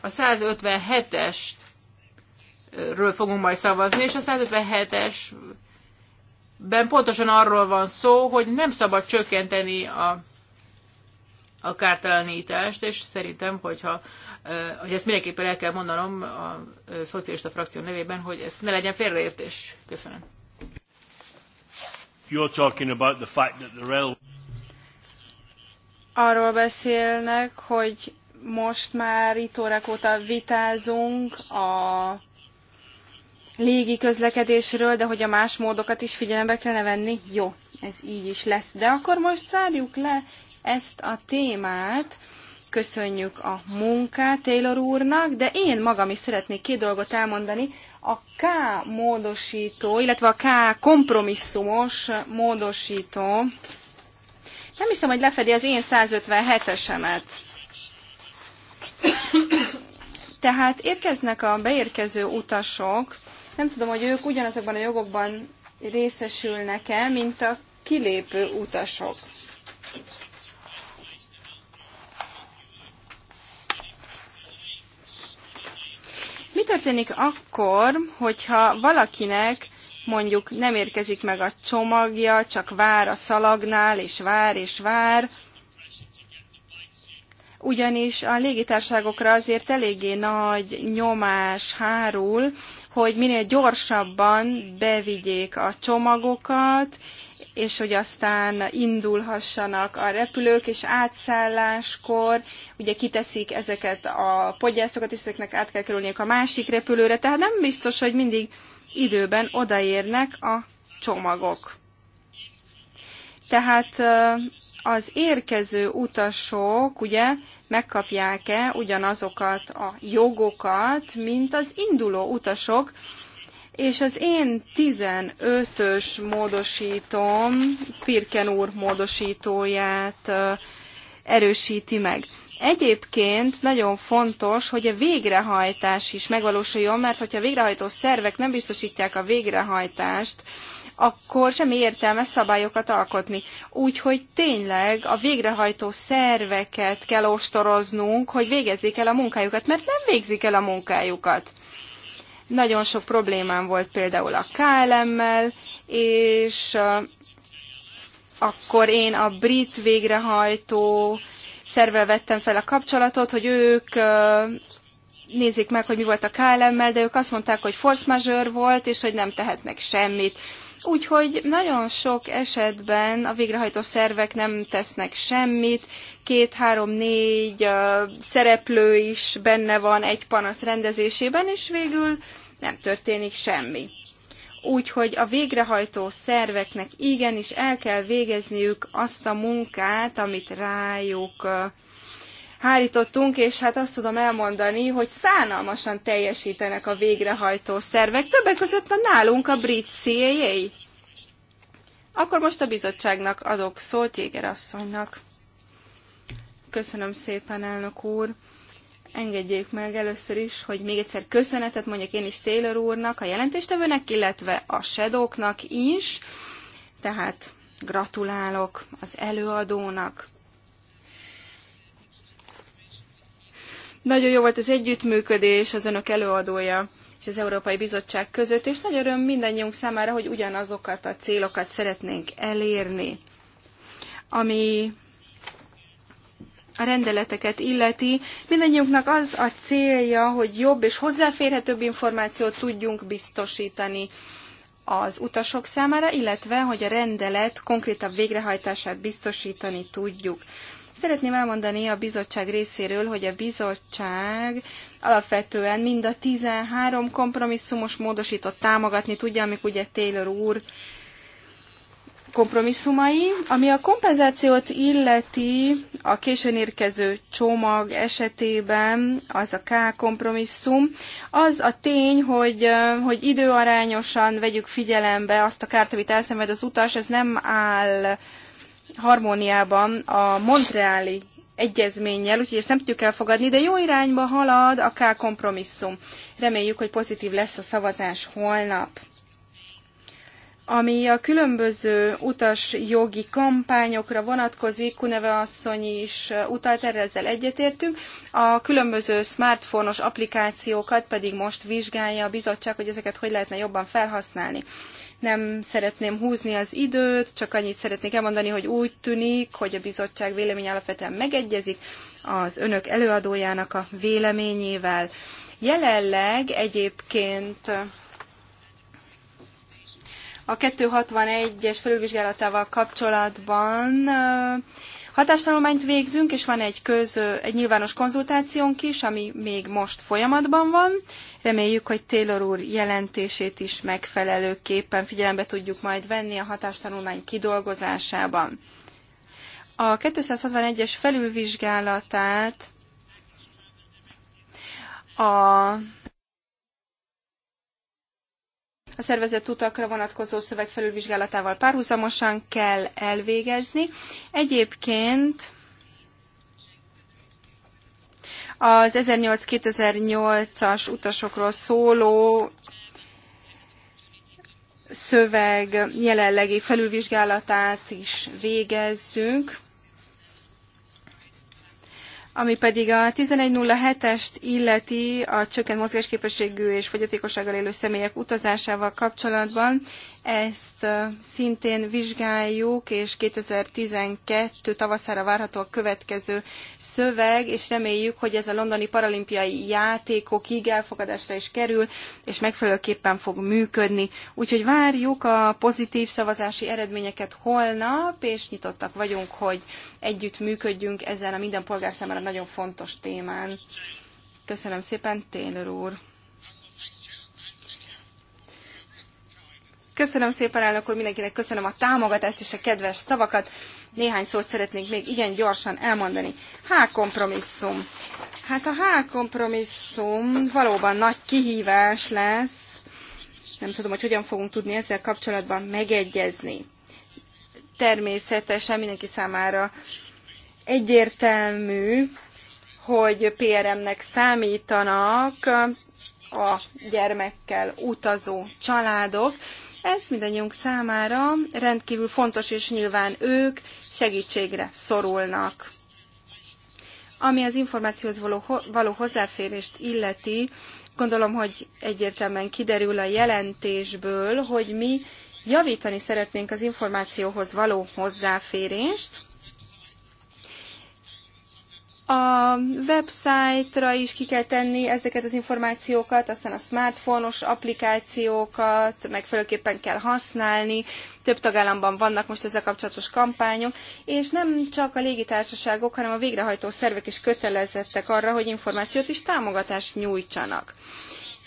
S3: a 157-es ről fogunk majd szavazni, és a 157-es ben pontosan arról van szó, hogy nem szabad csökkenteni a, a kártalanítást, és szerintem, hogyha, eh, hogy ezt mindenképpen el kell mondanom a eh, szocialista frakció nevében, hogy ez ne legyen félreértés. Köszönöm.
S1: You're talking about the fact that the rail
S2: arról beszélnek, hogy most már itt órák óta vitázunk a légi közlekedésről, de hogy a más módokat is figyelembe kellene venni. Jó, ez így is lesz. De akkor most zárjuk le ezt a témát. Köszönjük a munkát Taylor úrnak, de én magam is szeretnék két dolgot elmondani. A K módosító, illetve a K kompromisszumos módosító nem hiszem, hogy lefedi az én 157-esemet. Tehát érkeznek a beérkező utasok, nem tudom, hogy ők ugyanazokban a jogokban részesülnek-e, mint a kilépő utasok. történik akkor, hogyha valakinek mondjuk nem érkezik meg a csomagja, csak vár a szalagnál, és vár, és vár, ugyanis a légitárságokra azért eléggé nagy nyomás hárul, hogy minél gyorsabban bevigyék a csomagokat, és hogy aztán indulhassanak a repülők, és átszálláskor ugye kiteszik ezeket a podgyászokat, és ezeknek át kell kerülniük a másik repülőre, tehát nem biztos, hogy mindig időben odaérnek a csomagok. Tehát az érkező utasok ugye megkapják-e ugyanazokat a jogokat, mint az induló utasok, és az én 15-ös módosítom, Pirken úr módosítóját erősíti meg. Egyébként nagyon fontos, hogy a végrehajtás is megvalósuljon, mert hogyha a végrehajtó szervek nem biztosítják a végrehajtást, akkor sem értelme szabályokat alkotni. Úgyhogy tényleg a végrehajtó szerveket kell ostoroznunk, hogy végezzék el a munkájukat, mert nem végzik el a munkájukat. Nagyon sok problémám volt például a KLM-mel, és akkor én a brit végrehajtó szervvel vettem fel a kapcsolatot, hogy ők nézik meg, hogy mi volt a KLM-mel, de ők azt mondták, hogy force majeure volt, és hogy nem tehetnek semmit. Úgyhogy nagyon sok esetben a végrehajtó szervek nem tesznek semmit, két-három-négy szereplő is benne van egy panasz rendezésében, és végül nem történik semmi. Úgyhogy a végrehajtó szerveknek igenis el kell végezniük azt a munkát, amit rájuk hárítottunk, és hát azt tudom elmondani, hogy szánalmasan teljesítenek a végrehajtó szervek, többek között a nálunk a brit CIA. Akkor most a bizottságnak adok szót Jéger asszonynak. Köszönöm szépen, elnök úr. Engedjék meg először is, hogy még egyszer köszönetet mondjak én is Taylor úrnak, a jelentéstevőnek, illetve a sedóknak is. Tehát gratulálok az előadónak. Nagyon jó volt az együttműködés az önök előadója és az Európai Bizottság között, és nagy öröm mindannyiunk számára, hogy ugyanazokat a célokat szeretnénk elérni. Ami a rendeleteket illeti, mindannyiunknak az a célja, hogy jobb és hozzáférhetőbb információt tudjunk biztosítani az utasok számára, illetve hogy a rendelet konkrétabb végrehajtását biztosítani tudjuk. Szeretném elmondani a bizottság részéről, hogy a bizottság alapvetően mind a 13 kompromisszumos módosított támogatni tudja, amik ugye Taylor úr kompromisszumai. Ami a kompenzációt illeti, a későn érkező csomag esetében az a K kompromisszum, az a tény, hogy, hogy időarányosan vegyük figyelembe azt a kárt, amit elszenved az utas, ez nem áll harmóniában a Montreali egyezménnyel, úgyhogy ezt nem tudjuk elfogadni, de jó irányba halad a K kompromisszum. Reméljük, hogy pozitív lesz a szavazás holnap. Ami a különböző utas jogi kampányokra vonatkozik, Kuneve asszony is utalt erre, ezzel egyetértünk. A különböző smartphonos applikációkat pedig most vizsgálja a bizottság, hogy ezeket hogy lehetne jobban felhasználni. Nem szeretném húzni az időt, csak annyit szeretnék elmondani, hogy úgy tűnik, hogy a bizottság vélemény alapvetően megegyezik az önök előadójának a véleményével. Jelenleg egyébként a 261-es felülvizsgálatával kapcsolatban hatástanulmányt végzünk, és van egy, köz, egy nyilvános konzultációnk is, ami még most folyamatban van. Reméljük, hogy Taylor úr jelentését is megfelelőképpen figyelembe tudjuk majd venni a hatástanulmány kidolgozásában. A 261-es felülvizsgálatát a a szervezett utakra vonatkozó szöveg felülvizsgálatával párhuzamosan kell elvégezni. Egyébként az 1008-2008-as utasokról szóló szöveg jelenlegi felülvizsgálatát is végezzünk. Ami pedig a 1107-est illeti a csökkent mozgásképességű és fogyatékossággal élő személyek utazásával kapcsolatban, ezt szintén vizsgáljuk, és 2012 tavaszára várható a következő szöveg, és reméljük, hogy ez a londoni paralimpiai játékokig elfogadásra is kerül, és megfelelőképpen fog működni. Úgyhogy várjuk a pozitív szavazási eredményeket holnap, és nyitottak vagyunk, hogy együtt működjünk ezen a minden polgár számára nagyon fontos témán. Köszönöm szépen, Taylor úr! Köszönöm szépen, elnök úr, mindenkinek köszönöm a támogatást és a kedves szavakat. Néhány szót szeretnék még igen gyorsan elmondani. H kompromisszum. Hát a H kompromisszum valóban nagy kihívás lesz. Nem tudom, hogy hogyan fogunk tudni ezzel kapcsolatban megegyezni természetesen mindenki számára egyértelmű, hogy PRM-nek számítanak a gyermekkel utazó családok. Ez mindannyiunk számára rendkívül fontos, és nyilván ők segítségre szorulnak. Ami az információhoz való, hozzáférést illeti, gondolom, hogy egyértelműen kiderül a jelentésből, hogy mi Javítani szeretnénk az információhoz való hozzáférést, a websájtra is ki kell tenni ezeket az információkat, aztán a smartphone-os applikációkat megfelelőképpen kell használni. Több tagállamban vannak most ezzel kapcsolatos kampányok, és nem csak a légitársaságok, hanem a végrehajtó szervek is kötelezettek arra, hogy információt és támogatást nyújtsanak.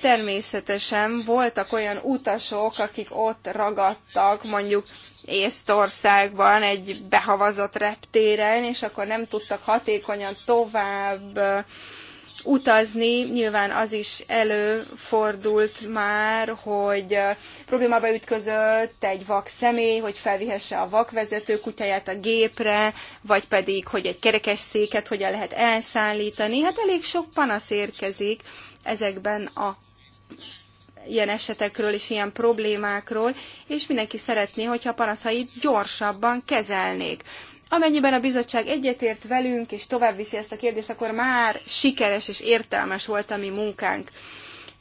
S2: Természetesen voltak olyan utasok, akik ott ragadtak, mondjuk Észtországban egy behavazott reptéren, és akkor nem tudtak hatékonyan tovább utazni. Nyilván az is előfordult már, hogy problémába ütközött egy vak személy, hogy felvihesse a vakvezető kutyáját a gépre, vagy pedig, hogy egy kerekes széket hogyan lehet elszállítani. Hát elég sok panasz érkezik ezekben a ilyen esetekről és ilyen problémákról, és mindenki szeretné, hogyha a panaszait gyorsabban kezelnék. Amennyiben a bizottság egyetért velünk, és tovább viszi ezt a kérdést, akkor már sikeres és értelmes volt a mi munkánk.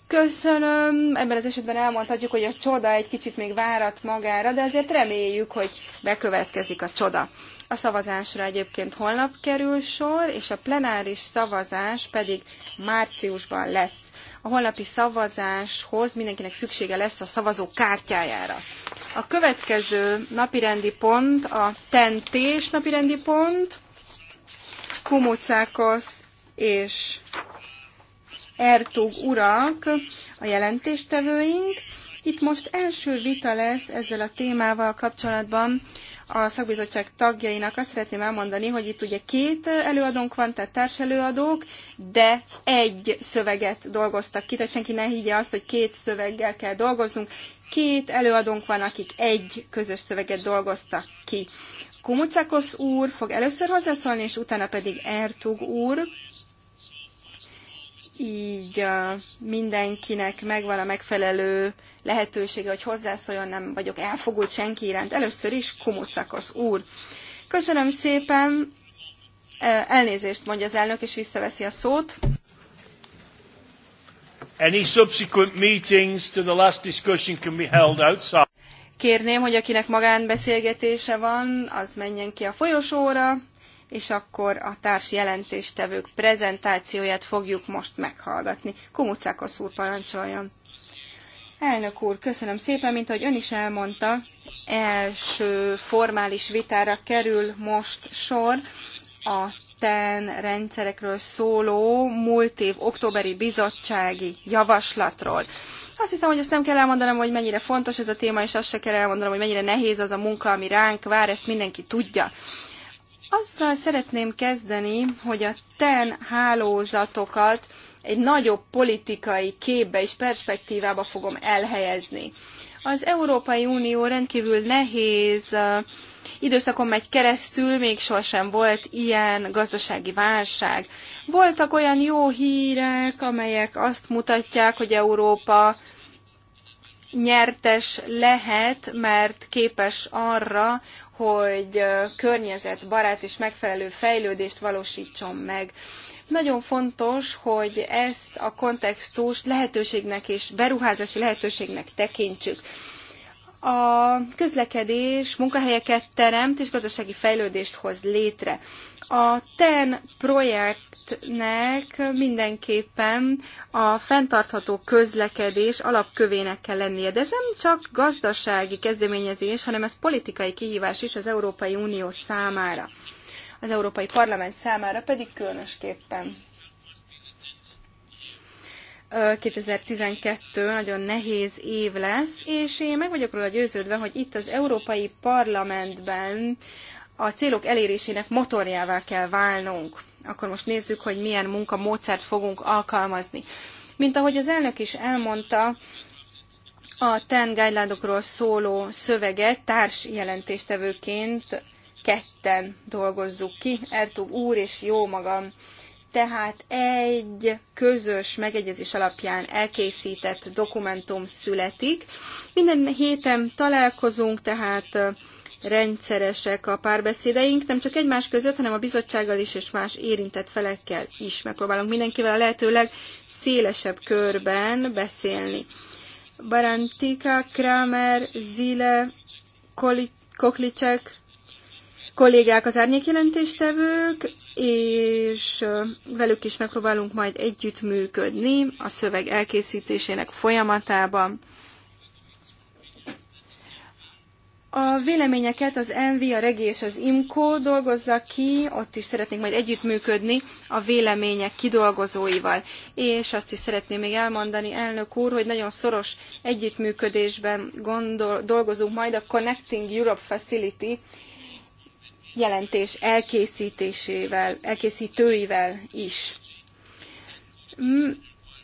S2: Köszönöm, ebben az esetben elmondhatjuk, hogy a csoda egy kicsit még várat magára, de azért reméljük, hogy bekövetkezik a csoda. A szavazásra egyébként holnap kerül sor, és a plenáris szavazás pedig márciusban lesz a holnapi szavazáshoz mindenkinek szüksége lesz a szavazó kártyájára. A következő napirendi pont a tentés napirendi pont, Kumocákosz és Ertug urak a jelentéstevőink, itt most első vita lesz ezzel a témával kapcsolatban a szakbizottság tagjainak. Azt szeretném elmondani, hogy itt ugye két előadónk van, tehát társelőadók, de egy szöveget dolgoztak ki, tehát senki ne higgye azt, hogy két szöveggel kell dolgoznunk. Két előadónk van, akik egy közös szöveget dolgoztak ki. Kumucakos úr fog először hozzászólni, és utána pedig Ertug úr, így mindenkinek megvan a megfelelő lehetősége, hogy hozzászóljon, nem vagyok elfogult senki iránt. Először is Kumucakos úr. Köszönöm szépen, e, elnézést mondja az elnök, és visszaveszi a szót. Any subsequent meetings to the last discussion can be held outside. Kérném, hogy akinek magánbeszélgetése van, az menjen ki a folyosóra, és akkor a társ jelentéstevők prezentációját fogjuk most meghallgatni. Kumucákos úr parancsoljon! Elnök úr, köszönöm szépen, mint ahogy ön is elmondta, első formális vitára kerül most sor a TEN rendszerekről szóló múlt év októberi bizottsági javaslatról. Azt hiszem, hogy ezt nem kell elmondanom, hogy mennyire fontos ez a téma, és azt se kell elmondanom, hogy mennyire nehéz az a munka, ami ránk vár, ezt mindenki tudja. Azzal szeretném kezdeni, hogy a TEN hálózatokat egy nagyobb politikai képbe és perspektívába fogom elhelyezni. Az Európai Unió rendkívül nehéz időszakon megy keresztül, még sohasem volt ilyen gazdasági válság. Voltak olyan jó hírek, amelyek azt mutatják, hogy Európa nyertes lehet, mert képes arra, hogy környezetbarát és megfelelő fejlődést valósítson meg. Nagyon fontos, hogy ezt a kontextust lehetőségnek és beruházási lehetőségnek tekintsük a közlekedés munkahelyeket teremt és gazdasági fejlődést hoz létre. A TEN projektnek mindenképpen a fenntartható közlekedés alapkövének kell lennie, de ez nem csak gazdasági kezdeményezés, hanem ez politikai kihívás is az Európai Unió számára, az Európai Parlament számára pedig különösképpen. 2012 nagyon nehéz év lesz, és én meg vagyok róla győződve, hogy itt az Európai Parlamentben a célok elérésének motorjává kell válnunk. Akkor most nézzük, hogy milyen munkamódszert fogunk alkalmazni. Mint ahogy az elnök is elmondta, a TEN guideline szóló szöveget társ jelentéstevőként ketten dolgozzuk ki, Ertug úr és jó magam tehát egy közös megegyezés alapján elkészített dokumentum születik. Minden héten találkozunk, tehát rendszeresek a párbeszédeink, nem csak egymás között, hanem a bizottsággal is és más érintett felekkel is. Megpróbálunk mindenkivel a lehetőleg szélesebb körben beszélni. Barantika, Kramer, Zile, Koklicek, kollégák az árnyékjelentéstevők, és velük is megpróbálunk majd együttműködni a szöveg elkészítésének folyamatában. A véleményeket az ENVI, a REGI és az IMCO dolgozza ki, ott is szeretnénk majd együttműködni a vélemények kidolgozóival. És azt is szeretném még elmondani, elnök úr, hogy nagyon szoros együttműködésben gondol, dolgozunk majd a Connecting Europe Facility jelentés elkészítésével, elkészítőivel is.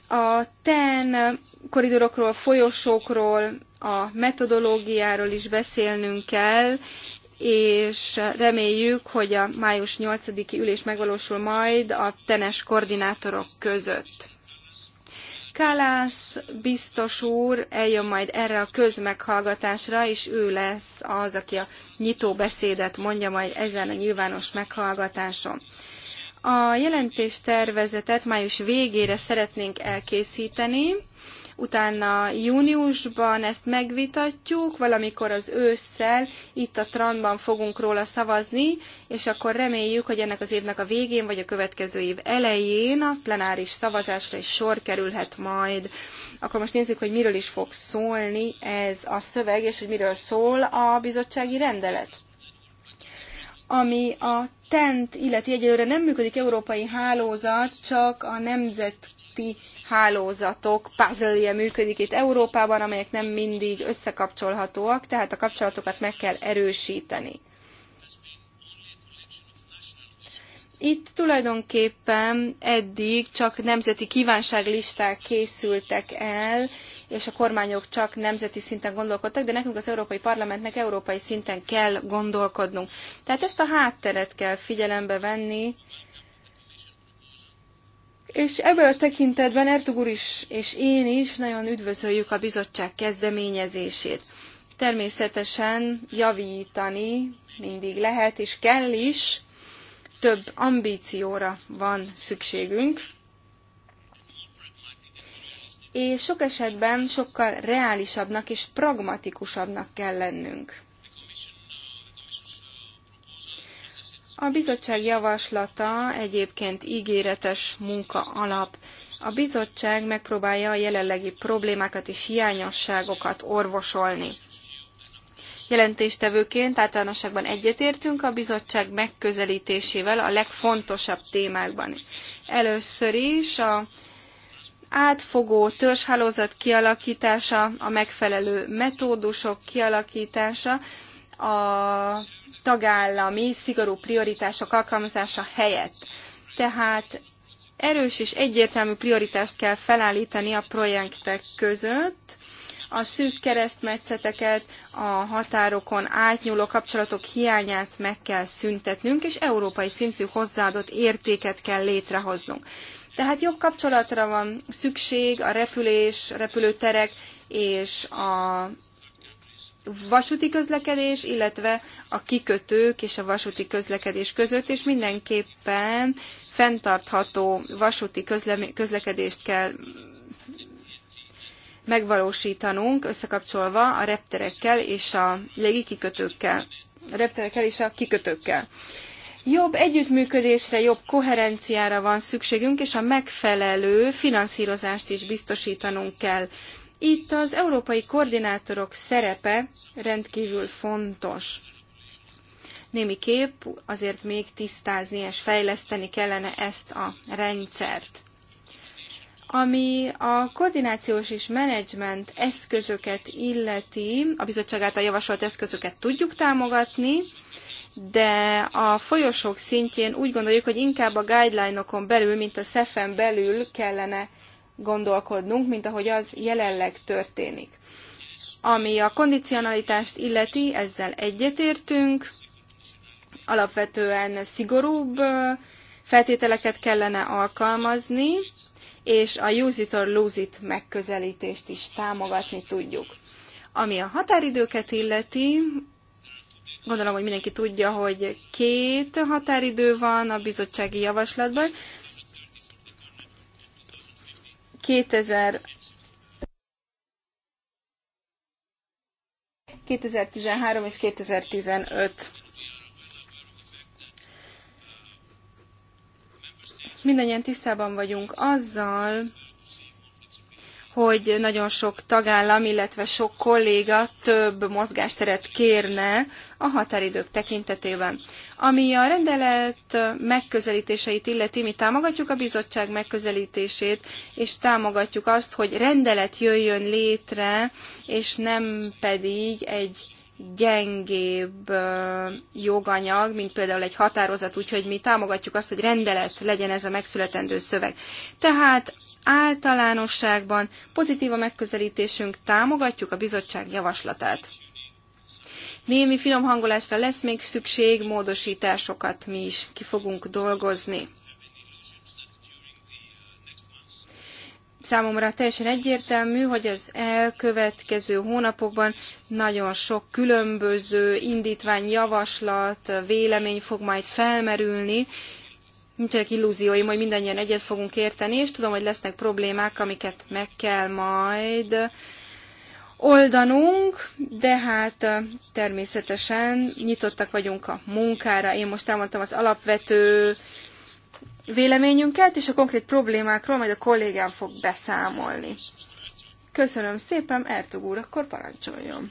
S2: A TEN koridorokról, folyosókról, a metodológiáról is beszélnünk kell, és reméljük, hogy a május 8-i ülés megvalósul majd a tenes koordinátorok között. Kalász biztos úr eljön majd erre a közmeghallgatásra, és ő lesz az, aki a nyitó beszédet mondja majd ezen a nyilvános meghallgatáson. A jelentéstervezetet május végére szeretnénk elkészíteni, utána júniusban ezt megvitatjuk, valamikor az ősszel itt a Tranban fogunk róla szavazni, és akkor reméljük, hogy ennek az évnek a végén vagy a következő év elején a plenáris szavazásra is sor kerülhet majd. Akkor most nézzük, hogy miről is fog szólni ez a szöveg, és hogy miről szól a bizottsági rendelet ami a TENT illeti egyelőre nem működik európai hálózat, csak a nemzet napi hálózatok puzzle működik itt Európában, amelyek nem mindig összekapcsolhatóak, tehát a kapcsolatokat meg kell erősíteni. Itt tulajdonképpen eddig csak nemzeti kívánságlisták készültek el, és a kormányok csak nemzeti szinten gondolkodtak, de nekünk az Európai Parlamentnek európai szinten kell gondolkodnunk. Tehát ezt a hátteret kell figyelembe venni, és ebből a tekintetben Ertugur is és én is nagyon üdvözöljük a bizottság kezdeményezését. Természetesen javítani mindig lehet, és kell is, több ambícióra van szükségünk, és sok esetben sokkal reálisabbnak és pragmatikusabbnak kell lennünk. A bizottság javaslata egyébként ígéretes munka alap. A bizottság megpróbálja a jelenlegi problémákat és hiányosságokat orvosolni. Jelentéstevőként általánosságban egyetértünk a bizottság megközelítésével a legfontosabb témákban. Először is a átfogó törzshálózat kialakítása, a megfelelő metódusok kialakítása, a tagállami szigorú prioritások alkalmazása helyett. Tehát erős és egyértelmű prioritást kell felállítani a projektek között, a szűk keresztmetszeteket, a határokon átnyúló kapcsolatok hiányát meg kell szüntetnünk, és európai szintű hozzáadott értéket kell létrehoznunk. Tehát jobb kapcsolatra van szükség a repülés, repülőterek és a vasúti közlekedés, illetve a kikötők és a vasúti közlekedés között, és mindenképpen fenntartható vasúti közlekedést kell megvalósítanunk, összekapcsolva a repterekkel és a légi kikötőkkel. A repterekkel és a kikötőkkel. Jobb együttműködésre, jobb koherenciára van szükségünk, és a megfelelő finanszírozást is biztosítanunk kell. Itt az európai koordinátorok szerepe rendkívül fontos. Némi kép, azért még tisztázni és fejleszteni kellene ezt a rendszert. Ami a koordinációs és menedzsment eszközöket illeti, a bizottság által javasolt eszközöket tudjuk támogatni, de a folyosók szintjén úgy gondoljuk, hogy inkább a guideline-okon belül, mint a SZEF-en belül kellene gondolkodnunk, mint ahogy az jelenleg történik. Ami a kondicionalitást illeti, ezzel egyetértünk. Alapvetően szigorúbb feltételeket kellene alkalmazni, és a use it or lose it megközelítést is támogatni tudjuk. Ami a határidőket illeti, gondolom, hogy mindenki tudja, hogy két határidő van a bizottsági javaslatban, 2000 2013 és 2015. Mindennyian tisztában vagyunk azzal, hogy nagyon sok tagállam, illetve sok kolléga több mozgásteret kérne a határidők tekintetében. Ami a rendelet megközelítéseit illeti, mi támogatjuk a bizottság megközelítését, és támogatjuk azt, hogy rendelet jöjjön létre, és nem pedig egy gyengébb joganyag, mint például egy határozat, úgyhogy mi támogatjuk azt, hogy rendelet legyen ez a megszületendő szöveg. Tehát általánosságban pozitív a megközelítésünk, támogatjuk a bizottság javaslatát. Némi finom hangolásra lesz még szükség, módosításokat mi is ki fogunk dolgozni. számomra teljesen egyértelmű, hogy az elkövetkező hónapokban nagyon sok különböző indítvány, javaslat, vélemény fog majd felmerülni. Nincsenek illúzióim, hogy mindannyian egyet fogunk érteni, és tudom, hogy lesznek problémák, amiket meg kell majd oldanunk, de hát természetesen nyitottak vagyunk a munkára. Én most elmondtam az alapvető véleményünket, és a konkrét problémákról majd a kollégám fog beszámolni. Köszönöm szépen, Ertug úr, akkor parancsoljon.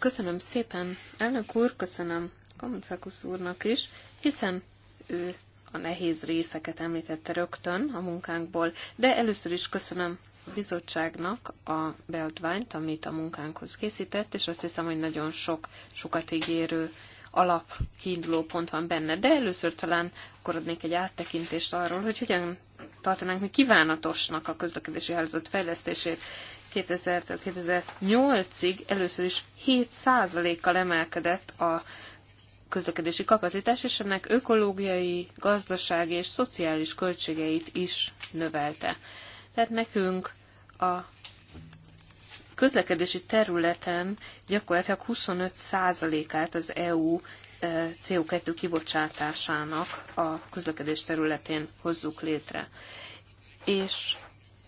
S1: Köszönöm szépen, elnök úr, köszönöm Kamucakusz úrnak is, hiszen ő a nehéz részeket említette rögtön a munkánkból, de először is köszönöm a bizottságnak a beadványt, amit a munkánkhoz készített, és azt hiszem, hogy nagyon sok, sokat ígérő alap kiinduló pont van benne, de először talán akkor adnék egy áttekintést arról, hogy hogyan tartanánk mi kívánatosnak a közlekedési hálózat fejlesztését. 2000-től 2008-ig először is 7%-kal emelkedett a közlekedési kapacitás, és ennek ökológiai, gazdasági és szociális költségeit is növelte. Tehát nekünk a közlekedési területen gyakorlatilag 25%-át az EU e, CO2 kibocsátásának a közlekedés területén hozzuk létre. És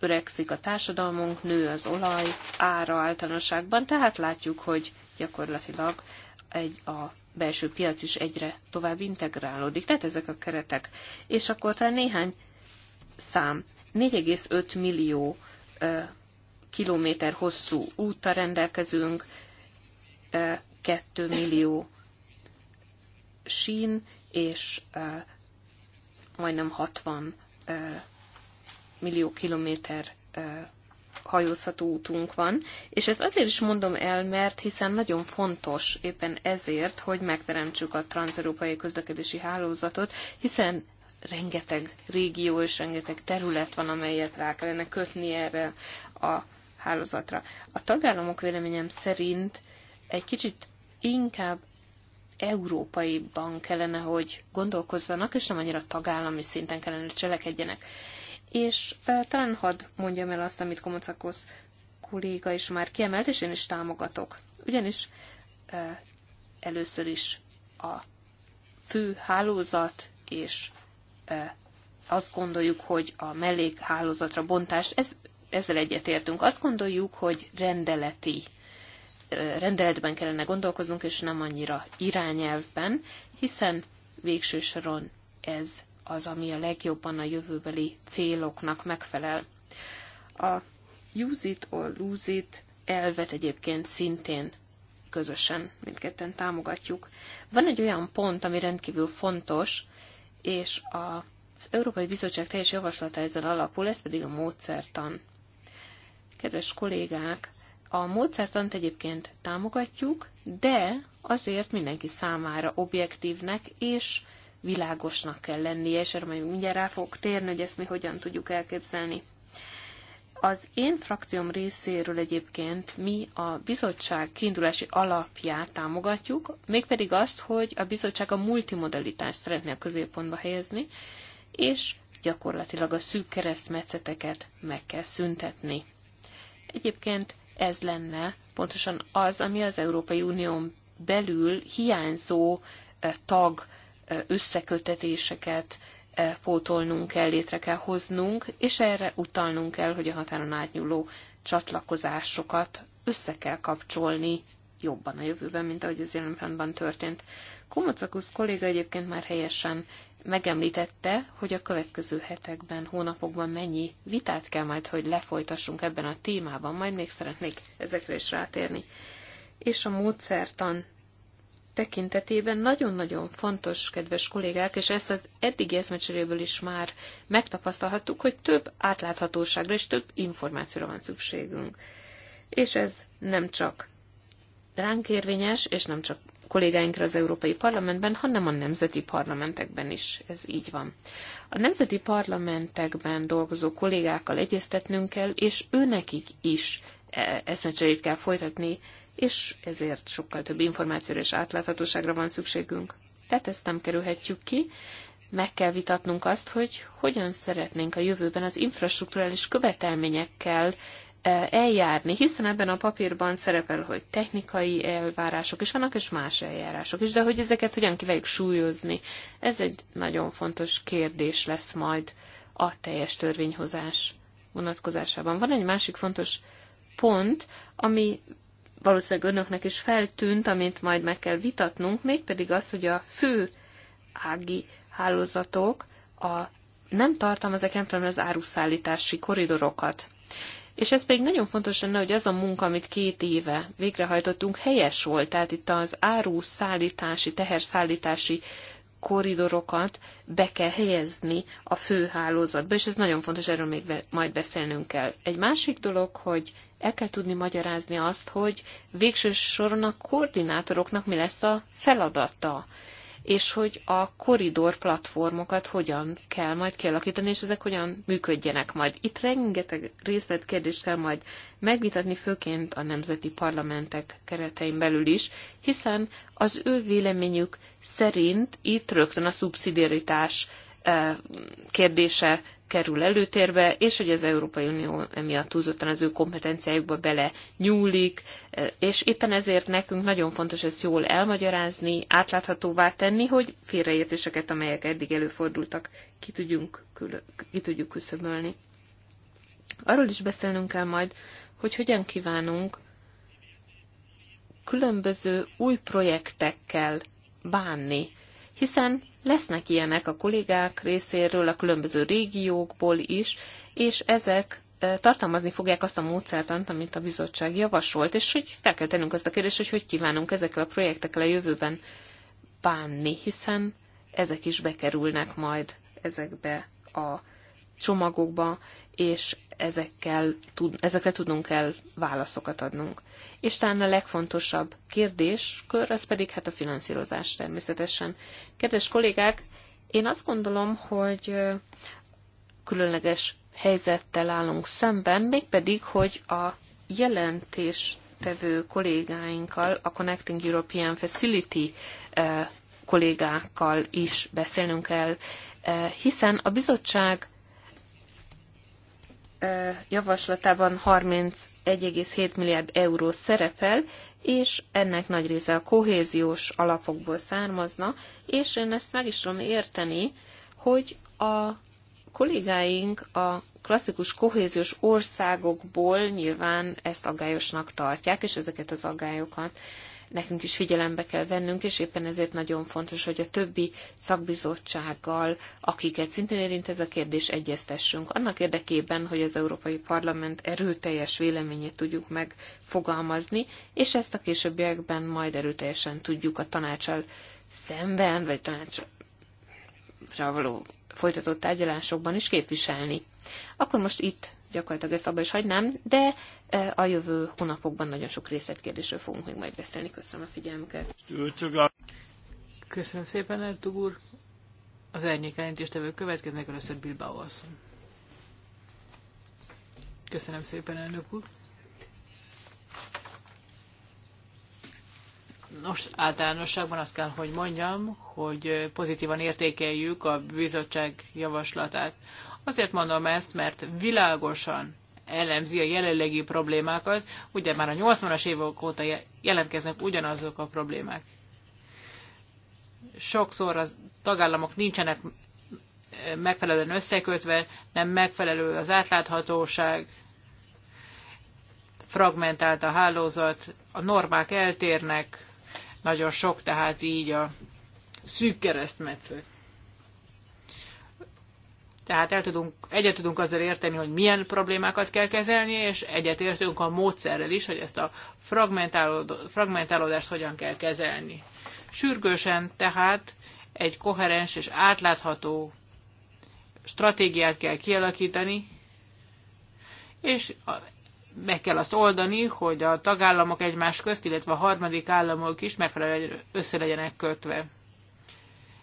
S1: öregszik a társadalmunk, nő az olaj ára általánosságban, tehát látjuk, hogy gyakorlatilag egy a belső piac is egyre tovább integrálódik. Tehát ezek a keretek. És akkor talán néhány szám. 4,5 millió kilométer hosszú úttal rendelkezünk, 2 millió sín és majdnem 60 millió kilométer hajózható útunk van, és ezt azért is mondom el, mert hiszen nagyon fontos éppen ezért, hogy megteremtsük a transzeurópai közlekedési hálózatot, hiszen rengeteg régió és rengeteg terület van, amelyet rá kellene kötni erre a hálózatra. A tagállamok véleményem szerint egy kicsit inkább európaiban kellene, hogy gondolkozzanak, és nem annyira tagállami szinten kellene, hogy cselekedjenek. És e, talán hadd mondjam el azt, amit Komocakosz kolléga is már kiemelt, és én is támogatok. Ugyanis e, először is a fő hálózat, és e, azt gondoljuk, hogy a mellékhálózatra bontás, ez ezzel egyetértünk. Azt gondoljuk, hogy rendeleti rendeletben kellene gondolkoznunk, és nem annyira irányelvben, hiszen végső soron ez az, ami a legjobban a jövőbeli céloknak megfelel. A use it or lose it elvet egyébként szintén közösen mindketten támogatjuk. Van egy olyan pont, ami rendkívül fontos, és a az Európai Bizottság teljes javaslata ezzel alapul, ez pedig a módszertan kedves kollégák, a módszertant egyébként támogatjuk, de azért mindenki számára objektívnek és világosnak kell lennie, és erre majd mindjárt rá fogok térni, hogy ezt mi hogyan tudjuk elképzelni. Az én frakcióm részéről egyébként mi a bizottság kiindulási alapját támogatjuk, mégpedig azt, hogy a bizottság a multimodalitást szeretné a középpontba helyezni, és gyakorlatilag a szűk keresztmetszeteket meg kell szüntetni Egyébként ez lenne pontosan az, ami az Európai Unión belül hiányzó eh, tag eh, összekötetéseket eh, pótolnunk kell, létre kell hoznunk, és erre utalnunk kell, hogy a határon átnyúló csatlakozásokat össze kell kapcsolni jobban a jövőben, mint ahogy ez jelen pillanatban történt. Komocakusz kolléga egyébként már helyesen megemlítette, hogy a következő hetekben, hónapokban mennyi vitát kell majd, hogy lefolytassunk ebben a témában, majd még szeretnék ezekre is rátérni. És a módszertan tekintetében nagyon-nagyon fontos, kedves kollégák, és ezt az eddigi eszmecseréből is már megtapasztalhattuk, hogy több átláthatóságra és több információra van szükségünk. És ez nem csak ránk érvényes, és nem csak kollégáinkra az Európai Parlamentben, hanem a nemzeti parlamentekben is ez így van. A nemzeti parlamentekben dolgozó kollégákkal egyeztetnünk kell, és őnekik is e, eszmecserét kell folytatni, és ezért sokkal több információra és átláthatóságra van szükségünk. Tehát ezt nem kerülhetjük ki, meg kell vitatnunk azt, hogy hogyan szeretnénk a jövőben az infrastruktúrális követelményekkel eljárni, hiszen ebben a papírban szerepel, hogy technikai elvárások is vannak, és más eljárások is, de hogy ezeket hogyan kívánjuk súlyozni, ez egy nagyon fontos kérdés lesz majd a teljes törvényhozás vonatkozásában. Van egy másik fontos pont, ami valószínűleg önöknek is feltűnt, amit majd meg kell vitatnunk, mégpedig az, hogy a fő ági hálózatok a, nem tartalmazak nem tudom, az áruszállítási koridorokat és ez pedig nagyon fontos lenne, hogy az a munka, amit két éve végrehajtottunk, helyes volt, tehát itt az áruszállítási, teherszállítási koridorokat be kell helyezni a főhálózatba, és ez nagyon fontos, erről még be, majd beszélnünk kell. Egy másik dolog, hogy el kell tudni magyarázni azt, hogy végső soron a koordinátoroknak mi lesz a feladata és hogy a koridor platformokat hogyan kell majd kialakítani, és ezek hogyan működjenek majd. Itt rengeteg részletkérdést kell majd megvitatni, főként a nemzeti parlamentek keretein belül is, hiszen az ő véleményük szerint itt rögtön a szubszidiaritás eh, kérdése kerül előtérbe, és hogy az Európai Unió emiatt túlzottan az ő kompetenciájukba bele nyúlik, e, és éppen ezért nekünk nagyon fontos ezt jól elmagyarázni, átláthatóvá tenni, hogy félreértéseket, amelyek eddig előfordultak, ki, tudjunk, ki tudjuk küszöbölni. Arról is beszélnünk kell majd, hogy hogyan kívánunk különböző új projektekkel bánni, hiszen Lesznek ilyenek a kollégák részéről, a különböző régiókból is, és ezek tartalmazni fogják azt a módszertant, amit a bizottság javasolt, és hogy fel kell tennünk azt a kérdést, hogy hogy kívánunk ezekkel a projektekkel a jövőben bánni, hiszen ezek is bekerülnek majd ezekbe a csomagokba, és ezekkel, tud, ezekre tudnunk kell válaszokat adnunk. És talán a legfontosabb kérdéskör, az pedig hát a finanszírozás természetesen. Kedves kollégák, én azt gondolom, hogy különleges helyzettel állunk szemben, mégpedig, hogy a jelentés tevő kollégáinkkal, a Connecting European Facility kollégákkal is beszélnünk kell, hiszen a bizottság javaslatában 31,7 milliárd euró szerepel, és ennek nagy része a kohéziós alapokból származna, és én ezt meg is tudom érteni, hogy a kollégáink a klasszikus kohéziós országokból nyilván ezt agályosnak tartják, és ezeket az agályokat nekünk is figyelembe kell vennünk, és éppen ezért nagyon fontos, hogy a többi szakbizottsággal, akiket szintén érint ez a kérdés, egyeztessünk. Annak érdekében, hogy az Európai Parlament erőteljes véleményét tudjuk megfogalmazni, és ezt a későbbiekben majd erőteljesen tudjuk a tanácsal szemben, vagy tanácsra való folytatott tárgyalásokban is képviselni. Akkor most itt gyakorlatilag ezt abba is hagynám, de a jövő hónapokban nagyon sok részletkérdésről fogunk még majd beszélni.
S3: Köszönöm a figyelmüket. Köszönöm szépen, Ertug úr. Az árnyék jelentéstevő következnek először Bilbao asszony. Köszönöm szépen, elnök úr. Nos, általánosságban azt kell, hogy mondjam, hogy pozitívan értékeljük a bizottság javaslatát. Azért mondom ezt, mert világosan elemzi a jelenlegi problémákat, ugye már a 80-as évek óta jelentkeznek ugyanazok a problémák. Sokszor a tagállamok nincsenek megfelelően összekötve, nem megfelelő az átláthatóság, fragmentált a hálózat, a normák eltérnek, nagyon sok tehát így a szűk keresztmetszet tehát el tudunk, egyet tudunk azzal érteni, hogy milyen problémákat kell kezelni, és egyet értünk a módszerrel is, hogy ezt a fragmentálódást hogyan kell kezelni. Sürgősen tehát egy koherens és átlátható stratégiát kell kialakítani, és meg kell azt oldani, hogy a tagállamok egymás közt, illetve a harmadik államok is megfelelően össze legyenek kötve.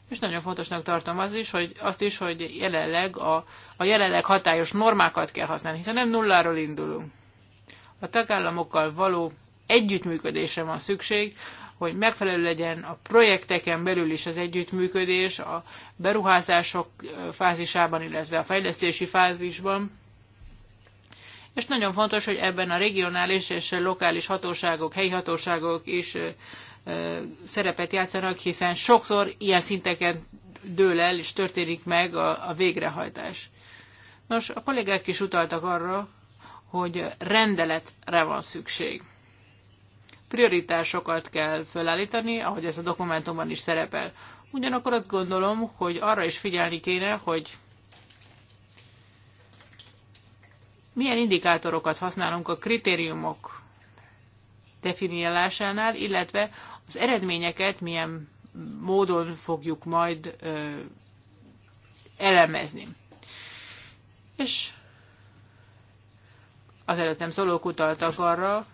S3: És nagyon fontosnak tartom az is, hogy azt is, hogy jelenleg a, a jelenleg hatályos normákat kell használni, hiszen nem nulláról indulunk. A tagállamokkal való együttműködésre van szükség, hogy megfelelő legyen a projekteken belül is az együttműködés, a beruházások fázisában, illetve a fejlesztési fázisban. És nagyon fontos, hogy ebben a regionális és lokális hatóságok, helyi hatóságok is szerepet játszanak, hiszen sokszor ilyen szinteken dől el és történik meg a, a végrehajtás. Nos, a kollégák is utaltak arra, hogy rendeletre van szükség. Prioritásokat kell felállítani, ahogy ez a dokumentumban is szerepel. Ugyanakkor azt gondolom, hogy arra is figyelni kéne, hogy milyen indikátorokat használunk a kritériumok definiálásánál, illetve az eredményeket milyen módon fogjuk majd ö, elemezni. És az előttem szólók utaltak arra,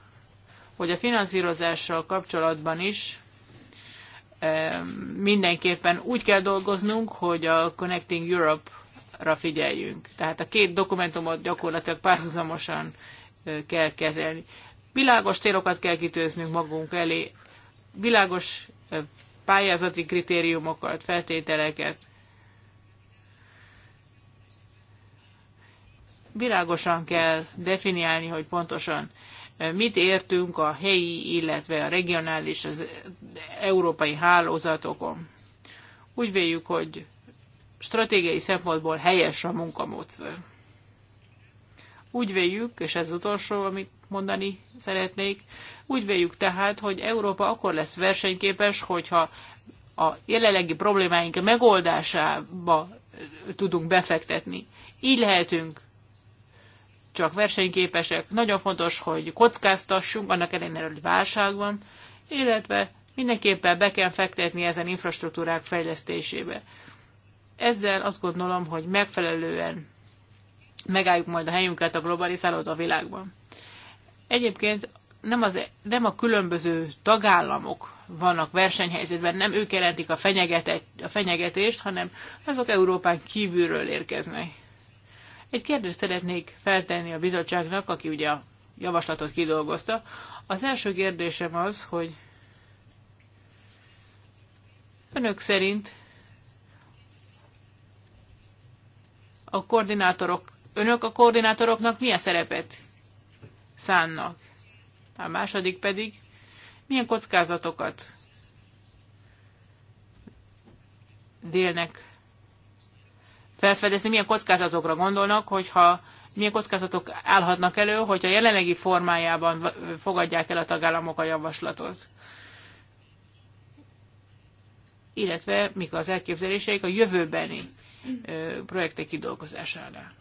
S3: hogy a finanszírozással kapcsolatban is ö, mindenképpen úgy kell dolgoznunk, hogy a Connecting Europe-ra figyeljünk. Tehát a két dokumentumot gyakorlatilag párhuzamosan ö, kell kezelni. Világos célokat kell kitőznünk magunk elé világos pályázati kritériumokat, feltételeket. Világosan kell definiálni, hogy pontosan mit értünk a helyi, illetve a regionális, az európai hálózatokon. Úgy véljük, hogy stratégiai szempontból helyes a munkamódszer. Úgy véljük, és ez az utolsó, amit mondani szeretnék. Úgy véljük tehát, hogy Európa akkor lesz versenyképes, hogyha a jelenlegi problémáink megoldásába tudunk befektetni. Így lehetünk csak versenyképesek. Nagyon fontos, hogy kockáztassunk, annak ellenére, hogy válság van, illetve mindenképpen be kell fektetni ezen infrastruktúrák fejlesztésébe. Ezzel azt gondolom, hogy megfelelően megálljuk majd a helyünket a globalizálódó világban. Egyébként nem, az, nem a különböző tagállamok vannak versenyhelyzetben, nem ők jelentik a, fenyegetet, a fenyegetést, hanem azok Európán kívülről érkeznek. Egy kérdést szeretnék feltenni a bizottságnak, aki ugye a javaslatot kidolgozta. Az első kérdésem az, hogy önök szerint a koordinátorok, önök a koordinátoroknak milyen szerepet szánnak. A második pedig, milyen kockázatokat délnek felfedezni, milyen kockázatokra gondolnak, hogyha milyen kockázatok állhatnak elő, hogyha jelenlegi formájában fogadják el a tagállamok a javaslatot. Illetve mik az elképzeléseik a jövőbeni projektek kidolgozására.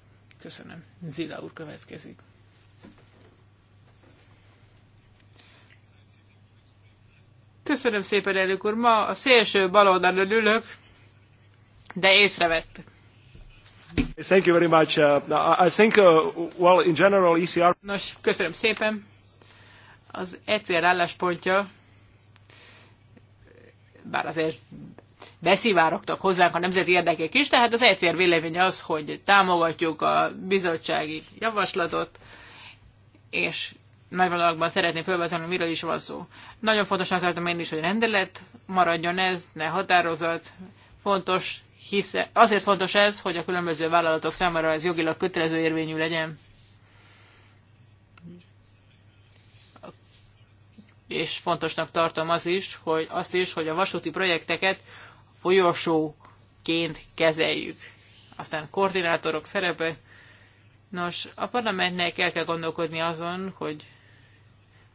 S3: Köszönöm. Zila úr következik. Köszönöm szépen, elnök úr. Ma a szélső baloldalon ülök, de észrevett.
S2: Thank you very much. Uh, I think, uh, well, in general,
S3: ECR... Nos, köszönöm szépen. Az ECR álláspontja, bár azért beszivárogtak hozzánk a nemzeti érdekek is, tehát az ECR véleménye az, hogy támogatjuk a bizottsági javaslatot, és nagyvonalakban szeretném felvezetni, miről is van szó. Nagyon fontosnak tartom én is, hogy rendelet maradjon ez, ne határozat. Fontos, hisze, azért fontos ez, hogy a különböző vállalatok számára ez jogilag kötelező érvényű legyen. És fontosnak tartom az is, hogy azt is, hogy a vasúti projekteket folyosóként kezeljük. Aztán koordinátorok szerepe, Nos, a parlamentnek el kell gondolkodni azon, hogy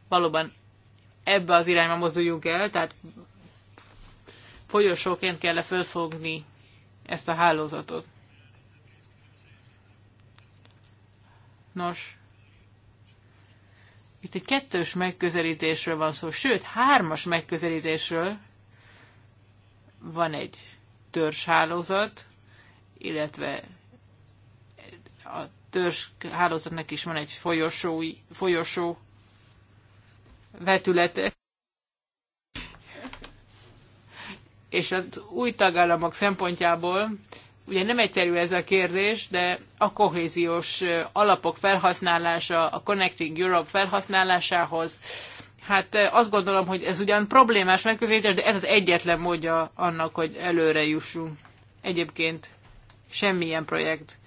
S3: valóban ebbe az irányba mozduljunk el, tehát folyosóként kell -e fölfogni ezt a hálózatot. Nos, itt egy kettős megközelítésről van szó, sőt, hármas megközelítésről. Van egy hálózat, illetve a hálózatnak is van egy folyosói, folyosó vetülete. És az új tagállamok szempontjából ugye nem egyszerű ez a kérdés, de a kohéziós alapok felhasználása, a Connecting Europe felhasználásához, hát azt gondolom, hogy ez ugyan problémás megközelítés, de ez az egyetlen módja annak, hogy előre jussunk. Egyébként semmilyen projekt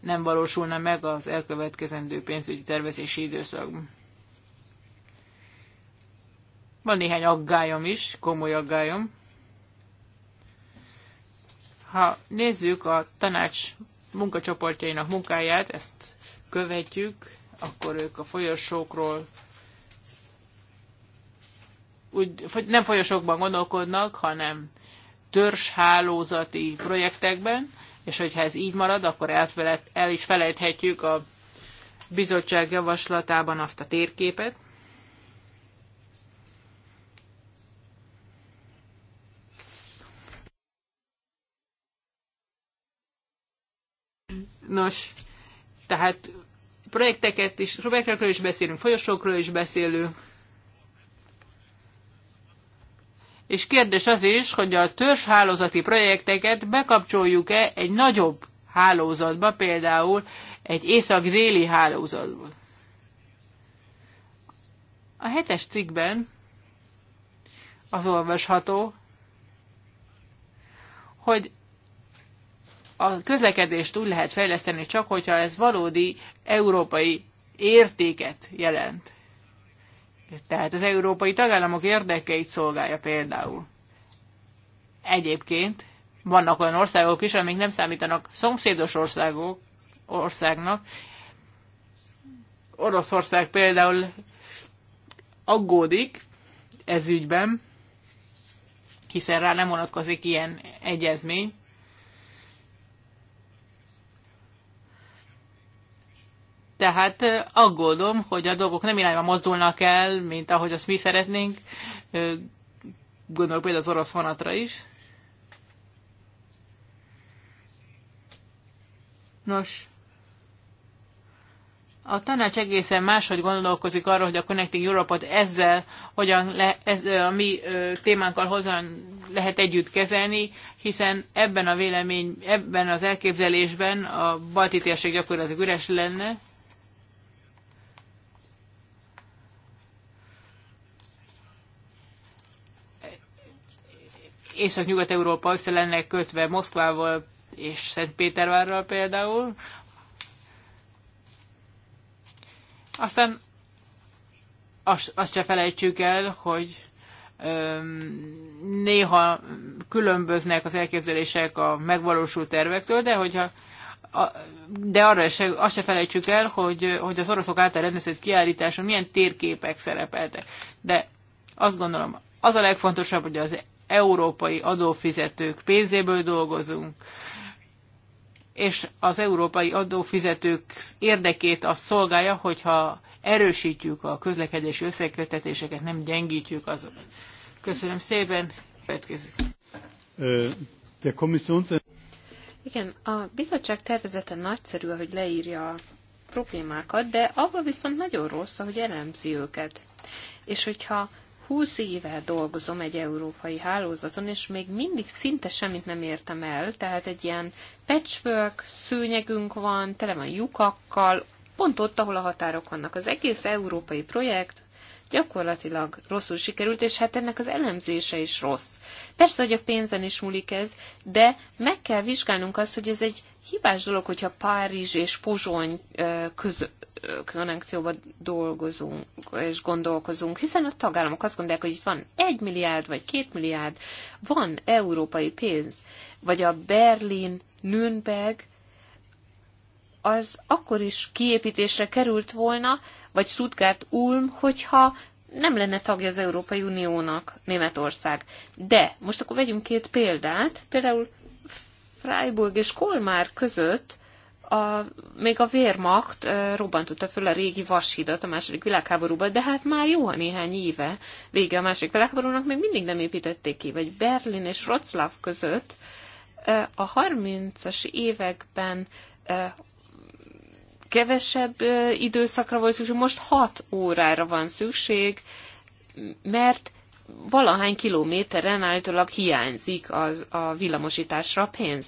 S3: nem valósulna meg az elkövetkezendő pénzügyi tervezési időszakban. Van néhány aggályom is, komoly aggályom. Ha nézzük a tanács munkacsoportjainak munkáját, ezt követjük, akkor ők a folyosókról úgy, nem folyosókban gondolkodnak, hanem törzshálózati projektekben, és hogyha ez így marad, akkor elfelejt, el is felejthetjük a bizottság javaslatában azt a térképet, Nos, tehát projekteket is, projektekről is beszélünk, folyosókról is beszélünk. És kérdés az is, hogy a törzshálózati projekteket bekapcsoljuk-e egy nagyobb hálózatba, például egy észak-déli hálózatba. A hetes cikkben az olvasható, hogy a közlekedést úgy lehet fejleszteni csak, hogyha ez valódi európai értéket jelent. Tehát az európai tagállamok érdekeit szolgálja például. Egyébként vannak olyan országok is, amik nem számítanak szomszédos országok, országnak. Oroszország például aggódik ez ügyben, hiszen rá nem vonatkozik ilyen egyezmény, Tehát aggódom, hogy a dolgok nem irányba mozdulnak el, mint ahogy azt mi szeretnénk. Gondolok például az orosz vonatra is. Nos, a tanács egészen máshogy gondolkozik arról, hogy a Connecting Europe-ot ezzel, hogyan le, ez, a mi témánkkal hozzan lehet együtt kezelni, hiszen ebben a vélemény, ebben az elképzelésben a balti térség gyakorlatilag üres lenne. Észak-Nyugat-Európa össze lenne kötve Moszkvával és Szentpétervárral például. Aztán azt, azt se felejtsük el, hogy néha különböznek az elképzelések a megvalósult tervektől, de hogyha a, de arra se, azt se felejtsük el, hogy, hogy az oroszok által rendezett kiállításon milyen térképek szerepeltek. De azt gondolom, az a legfontosabb, hogy az európai adófizetők pénzéből dolgozunk, és az európai adófizetők érdekét azt szolgálja, hogyha erősítjük a közlekedési összekötetéseket, nem gyengítjük azokat. Köszönöm szépen, következik.
S1: Igen, a bizottság tervezete nagyszerű, hogy leírja a problémákat, de abban viszont nagyon rossz, ahogy elemzi őket. És hogyha 20 éve dolgozom egy európai hálózaton, és még mindig szinte semmit nem értem el, tehát egy ilyen patchwork szőnyegünk van, tele van lyukakkal, pont ott, ahol a határok vannak. Az egész európai projekt gyakorlatilag rosszul sikerült, és hát ennek az elemzése is rossz. Persze, hogy a pénzen is múlik ez, de meg kell vizsgálnunk azt, hogy ez egy hibás dolog, hogyha Párizs és Pozsony köz, konnekcióban dolgozunk és gondolkozunk, hiszen a tagállamok azt gondolják, hogy itt van egy milliárd vagy két milliárd, van európai pénz, vagy a Berlin, Nürnberg, az akkor is kiépítésre került volna, vagy Stuttgart, Ulm, hogyha nem lenne tagja az Európai Uniónak Németország. De most akkor vegyünk két példát, például Freiburg és Kolmár között a, még a vérmacht e, robbantotta föl a régi vashidat a második világháborúban, de hát már jó a néhány éve vége a második világháborúnak, még mindig nem építették ki, vagy Berlin és Wroclaw között e, a 30-as években e, kevesebb e, időszakra volt szükség, most 6 órára van szükség, mert valahány kilométeren állítólag hiányzik az, a villamosításra a pénz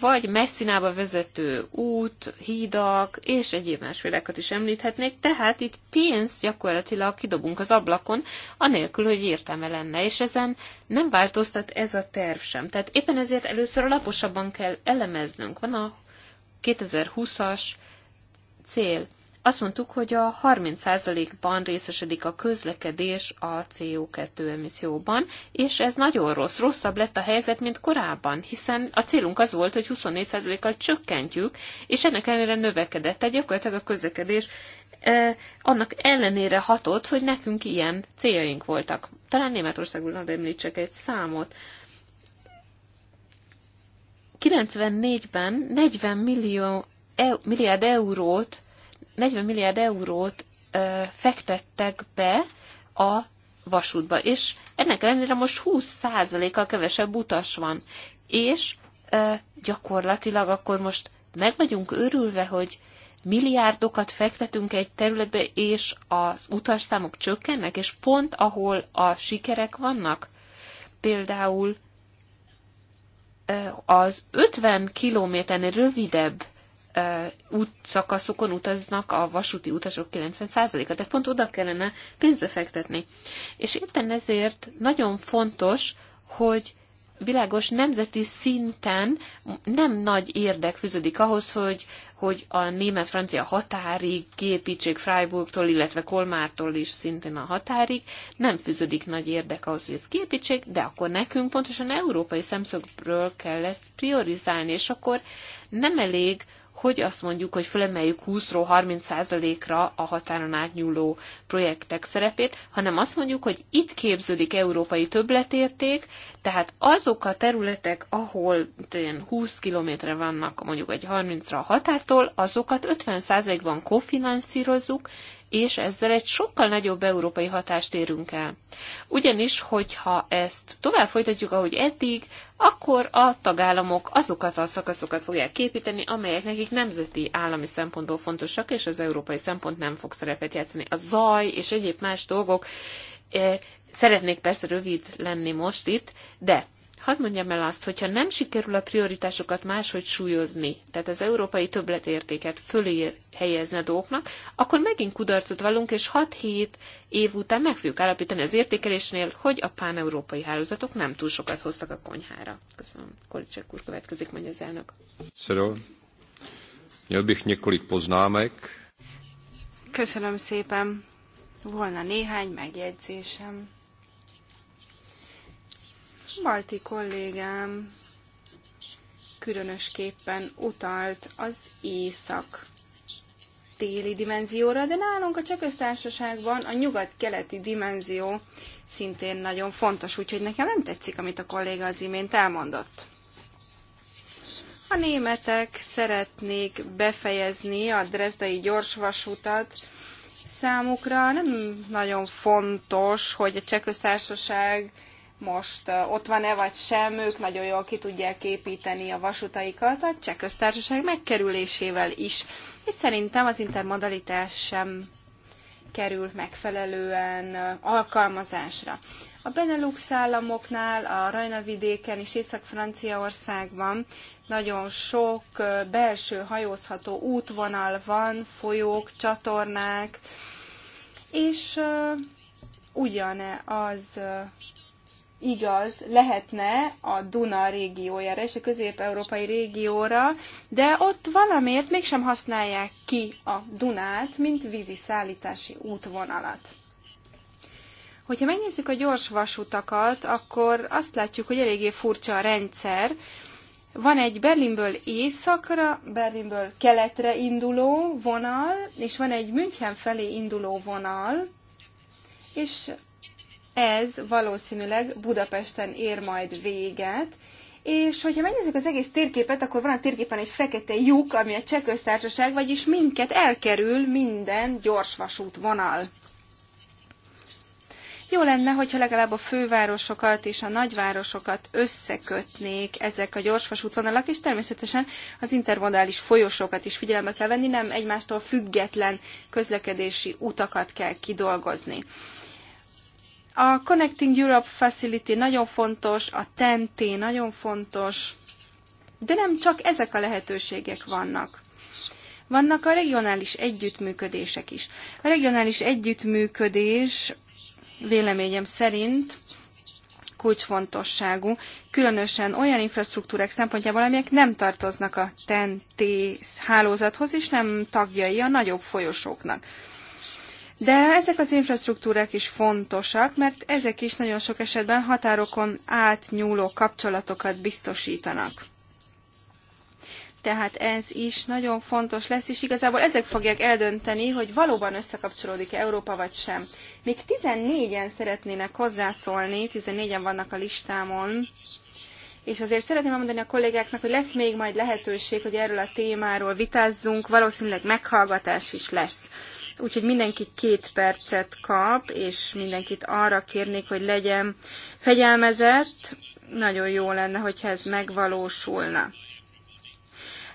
S1: vagy Messzinába vezető út, hídak és egyéb más is említhetnék, tehát itt pénzt gyakorlatilag kidobunk az ablakon, anélkül, hogy értelme lenne, és ezen nem változtat ez a terv sem. Tehát éppen ezért először alaposabban kell elemeznünk. Van a 2020-as cél azt mondtuk, hogy a 30%-ban részesedik a közlekedés a CO2 emisszióban, és ez nagyon rossz, rosszabb lett a helyzet, mint korábban, hiszen a célunk az volt, hogy 24%-kal csökkentjük, és ennek ellenére növekedett, tehát gyakorlatilag a közlekedés eh, annak ellenére hatott, hogy nekünk ilyen céljaink voltak. Talán nem említsek egy számot. 94-ben 40 millió, e, milliárd eurót 40 milliárd eurót fektettek be a vasútba, és ennek ellenére most 20%-kal kevesebb utas van, és gyakorlatilag akkor most meg vagyunk örülve, hogy milliárdokat fektetünk egy területbe, és az utasszámok csökkennek, és pont ahol a sikerek vannak, például az 50 kilométernél rövidebb útszakaszokon utaznak a vasúti utasok 90%-a, tehát pont oda kellene pénzbe fektetni. És éppen ezért nagyon fontos, hogy világos nemzeti szinten nem nagy érdek fűződik ahhoz, hogy, hogy a német-francia határig képítsék Freiburgtól, illetve Kolmártól is szintén a határig. Nem fűződik nagy érdek ahhoz, hogy ezt képítsék, de akkor nekünk pontosan európai szemszögből kell ezt priorizálni, és akkor nem elég hogy azt mondjuk, hogy fölemeljük 20 30%-ra a határon átnyúló projektek szerepét, hanem azt mondjuk, hogy itt képződik európai többletérték, tehát azok a területek, ahol 20 kilométerre vannak mondjuk egy 30-ra a határtól, azokat 50%-ban kofinanszírozzuk, és ezzel egy sokkal nagyobb európai hatást érünk el. Ugyanis, hogyha ezt tovább folytatjuk, ahogy eddig, akkor a tagállamok azokat a szakaszokat fogják képíteni, amelyek nekik nemzeti állami szempontból fontosak, és az európai szempont nem fog szerepet játszani. A zaj és egyéb más dolgok eh, Szeretnék persze rövid lenni most itt, de Hadd mondjam el azt, hogyha nem sikerül a prioritásokat máshogy súlyozni, tehát az európai többletértéket fölé helyezni a dolgoknak, akkor megint kudarcot vallunk, és 6-7 év után meg fogjuk állapítani az értékelésnél, hogy a pán-európai hálózatok nem túl sokat hoztak a konyhára. Köszönöm. Kolicsek úr következik, mondja az elnök. poznámek.
S2: Köszönöm szépen. Volna néhány megjegyzésem. Balti kollégám különösképpen utalt az észak téli dimenzióra, de nálunk a csaköztársaságban a nyugat-keleti dimenzió szintén nagyon fontos, úgyhogy nekem nem tetszik, amit a kolléga az imént elmondott. A németek szeretnék befejezni a drezdai gyorsvasutat. Számukra nem nagyon fontos, hogy a Csehköztársaság most ott van-e vagy sem, ők nagyon jól ki tudják építeni a vasutaikat a cseh köztársaság megkerülésével is. És szerintem az intermodalitás sem kerül megfelelően alkalmazásra. A Benelux államoknál, a Rajna vidéken és Észak-Franciaországban nagyon sok belső hajózható útvonal van, folyók, csatornák, és ugyane az igaz lehetne a Duna régiójára és a közép-európai régióra, de ott valamiért mégsem használják ki a Dunát, mint vízi szállítási útvonalat. Hogyha megnézzük a gyors vasutakat, akkor azt látjuk, hogy eléggé furcsa a rendszer. Van egy Berlinből északra, Berlinből keletre induló vonal, és van egy München felé induló vonal, és ez valószínűleg Budapesten ér majd véget, és hogyha megnézzük az egész térképet, akkor van a térképen egy fekete lyuk, ami a cseh köztársaság, vagyis minket elkerül minden gyorsvasút vonal. Jó lenne, hogyha legalább a fővárosokat és a nagyvárosokat összekötnék ezek a gyorsvasútvonalak, és természetesen az intermodális folyosókat is figyelembe kell venni, nem egymástól független közlekedési utakat kell kidolgozni. A Connecting Europe Facility nagyon fontos, a TNT e nagyon fontos, de nem csak ezek a lehetőségek vannak. Vannak a regionális együttműködések is. A regionális együttműködés véleményem szerint kulcsfontosságú, különösen olyan infrastruktúrák szempontjából, amelyek nem tartoznak a TEN-T e hálózathoz, és nem tagjai a nagyobb folyosóknak. De ezek az infrastruktúrák is fontosak, mert ezek is nagyon sok esetben határokon átnyúló kapcsolatokat biztosítanak. Tehát ez is nagyon fontos lesz, és igazából ezek fogják eldönteni, hogy valóban összekapcsolódik -e Európa vagy sem. Még 14-en szeretnének hozzászólni, 14-en vannak a listámon, és azért szeretném mondani a kollégáknak, hogy lesz még majd lehetőség, hogy erről a témáról vitázzunk, valószínűleg meghallgatás is lesz úgyhogy mindenki két percet kap, és mindenkit arra kérnék, hogy legyen fegyelmezett. Nagyon jó lenne, hogyha ez megvalósulna.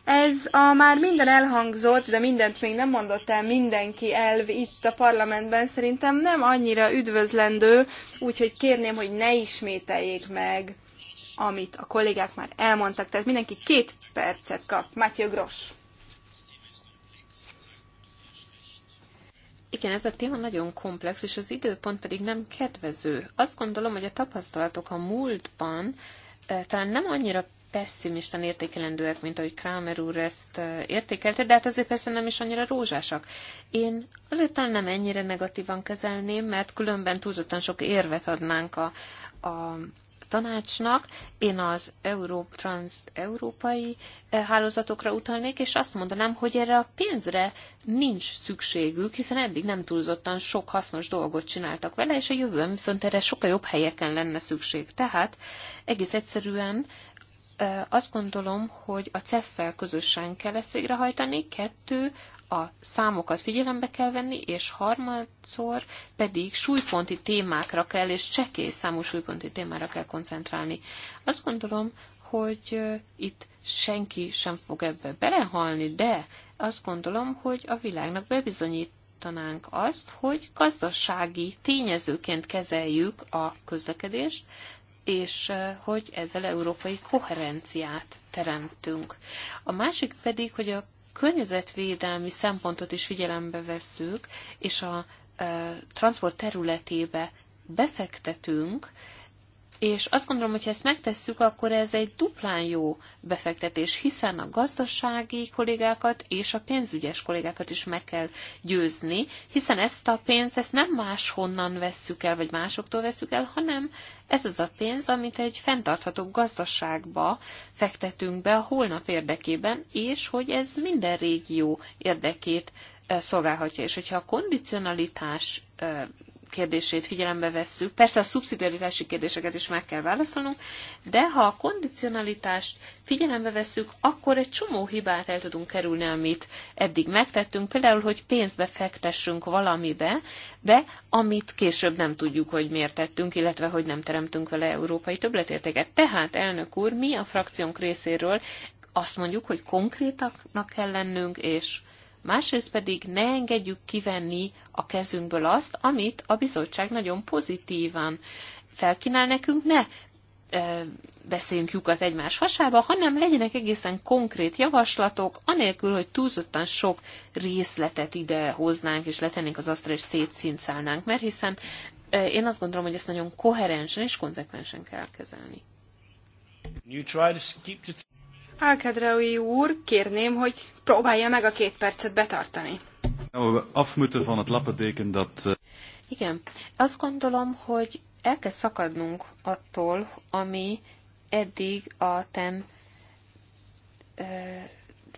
S2: Ez a már minden elhangzott, de mindent még nem mondott el mindenki elv itt a parlamentben szerintem nem annyira üdvözlendő, úgyhogy kérném, hogy ne ismételjék meg, amit a kollégák már elmondtak. Tehát mindenki két percet kap. Mátyő Gross.
S1: Igen, ez a téma nagyon komplex, és az időpont pedig nem kedvező. Azt gondolom, hogy a tapasztalatok a múltban eh, talán nem annyira pessimistán értékelendőek, mint ahogy Kramer úr ezt eh, értékelte, de hát azért persze nem is annyira rózsásak. Én azért talán nem ennyire negatívan kezelném, mert különben túlzottan sok érvet adnánk a, a tanácsnak, én az Euró, trans európai eh, hálózatokra utalnék, és azt mondanám, hogy erre a pénzre nincs szükségük, hiszen eddig nem túlzottan sok hasznos dolgot csináltak vele, és a jövőben viszont erre sokkal jobb helyeken lenne szükség. Tehát egész egyszerűen eh, azt gondolom, hogy a CEF-fel közösen kell ezt végrehajtani. Kettő, a számokat figyelembe kell venni, és harmadszor pedig súlyponti témákra kell, és csekély számú súlyponti témára kell koncentrálni. Azt gondolom, hogy itt senki sem fog ebbe belehalni, de azt gondolom, hogy a világnak bebizonyít tanánk azt, hogy gazdasági tényezőként kezeljük a közlekedést, és hogy ezzel európai koherenciát teremtünk. A másik pedig, hogy a környezetvédelmi szempontot is figyelembe vesszük, és a transport területébe befektetünk, és azt gondolom, hogy ha ezt megtesszük, akkor ez egy duplán jó befektetés, hiszen a gazdasági kollégákat és a pénzügyes kollégákat is meg kell győzni, hiszen ezt a pénzt ezt nem máshonnan vesszük el, vagy másoktól vesszük el, hanem ez az a pénz, amit egy fenntartható gazdaságba fektetünk be a holnap érdekében, és hogy ez minden régió érdekét szolgálhatja. És hogyha a kondicionalitás kérdését figyelembe vesszük. Persze a szubszidiaritási kérdéseket is meg kell válaszolnunk, de ha a kondicionalitást figyelembe vesszük, akkor egy csomó hibát el tudunk kerülni, amit eddig megtettünk. Például, hogy pénzbe fektessünk valamibe, be, amit később nem tudjuk, hogy miért tettünk, illetve hogy nem teremtünk vele európai többletértéket. Tehát, elnök úr, mi a frakciónk részéről azt mondjuk, hogy konkrétaknak kell lennünk, és másrészt pedig ne engedjük kivenni a kezünkből azt, amit a bizottság nagyon pozitívan felkínál nekünk, ne beszéljünk lyukat egymás hasába, hanem legyenek egészen konkrét javaslatok, anélkül, hogy túlzottan sok részletet ide hoznánk, és letennénk az asztalra, és szétszincálnánk, mert hiszen én azt gondolom, hogy ezt nagyon koherensen és konzekvensen kell kezelni.
S2: Alkadraui úr, kérném, hogy próbálja meg a két percet betartani. Af van het lappendeken dat... Eh, Igen, azt gondolom, hogy el kell szakadnunk
S1: attól, ami eddig a ten eh,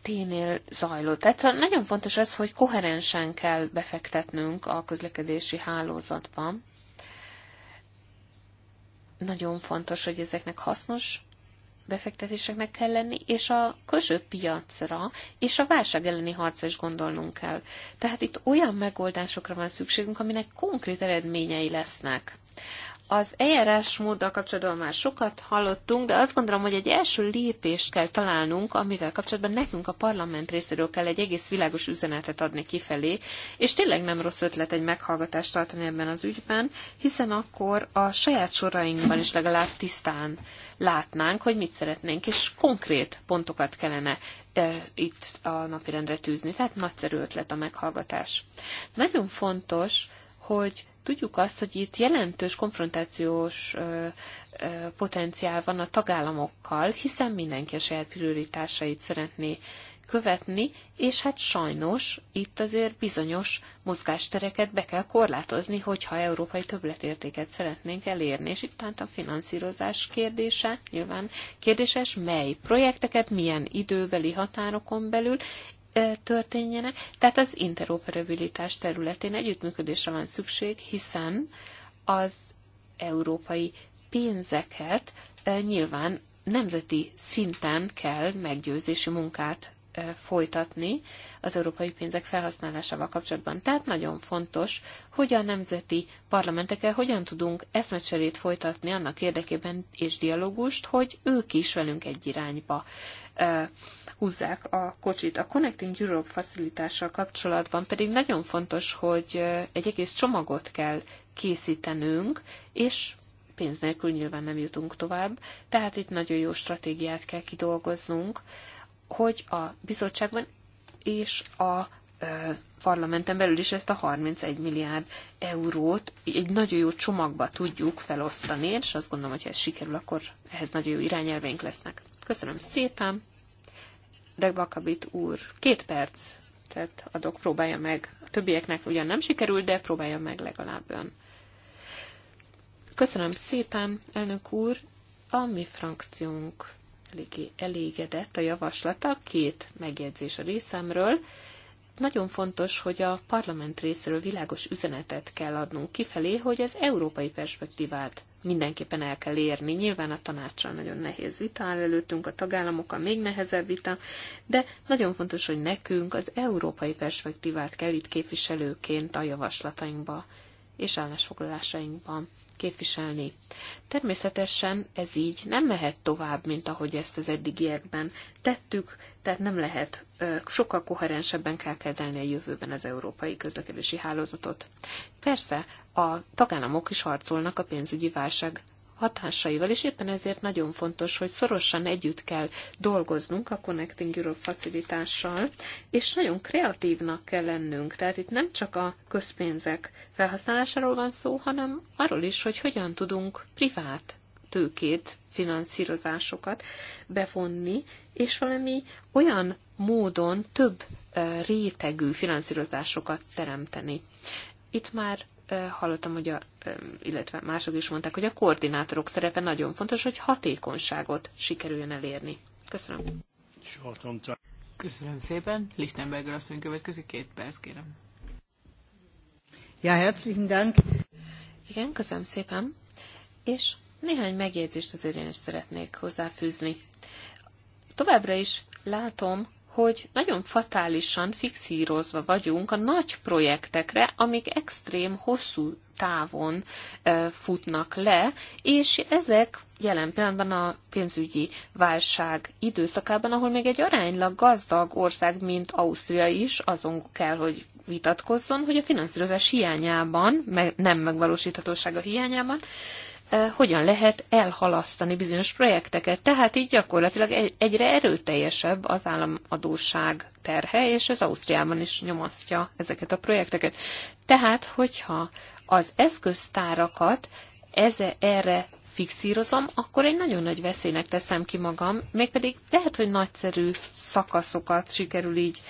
S1: ténél zajlott. Tehát szóval nagyon fontos az, hogy koherensen kell befektetnünk a közlekedési hálózatban. Nagyon fontos, hogy ezeknek hasznos befektetéseknek kell lenni, és a közöbb piacra, és a válság elleni harcra is gondolnunk kell. Tehát itt olyan megoldásokra van szükségünk, aminek konkrét eredményei lesznek. Az eljárás móddal kapcsolatban már sokat hallottunk, de azt gondolom, hogy egy első lépést kell találnunk, amivel kapcsolatban nekünk a parlament részéről kell egy egész világos üzenetet adni kifelé, és tényleg nem rossz ötlet egy meghallgatást tartani ebben az ügyben, hiszen akkor a saját sorainkban is legalább tisztán látnánk, hogy mit szeretnénk, és konkrét pontokat kellene itt a napirendre tűzni. Tehát nagyszerű ötlet a meghallgatás. Nagyon fontos, hogy tudjuk azt, hogy itt jelentős konfrontációs potenciál van a tagállamokkal, hiszen mindenki a saját prioritásait szeretné követni, és hát sajnos itt azért bizonyos mozgástereket be kell korlátozni, hogyha európai többletértéket szeretnénk elérni. És itt tehát a finanszírozás kérdése nyilván kérdéses, mely projekteket, milyen időbeli határokon belül, történjenek. Tehát az interoperabilitás területén együttműködésre van szükség, hiszen az európai pénzeket nyilván nemzeti szinten kell meggyőzési munkát folytatni az európai pénzek felhasználásával kapcsolatban. Tehát nagyon fontos, hogy a nemzeti parlamentekkel hogyan tudunk eszmecserét folytatni annak érdekében és dialógust, hogy ők is velünk egy irányba húzzák a kocsit. A Connecting Europe facilitással kapcsolatban pedig nagyon fontos, hogy egy egész csomagot kell készítenünk, és pénz nélkül nyilván nem jutunk tovább, tehát itt nagyon jó stratégiát kell kidolgoznunk hogy a bizottságban és a parlamenten belül is ezt a 31 milliárd eurót egy nagyon jó csomagba tudjuk felosztani, és azt gondolom, hogy ha ez sikerül, akkor ehhez nagyon jó irányelveink lesznek. Köszönöm szépen. Degbakabit úr, két perc, tehát adok, próbálja meg. A többieknek ugyan nem sikerült, de próbálja meg legalább ön. Köszönöm szépen, elnök úr. A mi frakciónk eléggé elégedett a javaslata, két megjegyzés a részemről. Nagyon fontos, hogy a parlament részéről világos üzenetet kell adnunk kifelé, hogy az európai perspektívát mindenképpen el kell érni. Nyilván a tanácssal nagyon nehéz vita áll előttünk, a tagállamokkal még nehezebb vita, de nagyon fontos, hogy nekünk az európai perspektívát kell itt képviselőként a javaslatainkba és állásfoglalásainkban képviselni. Természetesen ez így nem mehet tovább, mint ahogy ezt az eddigiekben tettük, tehát nem lehet sokkal koherensebben kell kezelni a jövőben az európai közlekedési hálózatot. Persze, a tagállamok is harcolnak a pénzügyi válság hatásaival, és éppen ezért nagyon fontos, hogy szorosan együtt kell dolgoznunk a Connecting Europe facilitással, és nagyon kreatívnak kell lennünk. Tehát itt nem csak a közpénzek felhasználásáról van szó, hanem arról is, hogy hogyan tudunk privát tőkét, finanszírozásokat bevonni, és valami olyan módon több eh, rétegű finanszírozásokat teremteni. Itt már hallottam, hogy a, illetve mások is mondták, hogy a koordinátorok szerepe nagyon fontos, hogy hatékonyságot sikerüljön elérni. Köszönöm.
S3: Köszönöm szépen. Lichtenberger asszony következő két perc, kérem.
S1: Ja, herzlichen Dank. Igen, köszönöm szépen. És néhány megjegyzést azért én is szeretnék hozzáfűzni. Továbbra is látom hogy nagyon fatálisan fixírozva vagyunk a nagy projektekre, amik extrém hosszú távon futnak le, és ezek jelen pillanatban a pénzügyi válság időszakában, ahol még egy aránylag gazdag ország, mint Ausztria is, azon kell, hogy vitatkozzon, hogy a finanszírozás hiányában, meg, nem megvalósíthatósága hiányában hogyan lehet elhalasztani bizonyos projekteket. Tehát így gyakorlatilag egyre erőteljesebb az államadóság terhe, és ez Ausztriában is nyomasztja ezeket a projekteket. Tehát, hogyha az eszköztárakat eze, erre fixírozom, akkor egy nagyon nagy veszélynek teszem ki magam, mégpedig lehet, hogy nagyszerű szakaszokat sikerül így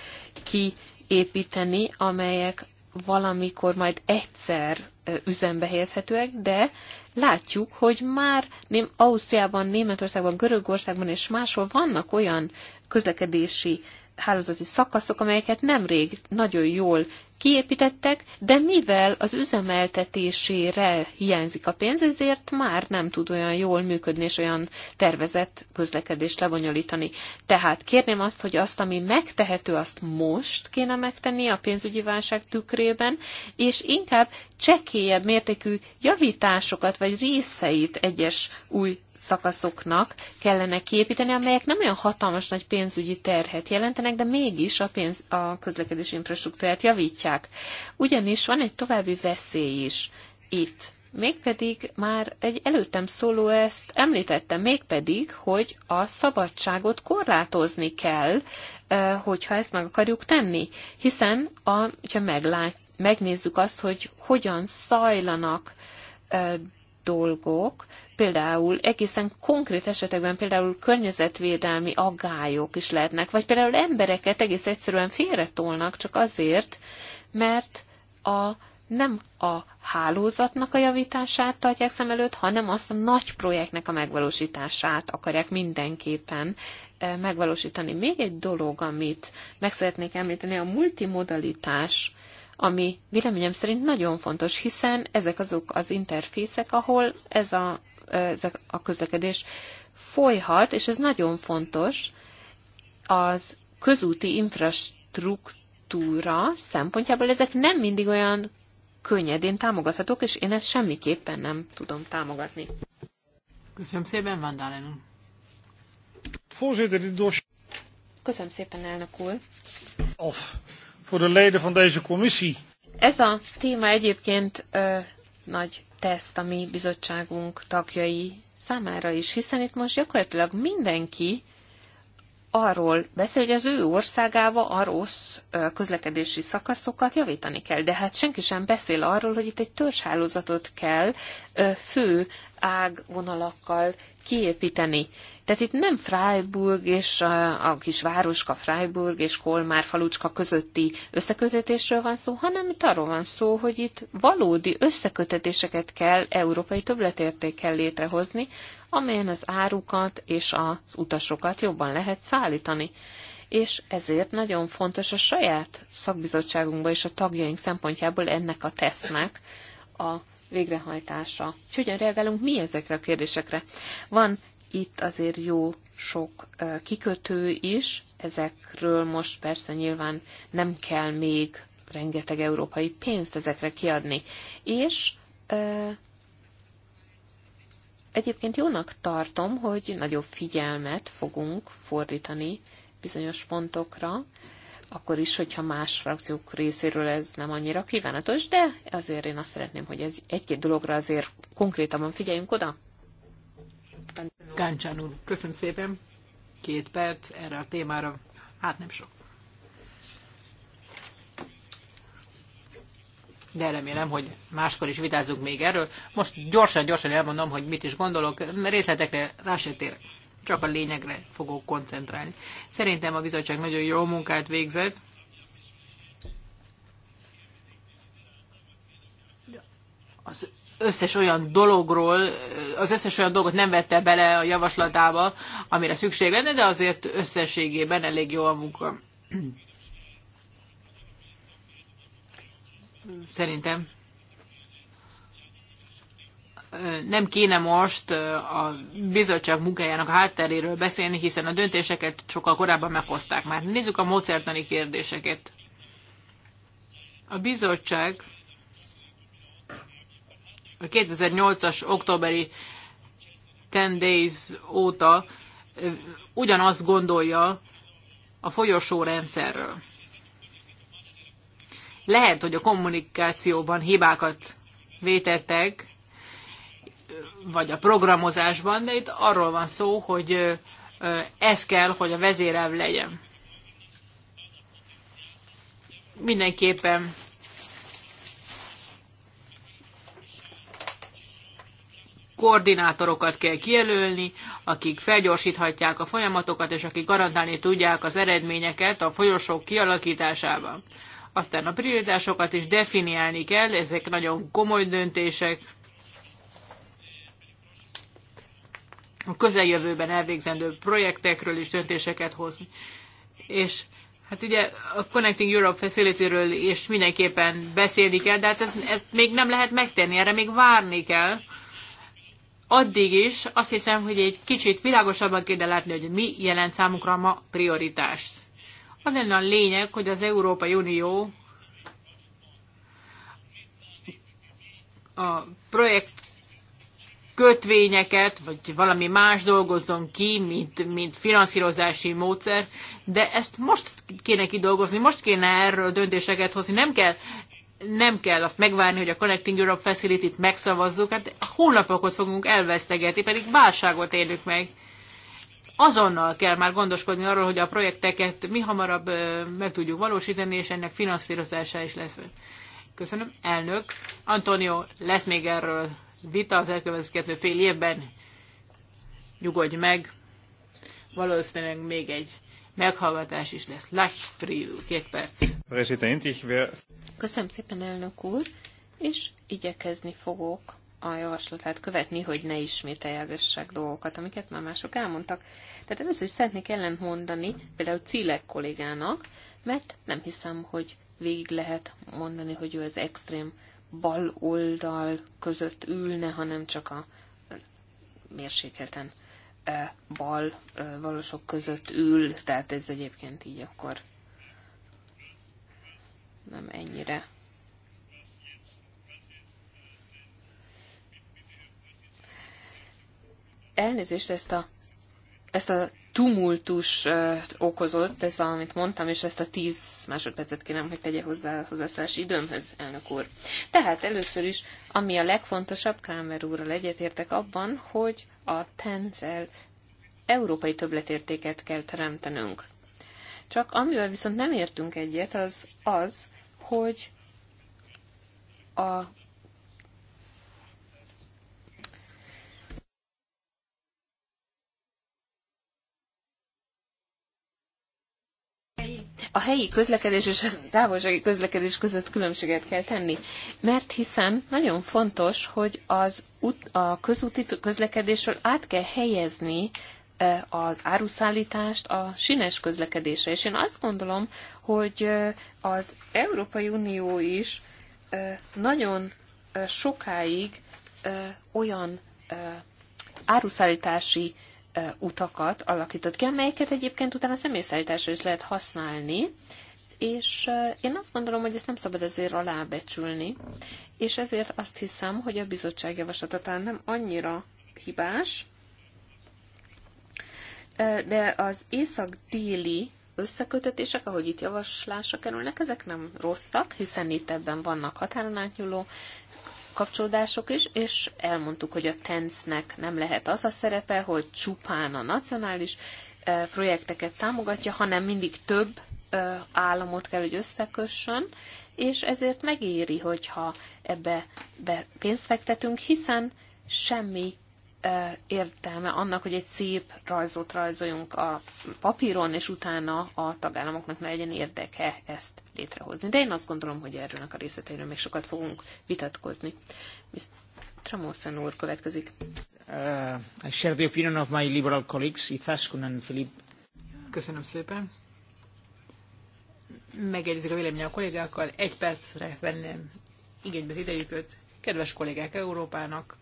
S1: kiépíteni, amelyek valamikor majd egyszer üzembe helyezhetőek, de látjuk, hogy már nem Ausztriában, Németországban, Görögországban és máshol vannak olyan közlekedési hálózati szakaszok, amelyeket nemrég nagyon jól kiépítettek, de mivel az üzemeltetésére hiányzik a pénz, ezért már nem tud olyan jól működni és olyan tervezett közlekedést lebonyolítani. Tehát kérném azt, hogy azt, ami megtehető, azt most kéne megtenni a pénzügyi válság tükrében, és inkább csekélyebb mértékű javításokat vagy részeit egyes új szakaszoknak kellene kiépíteni, amelyek nem olyan hatalmas nagy pénzügyi terhet jelentenek, de mégis a, pénz, a közlekedés infrastruktúrát javítják. Ugyanis van egy további veszély is itt. Mégpedig már egy előttem szóló ezt említette, mégpedig, hogy a szabadságot korlátozni kell, hogyha ezt meg akarjuk tenni. Hiszen, a, hogyha meglát, megnézzük azt, hogy hogyan szajlanak dolgok, például egészen konkrét esetekben például környezetvédelmi aggályok is lehetnek, vagy például embereket egész egyszerűen félretolnak csak azért, mert a nem a hálózatnak a javítását tartják szem előtt, hanem azt a nagy projektnek a megvalósítását akarják mindenképpen eh, megvalósítani. Még egy dolog, amit meg szeretnék említeni, a multimodalitás ami véleményem szerint nagyon fontos, hiszen ezek azok az interfészek, ahol ez a, ez a közlekedés folyhat, és ez nagyon fontos az közúti infrastruktúra szempontjából ezek nem mindig olyan könnyedén támogathatók, és én ezt semmiképpen nem tudom támogatni. Köszönöm szépen, Vandalen Köszönöm szépen, elnök úr.
S2: Of voor de leden van deze commissie.
S1: Ez a téma egyébként ö, nagy teszt a mi bizottságunk tagjai számára is, hiszen itt most gyakorlatilag mindenki arról beszél, hogy az ő országába a rossz közlekedési szakaszokat javítani kell. De hát senki sem beszél arról, hogy itt egy törzshálózatot kell fő ágvonalakkal kiépíteni. Tehát itt nem Freiburg és a, a kis városka Freiburg és Kolmár falucska közötti összekötetésről van szó, hanem itt arról van szó, hogy itt valódi összekötetéseket kell európai többletértékkel létrehozni, amelyen az árukat és az utasokat jobban lehet szállítani és ezért nagyon fontos a saját szakbizottságunkban és a tagjaink szempontjából ennek a tesznek, a végrehajtása. És hogyan reagálunk mi ezekre a kérdésekre? Van itt azért jó sok kikötő is, ezekről most persze nyilván nem kell még rengeteg európai pénzt ezekre kiadni. És e, egyébként jónak tartom, hogy nagyobb figyelmet fogunk fordítani bizonyos pontokra, akkor is, hogyha más frakciók részéről ez nem annyira kívánatos, de azért én azt szeretném, hogy ez egy-két dologra azért konkrétabban figyeljünk oda.
S3: Gáncsán úr, köszönöm szépen. Két perc erre a témára, hát nem sok. de remélem, hogy máskor is vitázunk még erről. Most gyorsan-gyorsan elmondom, hogy mit is gondolok, részletekre rá se térek csak a lényegre fogok koncentrálni. Szerintem a bizottság nagyon jó munkát végzett. Az összes olyan dologról, az összes olyan dolgot nem vette bele a javaslatába, amire szükség lenne, de azért összességében elég jó a munka. Szerintem nem kéne most a bizottság munkájának a hátteréről beszélni, hiszen a döntéseket sokkal korábban meghozták már. Nézzük a módszertani kérdéseket. A bizottság a 2008-as októberi 10 days óta ugyanazt gondolja a folyosó rendszerről. Lehet, hogy a kommunikációban hibákat vétettek, vagy a programozásban, de itt arról van szó, hogy ez kell, hogy a vezérelv legyen. Mindenképpen koordinátorokat kell kijelölni, akik felgyorsíthatják a folyamatokat, és akik garantálni tudják az eredményeket a folyosók kialakításában. Aztán a prioritásokat is definiálni kell, ezek nagyon komoly döntések, a közeljövőben elvégzendő projektekről is döntéseket hozni. És hát ugye a Connecting Europe Facility-ről is mindenképpen beszélni kell, de hát ezt, ezt még nem lehet megtenni, erre még várni kell. Addig is azt hiszem, hogy egy kicsit világosabban kéne látni, hogy mi jelent számukra ma prioritást. Az lenne a lényeg, hogy az Európai Unió a projekt kötvényeket, vagy valami más dolgozzon ki, mint, mint finanszírozási módszer, de ezt most kéne kidolgozni, most kéne erről döntéseket hozni, nem kell nem kell azt megvárni, hogy a Connecting Europe Facility-t megszavazzuk, hát hónapokat fogunk elvesztegetni, pedig válságot élünk meg. Azonnal kell már gondoskodni arról, hogy a projekteket mi hamarabb meg tudjuk valósítani, és ennek finanszírozása is lesz. Köszönöm, elnök. Antonio, lesz még erről vita az elkövetkező fél évben. Nyugodj meg, valószínűleg még egy meghallgatás is lesz. Lachfried két perc.
S1: Köszönöm szépen, elnök úr, és igyekezni fogok a javaslatát követni, hogy ne ismételjesek dolgokat, amiket már mások elmondtak. Tehát először is szeretnék ellentmondani például Cílek kollégának, mert nem hiszem, hogy végig lehet mondani, hogy ő az extrém bal oldal között ülne, hanem csak a mérsékelten e, bal e, valósok között ül, tehát ez egyébként így akkor nem ennyire. Elnézést, ezt a, ezt a tumultus okozott, ez amit mondtam, és ezt a 10 másodpercet kérem, hogy tegye hozzá hozzászási időmhöz, elnök úr. Tehát először is, ami a legfontosabb, Krámer úrral egyetértek abban, hogy a tenzel európai többletértéket kell teremtenünk. Csak amivel viszont nem értünk egyet, az az, hogy a a helyi közlekedés és a távolsági közlekedés között különbséget kell tenni, mert hiszen nagyon fontos, hogy az út, a közúti közlekedésről át kell helyezni az áruszállítást a sines közlekedésre. És én azt gondolom, hogy az Európai Unió is nagyon sokáig olyan áruszállítási utakat alakított ki, amelyeket egyébként utána személyszállításra is lehet használni, és én azt gondolom, hogy ezt nem szabad ezért alábecsülni, és ezért azt hiszem, hogy a bizottság javaslata nem annyira hibás, de az észak-déli összekötetések, ahogy itt javaslásra kerülnek, ezek nem rosszak, hiszen itt ebben vannak határon átnyúló kapcsolódások is, és elmondtuk, hogy a TENSZ-nek nem lehet az a szerepe, hogy csupán a nacionális projekteket támogatja, hanem mindig több államot kell, hogy összekössön, és ezért megéri, hogyha ebbe be pénzt fektetünk, hiszen semmi értelme annak, hogy egy szép rajzot rajzoljunk a papíron, és utána a tagállamoknak ne legyen érdeke ezt létrehozni. De én azt gondolom, hogy erről a részleteiről még sokat fogunk vitatkozni. Tramosan úr következik.
S3: Uh, I share the opinion of my liberal colleagues, Itáskun and Filip. Köszönöm szépen. Megegyezik a véleménye a kollégákkal, egy percre venném igénybe idejüköt Kedves kollégák Európának,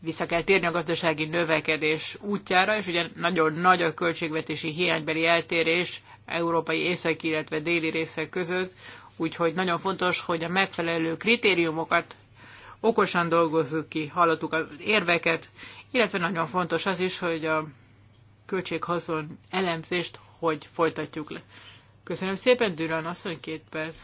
S3: vissza kell térni a gazdasági növekedés útjára, és ugye nagyon nagy a költségvetési hiánybeli eltérés európai északi, illetve déli részek között, úgyhogy nagyon fontos, hogy a megfelelő kritériumokat okosan dolgozzuk ki, hallottuk az érveket, illetve nagyon fontos az is, hogy a költséghaszon elemzést hogy folytatjuk le. Köszönöm szépen, Düran asszony, két perc.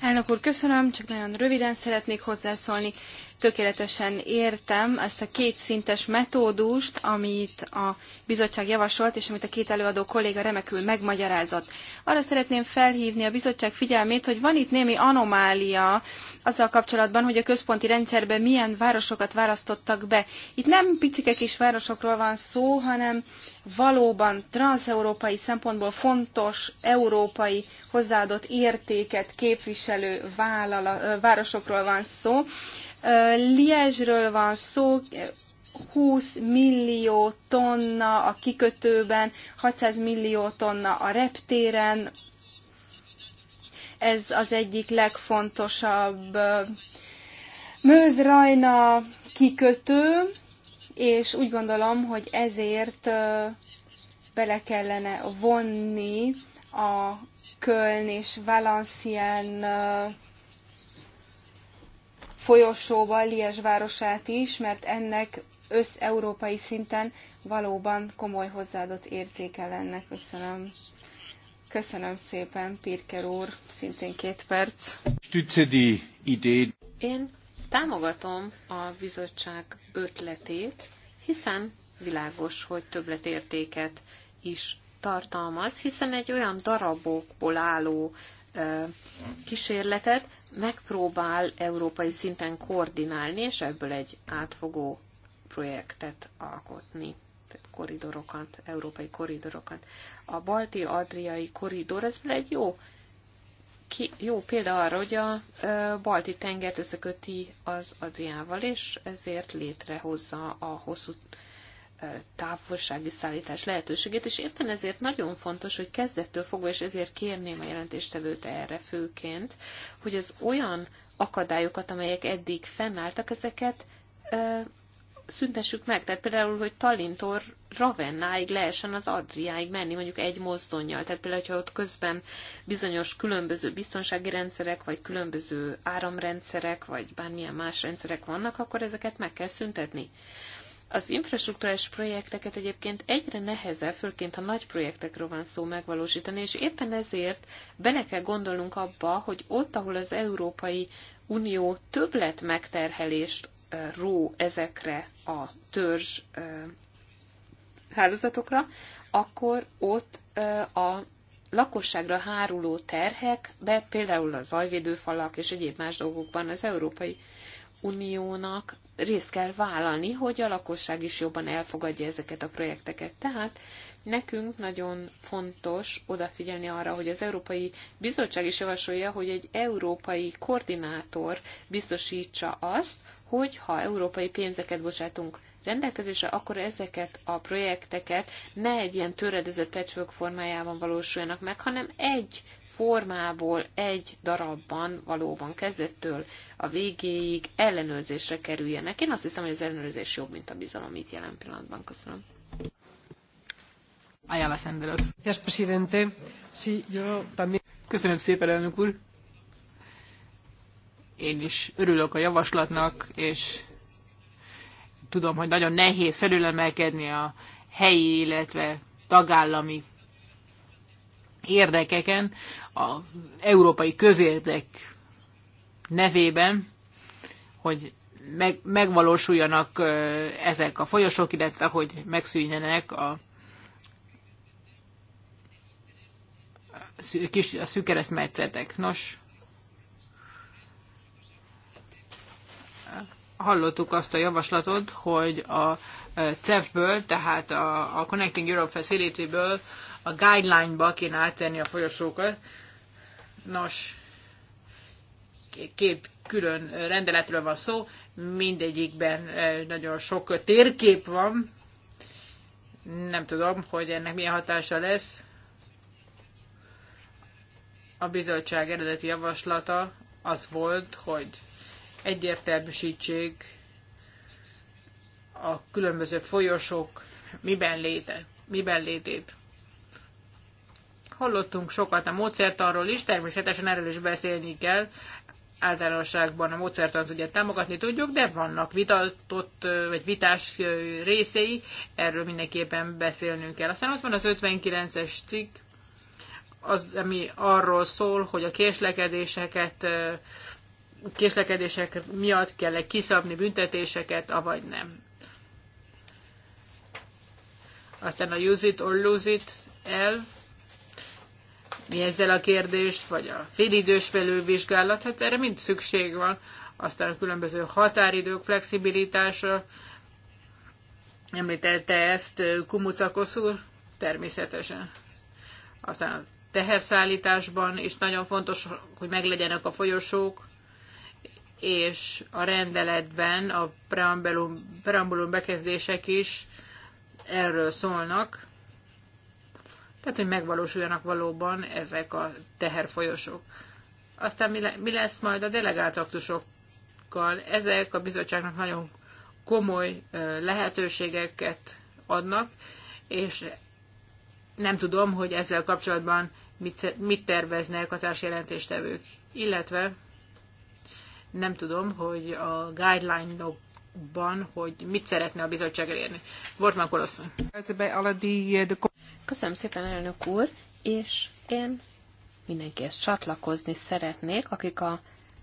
S2: Elnök úr, köszönöm, csak nagyon röviden szeretnék hozzászólni tökéletesen értem ezt a kétszintes metódust, amit a bizottság javasolt, és amit a két előadó kolléga remekül megmagyarázott. Arra szeretném felhívni a bizottság figyelmét, hogy van itt némi anomália azzal kapcsolatban, hogy a központi rendszerbe milyen városokat választottak be. Itt nem picike kis városokról van szó, hanem valóban transeurópai szempontból fontos európai hozzáadott értéket képviselő vállala, városokról van szó, Liezsről van szó, 20 millió tonna a kikötőben, 600 millió tonna a reptéren. Ez az egyik legfontosabb mőzrajna kikötő, és úgy gondolom, hogy ezért bele kellene vonni a Köln és Valencián folyosóval Liezs városát is, mert ennek összeurópai szinten valóban komoly hozzáadott értéke lenne. Köszönöm. Köszönöm szépen, Pirker úr, szintén két perc. Én támogatom a bizottság
S1: ötletét, hiszen világos, hogy többletértéket is tartalmaz, hiszen egy olyan darabokból álló kísérletet, megpróbál európai szinten koordinálni, és ebből egy átfogó projektet alkotni, tehát koridorokat, európai koridorokat. A balti-adriai koridor, ez egy jó, ki, jó példa arra, hogy a balti tengert összeköti az Adriával, és ezért létrehozza a hosszú távolsági szállítás lehetőségét, és éppen ezért nagyon fontos, hogy kezdettől fogva, és ezért kérném a jelentéstevőt erre főként, hogy az olyan akadályokat, amelyek eddig fennálltak, ezeket ö, szüntessük meg. Tehát például, hogy Tallintor Ravennáig lehessen az Adriáig menni, mondjuk egy mozdonnyal. Tehát például, hogyha ott közben bizonyos különböző biztonsági rendszerek, vagy különböző áramrendszerek, vagy bármilyen más rendszerek vannak, akkor ezeket meg kell szüntetni. Az infrastruktúrás projekteket egyébként egyre nehezebb, főként a nagy projektekről van szó megvalósítani, és éppen ezért bele kell gondolnunk abba, hogy ott, ahol az Európai Unió többlet megterhelést ró ezekre a törzs hálózatokra, akkor ott a lakosságra háruló be például a zajvédőfalak és egyéb más dolgokban az Európai Uniónak részt kell vállalni, hogy a lakosság is jobban elfogadja ezeket a projekteket. Tehát nekünk nagyon fontos odafigyelni arra, hogy az Európai Bizottság is javasolja, hogy egy európai koordinátor biztosítsa azt, hogy ha európai pénzeket bocsátunk rendelkezésre, akkor ezeket a projekteket ne egy ilyen töredezett pecsők formájában valósuljanak meg, hanem egy formából egy darabban valóban kezdettől a végéig ellenőrzésre kerüljenek. Én azt hiszem, hogy az ellenőrzés jobb, mint a bizalom itt jelen pillanatban. Köszönöm.
S3: Ayala Senderos. Köszönöm szépen, elnök úr. Én is örülök a javaslatnak, és tudom, hogy nagyon nehéz felülemelkedni a helyi, illetve tagállami érdekeken, a európai közérdek nevében, hogy meg, megvalósuljanak ezek a folyosók, illetve hogy megszűnjenek a kis a szűkeresztmetszetek. Nos, hallottuk azt a javaslatot, hogy a CEF-ből, tehát a, a Connecting Europe Facility-ből a guideline-ba kéne áttenni a folyosókat. Nos, két külön rendeletről van szó, mindegyikben eh, nagyon sok térkép van. Nem tudom, hogy ennek milyen hatása lesz. A bizottság eredeti javaslata az volt, hogy egyértelműsítsék a különböző folyosók miben léte, miben létét. Hallottunk sokat a módszertanról is, természetesen erről is beszélni kell. Általánosságban a módszertant ugye támogatni tudjuk, de vannak vitatott, vagy vitás részei, erről mindenképpen beszélnünk kell. Aztán ott van az 59-es cikk, az, ami arról szól, hogy a késlekedéseket késlekedések miatt kell -e kiszabni büntetéseket, avagy nem. Aztán a use it or lose it elv, mi ezzel a kérdést, vagy a félidős felülvizsgálat, hát erre mind szükség van. Aztán a különböző határidők flexibilitása, említette ezt Kumuca természetesen. Aztán a teherszállításban is nagyon fontos, hogy meglegyenek a folyosók, és a rendeletben a preambulum, preambulum bekezdések is erről szólnak tehát hogy megvalósuljanak valóban ezek a teherfolyosok. Aztán mi lesz majd a delegált aktusokkal? Ezek a bizottságnak nagyon komoly lehetőségeket adnak, és nem tudom, hogy ezzel kapcsolatban mit, mit terveznek a társjelentéstevők, illetve nem tudom, hogy a guideline-okban, hogy mit szeretne a bizottság elérni. már Kolosszony. Köszönöm
S1: szépen, elnök úr, és én mindenkihez csatlakozni szeretnék, akik a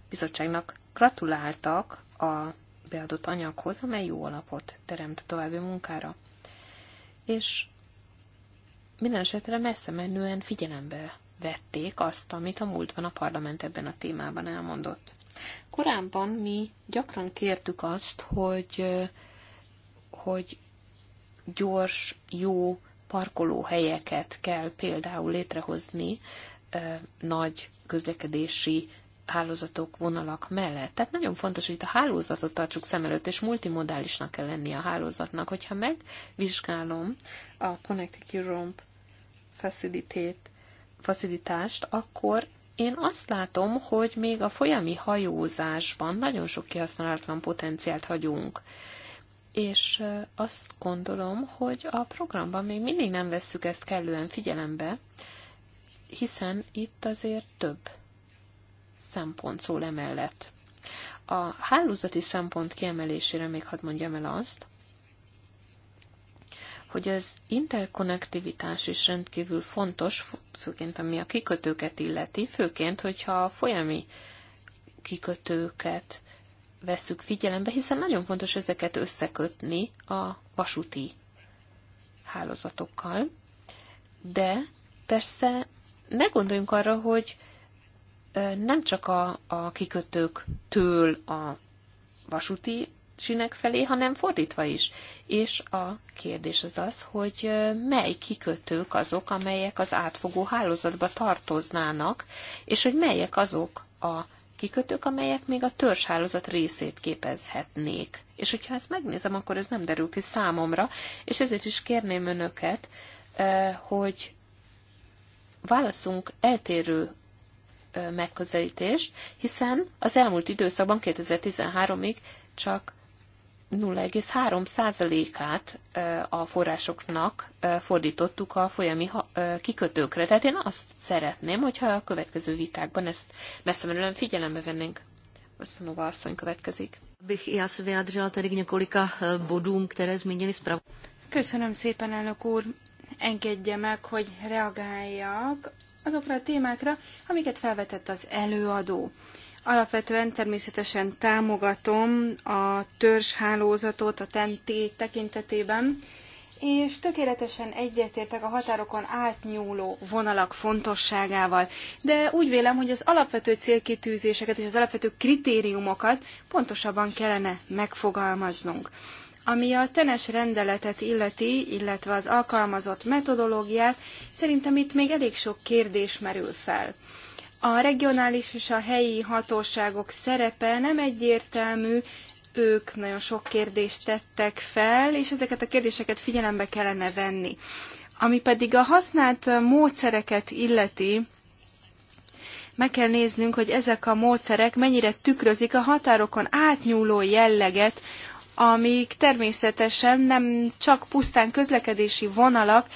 S1: bizottságnak gratuláltak a beadott anyaghoz, amely jó alapot teremt a további munkára. És minden esetre messze menően figyelembe vették azt, amit a múltban a parlament ebben a témában elmondott. Korábban mi gyakran kértük azt, hogy, hogy gyors, jó parkolóhelyeket kell például létrehozni nagy közlekedési hálózatok, vonalak mellett. Tehát nagyon fontos, hogy itt a hálózatot tartsuk szem előtt, és multimodálisnak kell lennie a hálózatnak. Hogyha megvizsgálom a Connecting Europe facilitét, facilitást, akkor én azt látom, hogy még a folyami hajózásban nagyon sok kihasználatlan potenciált hagyunk és azt gondolom, hogy a programban még mindig nem vesszük ezt kellően figyelembe, hiszen itt azért több szempont szól emellett. A hálózati szempont kiemelésére még hadd mondjam el azt, hogy az interkonnektivitás is rendkívül fontos, főként ami a kikötőket illeti, főként, hogyha a folyami kikötőket vesszük figyelembe, hiszen nagyon fontos ezeket összekötni a vasúti hálózatokkal. De persze ne gondoljunk arra, hogy nem csak a, a kikötőktől a vasúti sinek felé, hanem fordítva is. És a kérdés az az, hogy mely kikötők azok, amelyek az átfogó hálózatba tartoznának, és hogy melyek azok a kikötők, amelyek még a törzshálózat részét képezhetnék. És hogyha ezt megnézem, akkor ez nem derül ki számomra, és ezért is kérném önöket, hogy válaszunk eltérő megközelítést, hiszen az elmúlt időszakban 2013-ig csak 0,3%-át a forrásoknak fordítottuk a folyami kikötőkre. Tehát én azt szeretném, hogyha a következő vitákban ezt messze menően
S2: figyelembe vennénk. Vasszanova asszony következik. Bych já se vyjádřila tady k několika bodům, které zmínili zprav. Köszönöm szépen, elnök úr. Engedje meg, hogy reagáljak azokra a témákra, amiket felvetett az előadó. Alapvetően természetesen támogatom a törzshálózatot a TNT tekintetében, és tökéletesen egyetértek a határokon átnyúló vonalak fontosságával, de úgy vélem, hogy az alapvető célkitűzéseket és az alapvető kritériumokat pontosabban kellene megfogalmaznunk. Ami a tenes rendeletet illeti, illetve az alkalmazott metodológiát, szerintem itt még elég sok kérdés merül fel. A regionális és a helyi hatóságok szerepe nem egyértelmű, ők nagyon sok kérdést tettek fel, és ezeket a kérdéseket figyelembe kellene venni. Ami pedig a használt módszereket illeti, meg kell néznünk, hogy ezek a módszerek mennyire tükrözik a határokon átnyúló jelleget, amik természetesen nem csak pusztán közlekedési vonalak,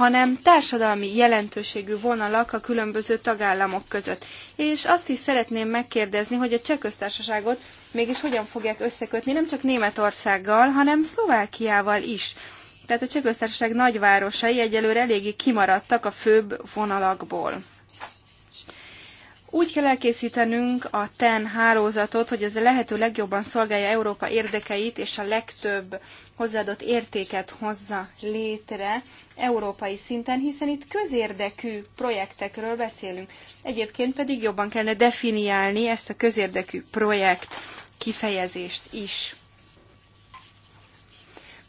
S2: hanem társadalmi jelentőségű vonalak a különböző tagállamok között. És azt is szeretném megkérdezni, hogy a cseh köztársaságot mégis hogyan fogják összekötni, nem csak Németországgal, hanem Szlovákiával is. Tehát a cseh köztársaság nagyvárosai egyelőre eléggé kimaradtak a főbb vonalakból. Úgy kell elkészítenünk a TEN hálózatot, hogy ez a lehető legjobban szolgálja Európa érdekeit, és a legtöbb hozzáadott értéket hozza létre európai szinten, hiszen itt közérdekű projektekről beszélünk. Egyébként pedig jobban kellene definiálni ezt a közérdekű projekt kifejezést is.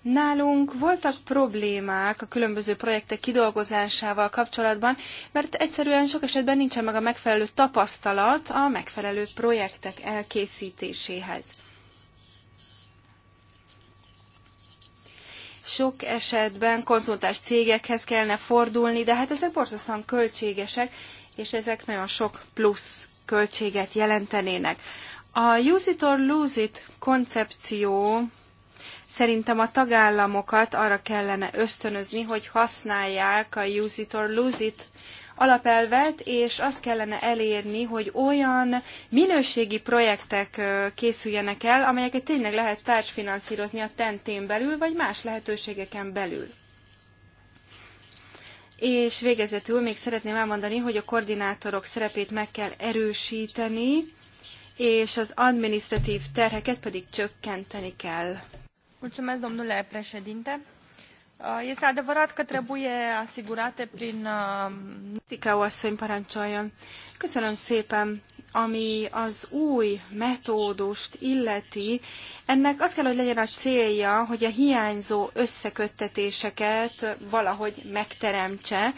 S2: Nálunk voltak problémák a különböző projektek kidolgozásával kapcsolatban, mert egyszerűen sok esetben nincsen meg a megfelelő tapasztalat a megfelelő projektek elkészítéséhez. sok esetben konzultás cégekhez kellene fordulni, de hát ezek borzasztóan költségesek, és ezek nagyon sok plusz költséget jelentenének. A Use it or lose it koncepció Szerintem a tagállamokat arra kellene ösztönözni, hogy használják a use it or lose it alapelvet, és azt kellene elérni, hogy olyan minőségi projektek készüljenek el, amelyeket tényleg lehet társfinanszírozni a tentén belül, vagy más lehetőségeken belül. És végezetül még szeretném elmondani, hogy a koordinátorok szerepét meg kell erősíteni, és az administratív terheket pedig csökkenteni kell. Mulțumesc, domnule președinte. Uh, este adevărat că trebuie asigurate prin... Uh, Cikau asszony parancsoljon. Köszönöm szépen. Ami az új metódust illeti, ennek az kell, hogy legyen a célja, hogy a hiányzó összeköttetéseket valahogy megteremtse,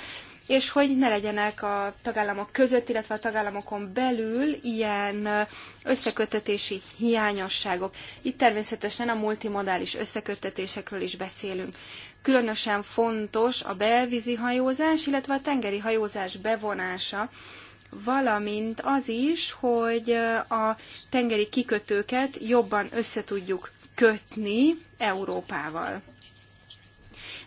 S2: és hogy ne legyenek a tagállamok között, illetve a tagállamokon belül ilyen összekötetési hiányosságok. Itt természetesen a multimodális összekötetésekről is beszélünk. Különösen fontos a belvízi hajózás, illetve a tengeri hajózás bevonása, valamint az is, hogy a tengeri kikötőket jobban összetudjuk kötni Európával.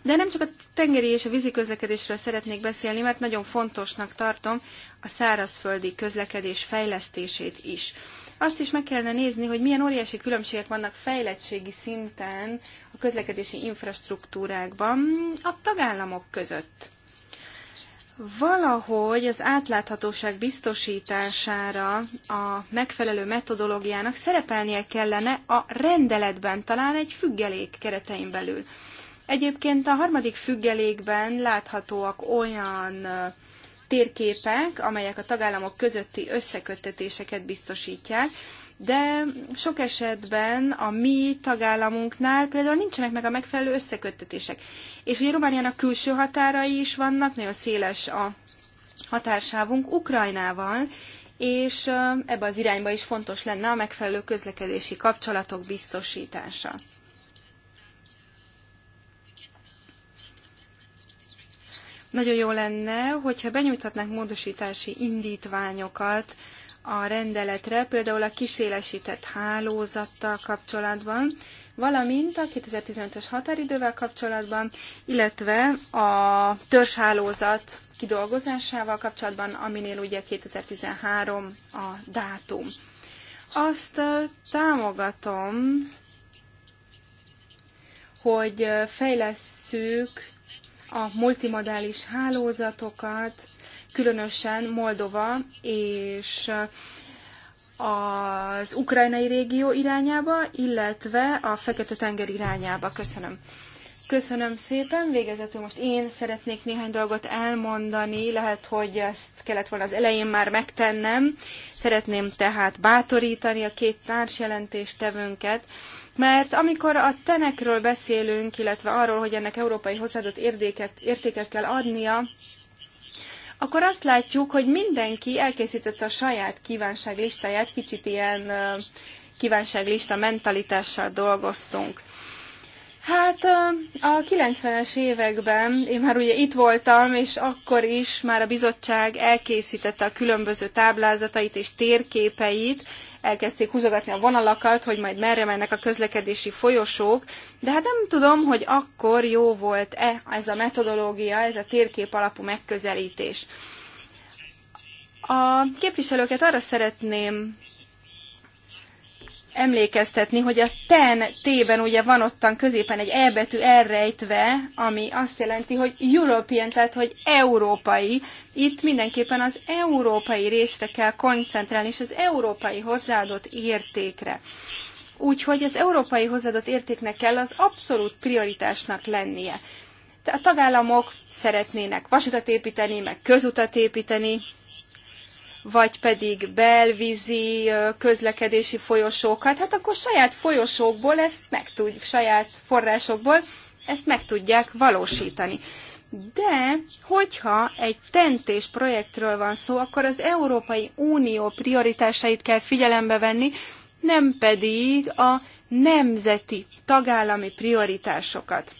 S2: De nem csak a tengeri és a vízi közlekedésről szeretnék beszélni, mert nagyon fontosnak tartom a szárazföldi közlekedés fejlesztését is. Azt is meg kellene nézni, hogy milyen óriási különbségek vannak fejlettségi szinten a közlekedési infrastruktúrákban a tagállamok között valahogy az átláthatóság biztosítására a megfelelő metodológiának szerepelnie kellene a rendeletben, talán egy függelék keretein belül. Egyébként a harmadik függelékben láthatóak olyan térképek, amelyek a tagállamok közötti összeköttetéseket biztosítják, de sok esetben a mi tagállamunknál például nincsenek meg a megfelelő összeköttetések. És ugye Romániának külső határai is vannak, nagyon széles a határsávunk Ukrajnával, és ebbe az irányba is fontos lenne a megfelelő közlekedési kapcsolatok biztosítása. Nagyon jó lenne, hogyha benyújthatnánk módosítási indítványokat a rendeletre, például a kiszélesített hálózattal kapcsolatban, valamint a 2015-ös határidővel kapcsolatban, illetve a törzshálózat kidolgozásával kapcsolatban, aminél ugye 2013 a dátum. Azt támogatom, hogy fejlesszük a multimodális hálózatokat, különösen Moldova és az ukrajnai régió irányába, illetve a Fekete-tenger irányába. Köszönöm. Köszönöm szépen. Végezetül most én szeretnék néhány dolgot elmondani. Lehet, hogy ezt kellett volna az elején már megtennem. Szeretném tehát bátorítani a két tevőnket, mert amikor a tenekről beszélünk, illetve arról, hogy ennek európai hozzáadott értéket, értéket kell adnia, akkor azt látjuk, hogy mindenki elkészítette a saját kívánság listáját, kicsit ilyen kívánságlista mentalitással dolgoztunk. Hát a 90-es években én már ugye itt voltam, és akkor is már a bizottság elkészítette a különböző táblázatait és térképeit, elkezdték húzogatni a vonalakat, hogy majd merre mennek a közlekedési folyosók, de hát nem tudom, hogy akkor jó volt-e ez a metodológia, ez a térkép alapú megközelítés. A képviselőket arra szeretném emlékeztetni, hogy a ten tében ugye van ottan középen egy E betű elrejtve, ami azt jelenti, hogy European, tehát hogy európai. Itt mindenképpen az európai részre kell koncentrálni, és az európai hozzáadott értékre. Úgyhogy az európai hozzáadott értéknek kell az abszolút prioritásnak lennie. A tagállamok szeretnének vasutat építeni, meg közutat építeni, vagy pedig belvízi közlekedési folyosókat, hát akkor saját folyosókból ezt meg tudjuk, saját forrásokból ezt meg tudják valósítani. De, hogyha egy tentés projektről van szó, akkor az Európai Unió prioritásait kell figyelembe venni, nem pedig a nemzeti tagállami prioritásokat.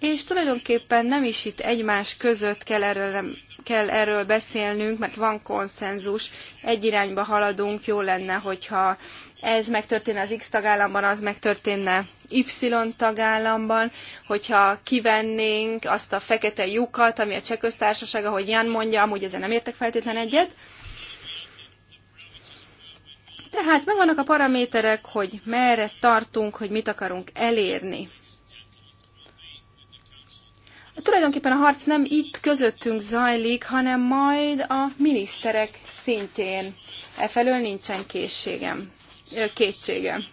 S2: És tulajdonképpen nem is itt egymás között kell erről kell erről beszélnünk, mert van konszenzus, egy irányba haladunk, jó lenne, hogyha ez megtörténne az X tagállamban, az megtörténne Y tagállamban, hogyha kivennénk azt a fekete lyukat, ami a cseh köztársaság, ahogy Jan mondja, amúgy ezen nem értek feltétlen egyet, tehát megvannak a paraméterek, hogy merre tartunk, hogy mit akarunk elérni. Tulajdonképpen a harc nem itt közöttünk zajlik, hanem majd a miniszterek szintjén. Efelől nincsen készségem, kétségem.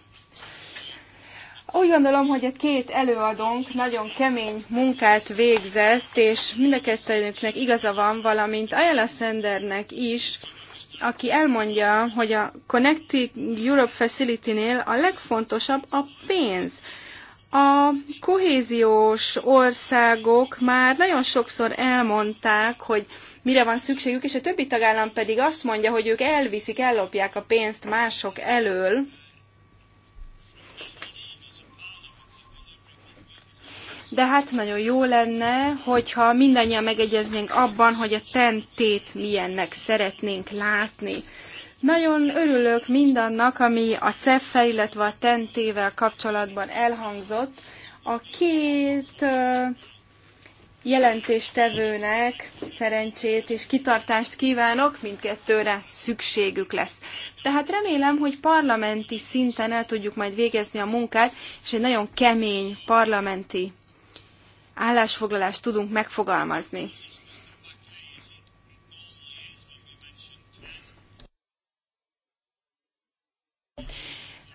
S2: Úgy gondolom, hogy a két előadónk nagyon kemény munkát végzett, és mind a kettőnöknek igaza van, valamint Ayala Sandernek is, aki elmondja, hogy a Connecting Europe Facility-nél a legfontosabb a pénz. A kohéziós országok már nagyon sokszor elmondták, hogy mire van szükségük, és a többi tagállam pedig azt mondja, hogy ők elviszik, ellopják a pénzt mások elől. De hát nagyon jó lenne, hogyha mindannyian megegyeznénk abban, hogy a tentét milyennek szeretnénk látni. Nagyon örülök mindannak, ami a cef illetve a tentével kapcsolatban elhangzott. A két jelentéstevőnek szerencsét és kitartást kívánok, mindkettőre szükségük lesz. Tehát remélem, hogy parlamenti szinten el tudjuk majd végezni a munkát, és egy nagyon kemény parlamenti állásfoglalást tudunk megfogalmazni.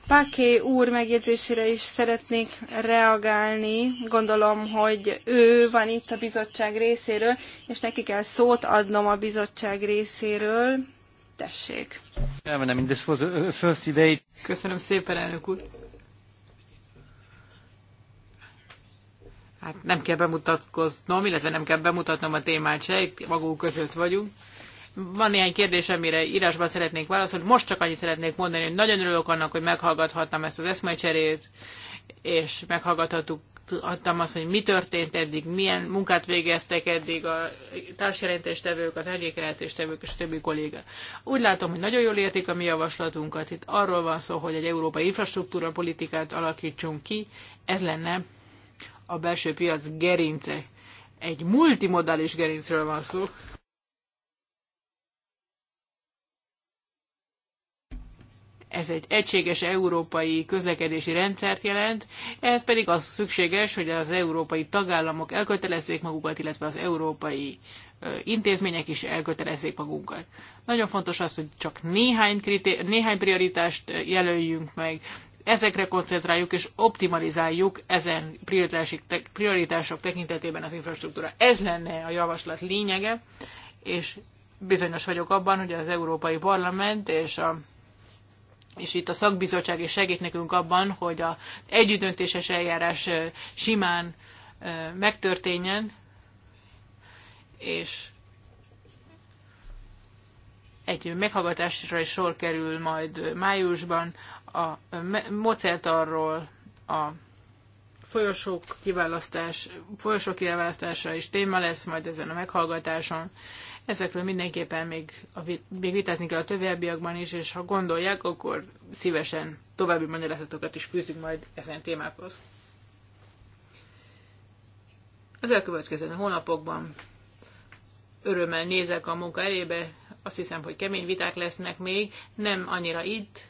S2: Páké úr megjegyzésére is szeretnék reagálni. Gondolom, hogy ő van itt a bizottság részéről, és neki kell szót adnom a bizottság részéről. Tessék.
S3: Köszönöm szépen, elnök úr. Hát nem kell bemutatkoznom, illetve nem kell bemutatnom a témát se, itt magunk között vagyunk. Van néhány kérdés, amire írásban szeretnék válaszolni. Most csak annyit szeretnék mondani, hogy nagyon örülök annak, hogy meghallgathattam ezt az eszmecserét, és meghallgathattuk adtam azt, hogy mi történt eddig, milyen munkát végeztek eddig a társjelentéstevők, az elgékelentéstevők és a többi kolléga. Úgy látom, hogy nagyon jól értik a mi javaslatunkat. Itt arról van szó, hogy egy európai infrastruktúra politikát alakítsunk ki. Ez lenne a belső piac gerince. Egy multimodális gerincről van szó. Ez egy egységes európai közlekedési rendszert jelent, ehhez pedig az szükséges, hogy az európai tagállamok elkötelezzék magukat, illetve az európai intézmények is elkötelezzék magunkat. Nagyon fontos az, hogy csak néhány, krité- néhány prioritást jelöljünk meg, ezekre koncentráljuk és optimalizáljuk ezen prioritások tekintetében az infrastruktúra. Ez lenne a javaslat lényege, és bizonyos vagyok abban, hogy az Európai Parlament és a és itt a szakbizottság is segít nekünk abban, hogy az együttdöntéses eljárás simán megtörténjen, és egy meghallgatásra is sor kerül majd májusban a moceltarról, a folyosók kiválasztás, folyosók kiválasztása is téma lesz majd ezen a meghallgatáson. Ezekről mindenképpen még, a még vitázni kell a továbbiakban is, és ha gondolják, akkor szívesen további magyarázatokat is fűzünk majd ezen témákhoz. Az elkövetkező hónapokban örömmel nézek a munka elébe, azt hiszem, hogy kemény viták lesznek még, nem annyira itt,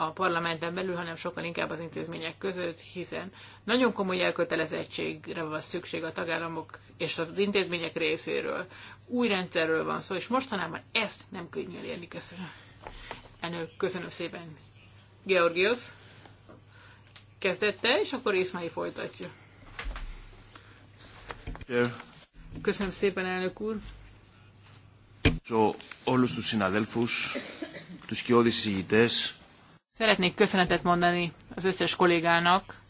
S3: a parlamentben belül, hanem sokkal inkább az intézmények között, hiszen nagyon komoly elkötelezettségre van szükség a tagállamok és az intézmények részéről. Új rendszerről van szó, és mostanában ezt nem könnyű elérni. Köszönöm. Elnök, köszönöm szépen. Georgios kezdette, és akkor Ismai folytatja. Köszönöm szépen, elnök úr.
S1: So, όλους τους συναδέλφους, τους
S3: Szeretnék köszönetet mondani az összes kollégának,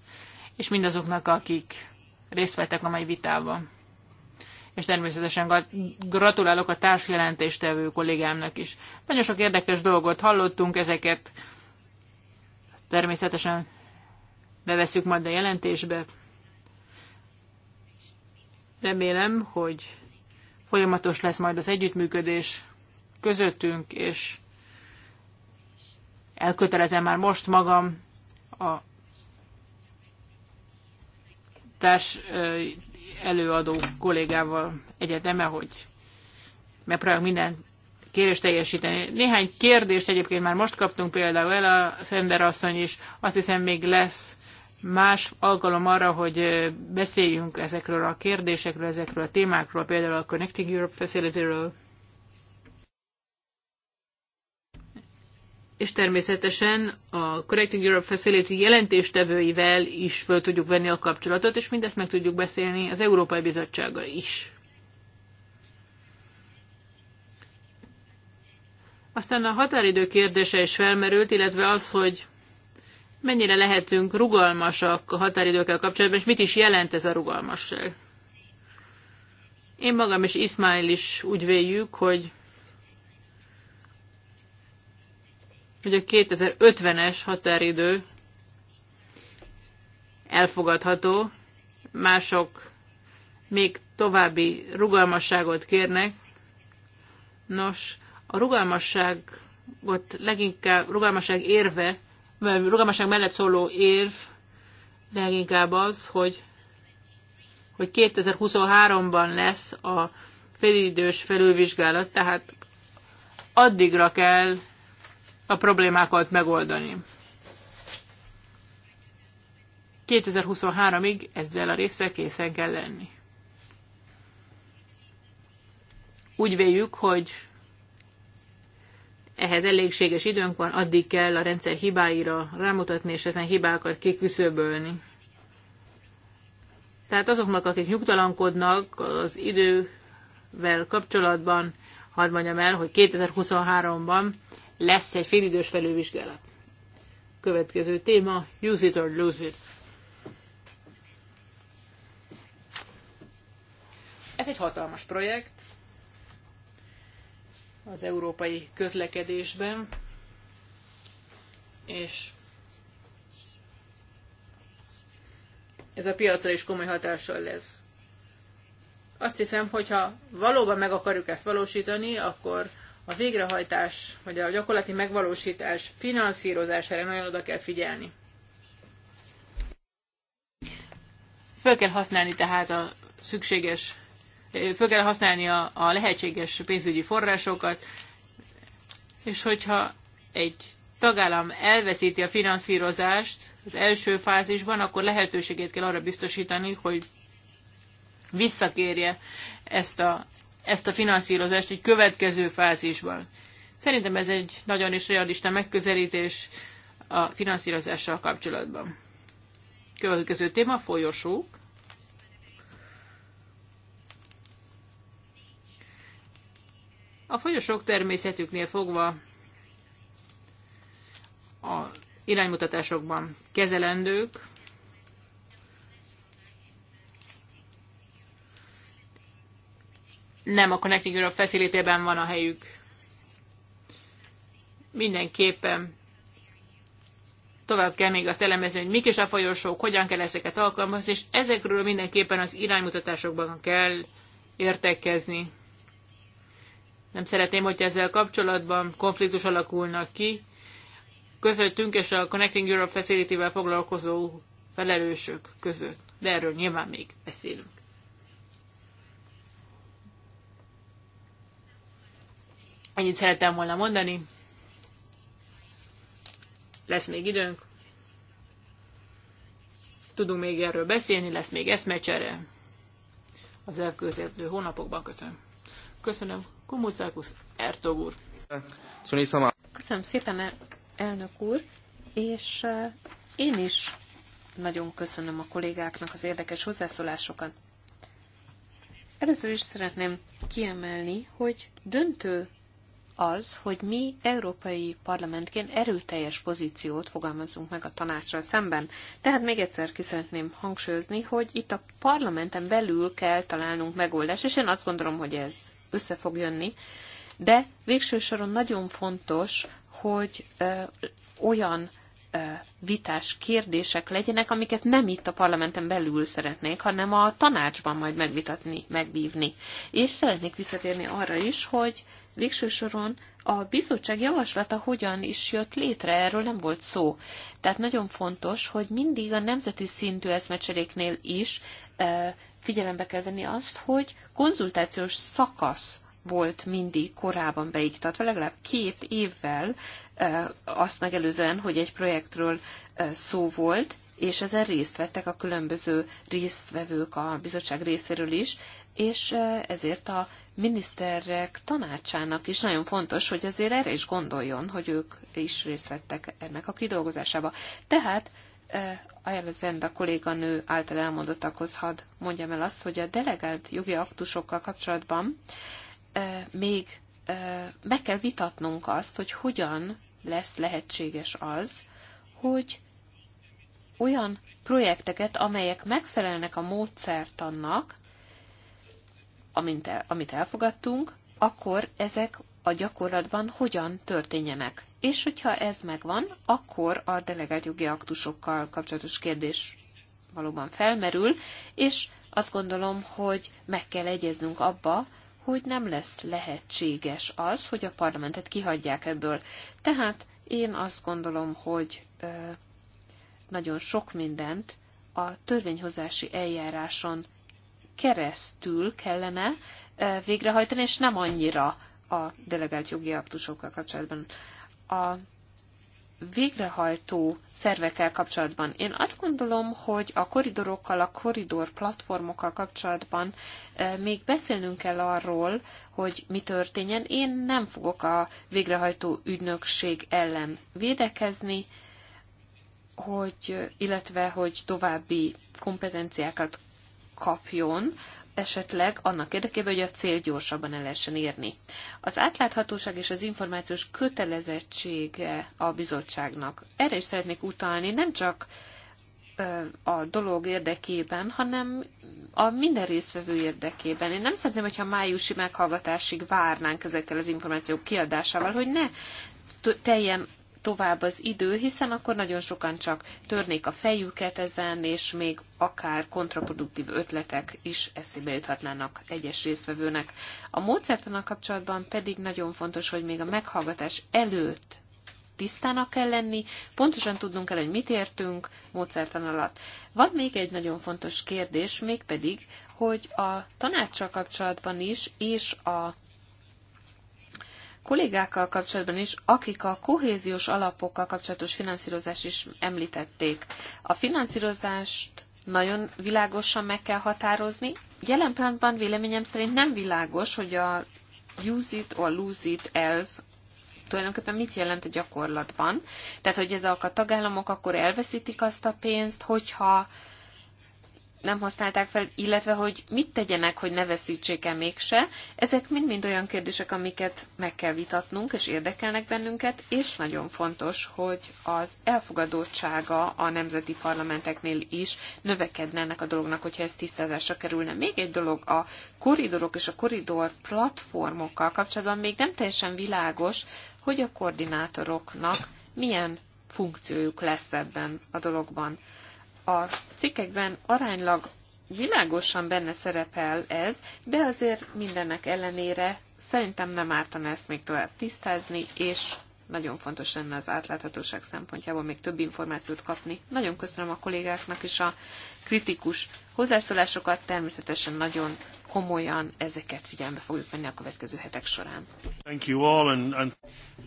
S3: és mindazoknak, akik részt vettek a mai vitában. És természetesen gratulálok a társjelentéstevő kollégámnak is. Nagyon sok érdekes dolgot hallottunk, ezeket természetesen beveszük majd a jelentésbe. Remélem, hogy folyamatos lesz majd az együttműködés közöttünk, és elkötelezem már most magam a társ előadó kollégával egyeteme, hogy megpróbálok minden kérést teljesíteni. Néhány kérdést egyébként már most kaptunk, például el a Szender asszony is, azt hiszem még lesz más alkalom arra, hogy beszéljünk ezekről a kérdésekről, ezekről a témákról, például a Connecting Europe Facility-ről. és természetesen a Correcting Europe Facility jelentéstevőivel is föl tudjuk venni a kapcsolatot, és mindezt meg tudjuk beszélni az Európai Bizottsággal is. Aztán a határidő kérdése is felmerült, illetve az, hogy mennyire lehetünk rugalmasak a határidőkkel kapcsolatban, és mit is jelent ez a rugalmasság. Én magam és Ismail is úgy véljük, hogy hogy a 2050-es határidő elfogadható, mások még további rugalmasságot kérnek. Nos, a rugalmasságot leginkább, rugalmasság érve, rugalmasság mellett szóló érv leginkább az, hogy, hogy 2023-ban lesz a félidős felülvizsgálat, tehát addigra kell a problémákat megoldani. 2023-ig ezzel a résszel készen kell lenni. Úgy véljük, hogy ehhez elégséges időnk van, addig kell a rendszer hibáira rámutatni, és ezen hibákat kiküszöbölni. Tehát azoknak, akik nyugtalankodnak az idővel kapcsolatban, hadd mondjam el, hogy 2023-ban lesz egy félidős felővizsgálat. Következő téma, use it or lose it. Ez egy hatalmas projekt az európai közlekedésben, és ez a piacra is komoly hatással lesz. Azt hiszem, hogyha valóban meg akarjuk ezt valósítani, akkor a végrehajtás, vagy a gyakorlati megvalósítás finanszírozására nagyon oda kell figyelni. Föl kell használni tehát a szükséges, föl kell használni a, a lehetséges pénzügyi forrásokat, és hogyha egy tagállam elveszíti a finanszírozást az első fázisban, akkor lehetőségét kell arra biztosítani, hogy visszakérje ezt a, ezt a finanszírozást egy következő fázisban. Szerintem ez egy nagyon is realista megközelítés a finanszírozással kapcsolatban. Következő téma folyosók. A folyosók természetüknél fogva a iránymutatásokban kezelendők, nem a Connecting Europe facility van a helyük. Mindenképpen tovább kell még azt elemezni, hogy mik is a folyosók, hogyan kell ezeket alkalmazni, és ezekről mindenképpen az iránymutatásokban kell értekezni. Nem szeretném, hogy ezzel kapcsolatban konfliktus alakulnak ki közöttünk és a Connecting Europe Facility-vel foglalkozó felelősök között. De erről nyilván még beszélünk. Ennyit szerettem volna mondani. Lesz még időnk. Tudunk még erről beszélni, lesz még eszmecsere az elkövetkező hónapokban. Köszönöm. Köszönöm. Kumucákus Ertog úr.
S1: Köszönöm szépen, elnök úr, és eh, én is nagyon köszönöm a kollégáknak az érdekes hozzászólásokat. Először is szeretném kiemelni, hogy döntő az, hogy mi európai parlamentként erőteljes pozíciót fogalmazunk meg a tanácsra szemben. Tehát még egyszer ki szeretném hangsúlyozni, hogy itt a parlamenten belül kell találnunk megoldást, és én azt gondolom, hogy ez össze fog jönni, de végső soron nagyon fontos, hogy ö, olyan ö, vitás kérdések legyenek, amiket nem itt a parlamenten belül szeretnék, hanem a tanácsban majd megvitatni, megvívni. És szeretnék visszatérni arra is, hogy végső soron a bizottság javaslata hogyan is jött létre, erről nem volt szó. Tehát nagyon fontos, hogy mindig a nemzeti szintű eszmecseréknél is e, figyelembe kell venni azt, hogy konzultációs szakasz volt mindig korábban beiktatva, legalább két évvel e, azt megelőzően, hogy egy projektről e, szó volt, és ezen részt vettek a különböző résztvevők a bizottság részéről is, és e, ezért a miniszterek tanácsának is nagyon fontos, hogy azért erre is gondoljon, hogy ők is részt vettek ennek a kidolgozásába. Tehát eh, Ayala Zenda kolléganő által elmondottakhoz hadd mondjam el azt, hogy a delegált jogi aktusokkal kapcsolatban eh, még eh, meg kell vitatnunk azt, hogy hogyan lesz lehetséges az, hogy olyan projekteket, amelyek megfelelnek a módszertannak, amint el, amit elfogadtunk, akkor ezek a gyakorlatban hogyan történjenek. És hogyha ez megvan, akkor a delegált jogi aktusokkal kapcsolatos kérdés valóban felmerül, és azt gondolom, hogy meg kell egyeznünk abba, hogy nem lesz lehetséges az, hogy a parlamentet kihagyják ebből. Tehát én azt gondolom, hogy ö, nagyon sok mindent a törvényhozási eljáráson keresztül kellene végrehajtani, és nem annyira a delegált jogi aktusokkal kapcsolatban. A végrehajtó szervekkel kapcsolatban. Én azt gondolom, hogy a koridorokkal, a koridor platformokkal kapcsolatban még beszélnünk kell arról, hogy mi történjen. Én nem fogok a végrehajtó ügynökség ellen védekezni, hogy, illetve hogy további kompetenciákat kapjon, esetleg annak érdekében, hogy a cél gyorsabban el lehessen érni. Az átláthatóság és az információs kötelezettsége a bizottságnak. Erre is szeretnék utalni, nem csak a dolog érdekében, hanem a minden résztvevő érdekében. Én nem szeretném, hogyha májusi meghallgatásig várnánk ezekkel az információk kiadásával, hogy ne teljen tovább az idő, hiszen akkor nagyon sokan csak törnék a fejüket ezen, és még akár kontraproduktív ötletek is eszébe juthatnának egyes részvevőnek. A módszertanak kapcsolatban pedig nagyon fontos, hogy még a meghallgatás előtt tisztának kell lenni, pontosan tudnunk kell, hogy mit értünk módszertan alatt. Van még egy nagyon fontos kérdés, mégpedig, hogy a tanácsa kapcsolatban is, és a kollégákkal kapcsolatban is, akik a kohéziós alapokkal kapcsolatos finanszírozást is említették. A finanszírozást nagyon világosan meg kell határozni. Jelen pillanatban véleményem szerint nem világos, hogy a use it or lose it elv tulajdonképpen mit jelent a gyakorlatban. Tehát, hogy ezek a tagállamok akkor elveszítik azt a pénzt, hogyha nem használták fel, illetve hogy mit tegyenek, hogy ne veszítsék el mégse. Ezek mind-mind olyan kérdések, amiket meg kell vitatnunk, és érdekelnek bennünket, és nagyon fontos, hogy az elfogadottsága a nemzeti parlamenteknél is növekedne ennek a dolognak, hogyha ez tisztázásra kerülne. Még egy dolog, a koridorok és a koridor platformokkal kapcsolatban még nem teljesen világos, hogy a koordinátoroknak milyen funkciójuk lesz ebben a dologban a cikkekben aránylag világosan benne szerepel ez, de azért mindennek ellenére szerintem nem ártana ezt még tovább tisztázni, és nagyon fontos lenne az átláthatóság szempontjából még több információt kapni. Nagyon köszönöm a kollégáknak is a kritikus hozzászólásokat, természetesen nagyon komolyan ezeket figyelembe fogjuk venni a következő hetek során.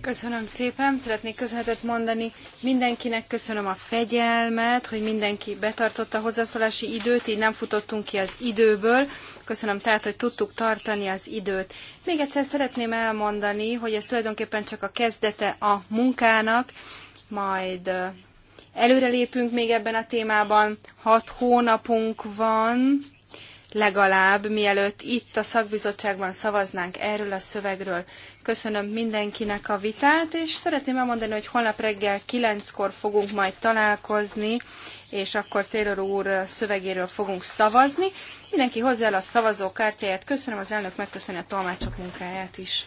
S2: Köszönöm szépen, szeretnék köszönetet mondani mindenkinek, köszönöm a fegyelmet, hogy mindenki betartotta a hozzászólási időt, így nem futottunk ki az időből. Köszönöm tehát, hogy tudtuk tartani az időt. Még egyszer szeretném elmondani, hogy ez tulajdonképpen csak a kezdete a munkának, majd Előrelépünk még ebben a témában, hat hónapunk van, legalább mielőtt itt a szakbizottságban szavaznánk erről a szövegről. Köszönöm mindenkinek a vitát, és szeretném elmondani, hogy holnap reggel kilenckor fogunk majd találkozni, és akkor Taylor úr szövegéről fogunk szavazni. Mindenki hozzá el a szavazókártyáját. Köszönöm az elnök, megköszönöm a tolmácsok munkáját is.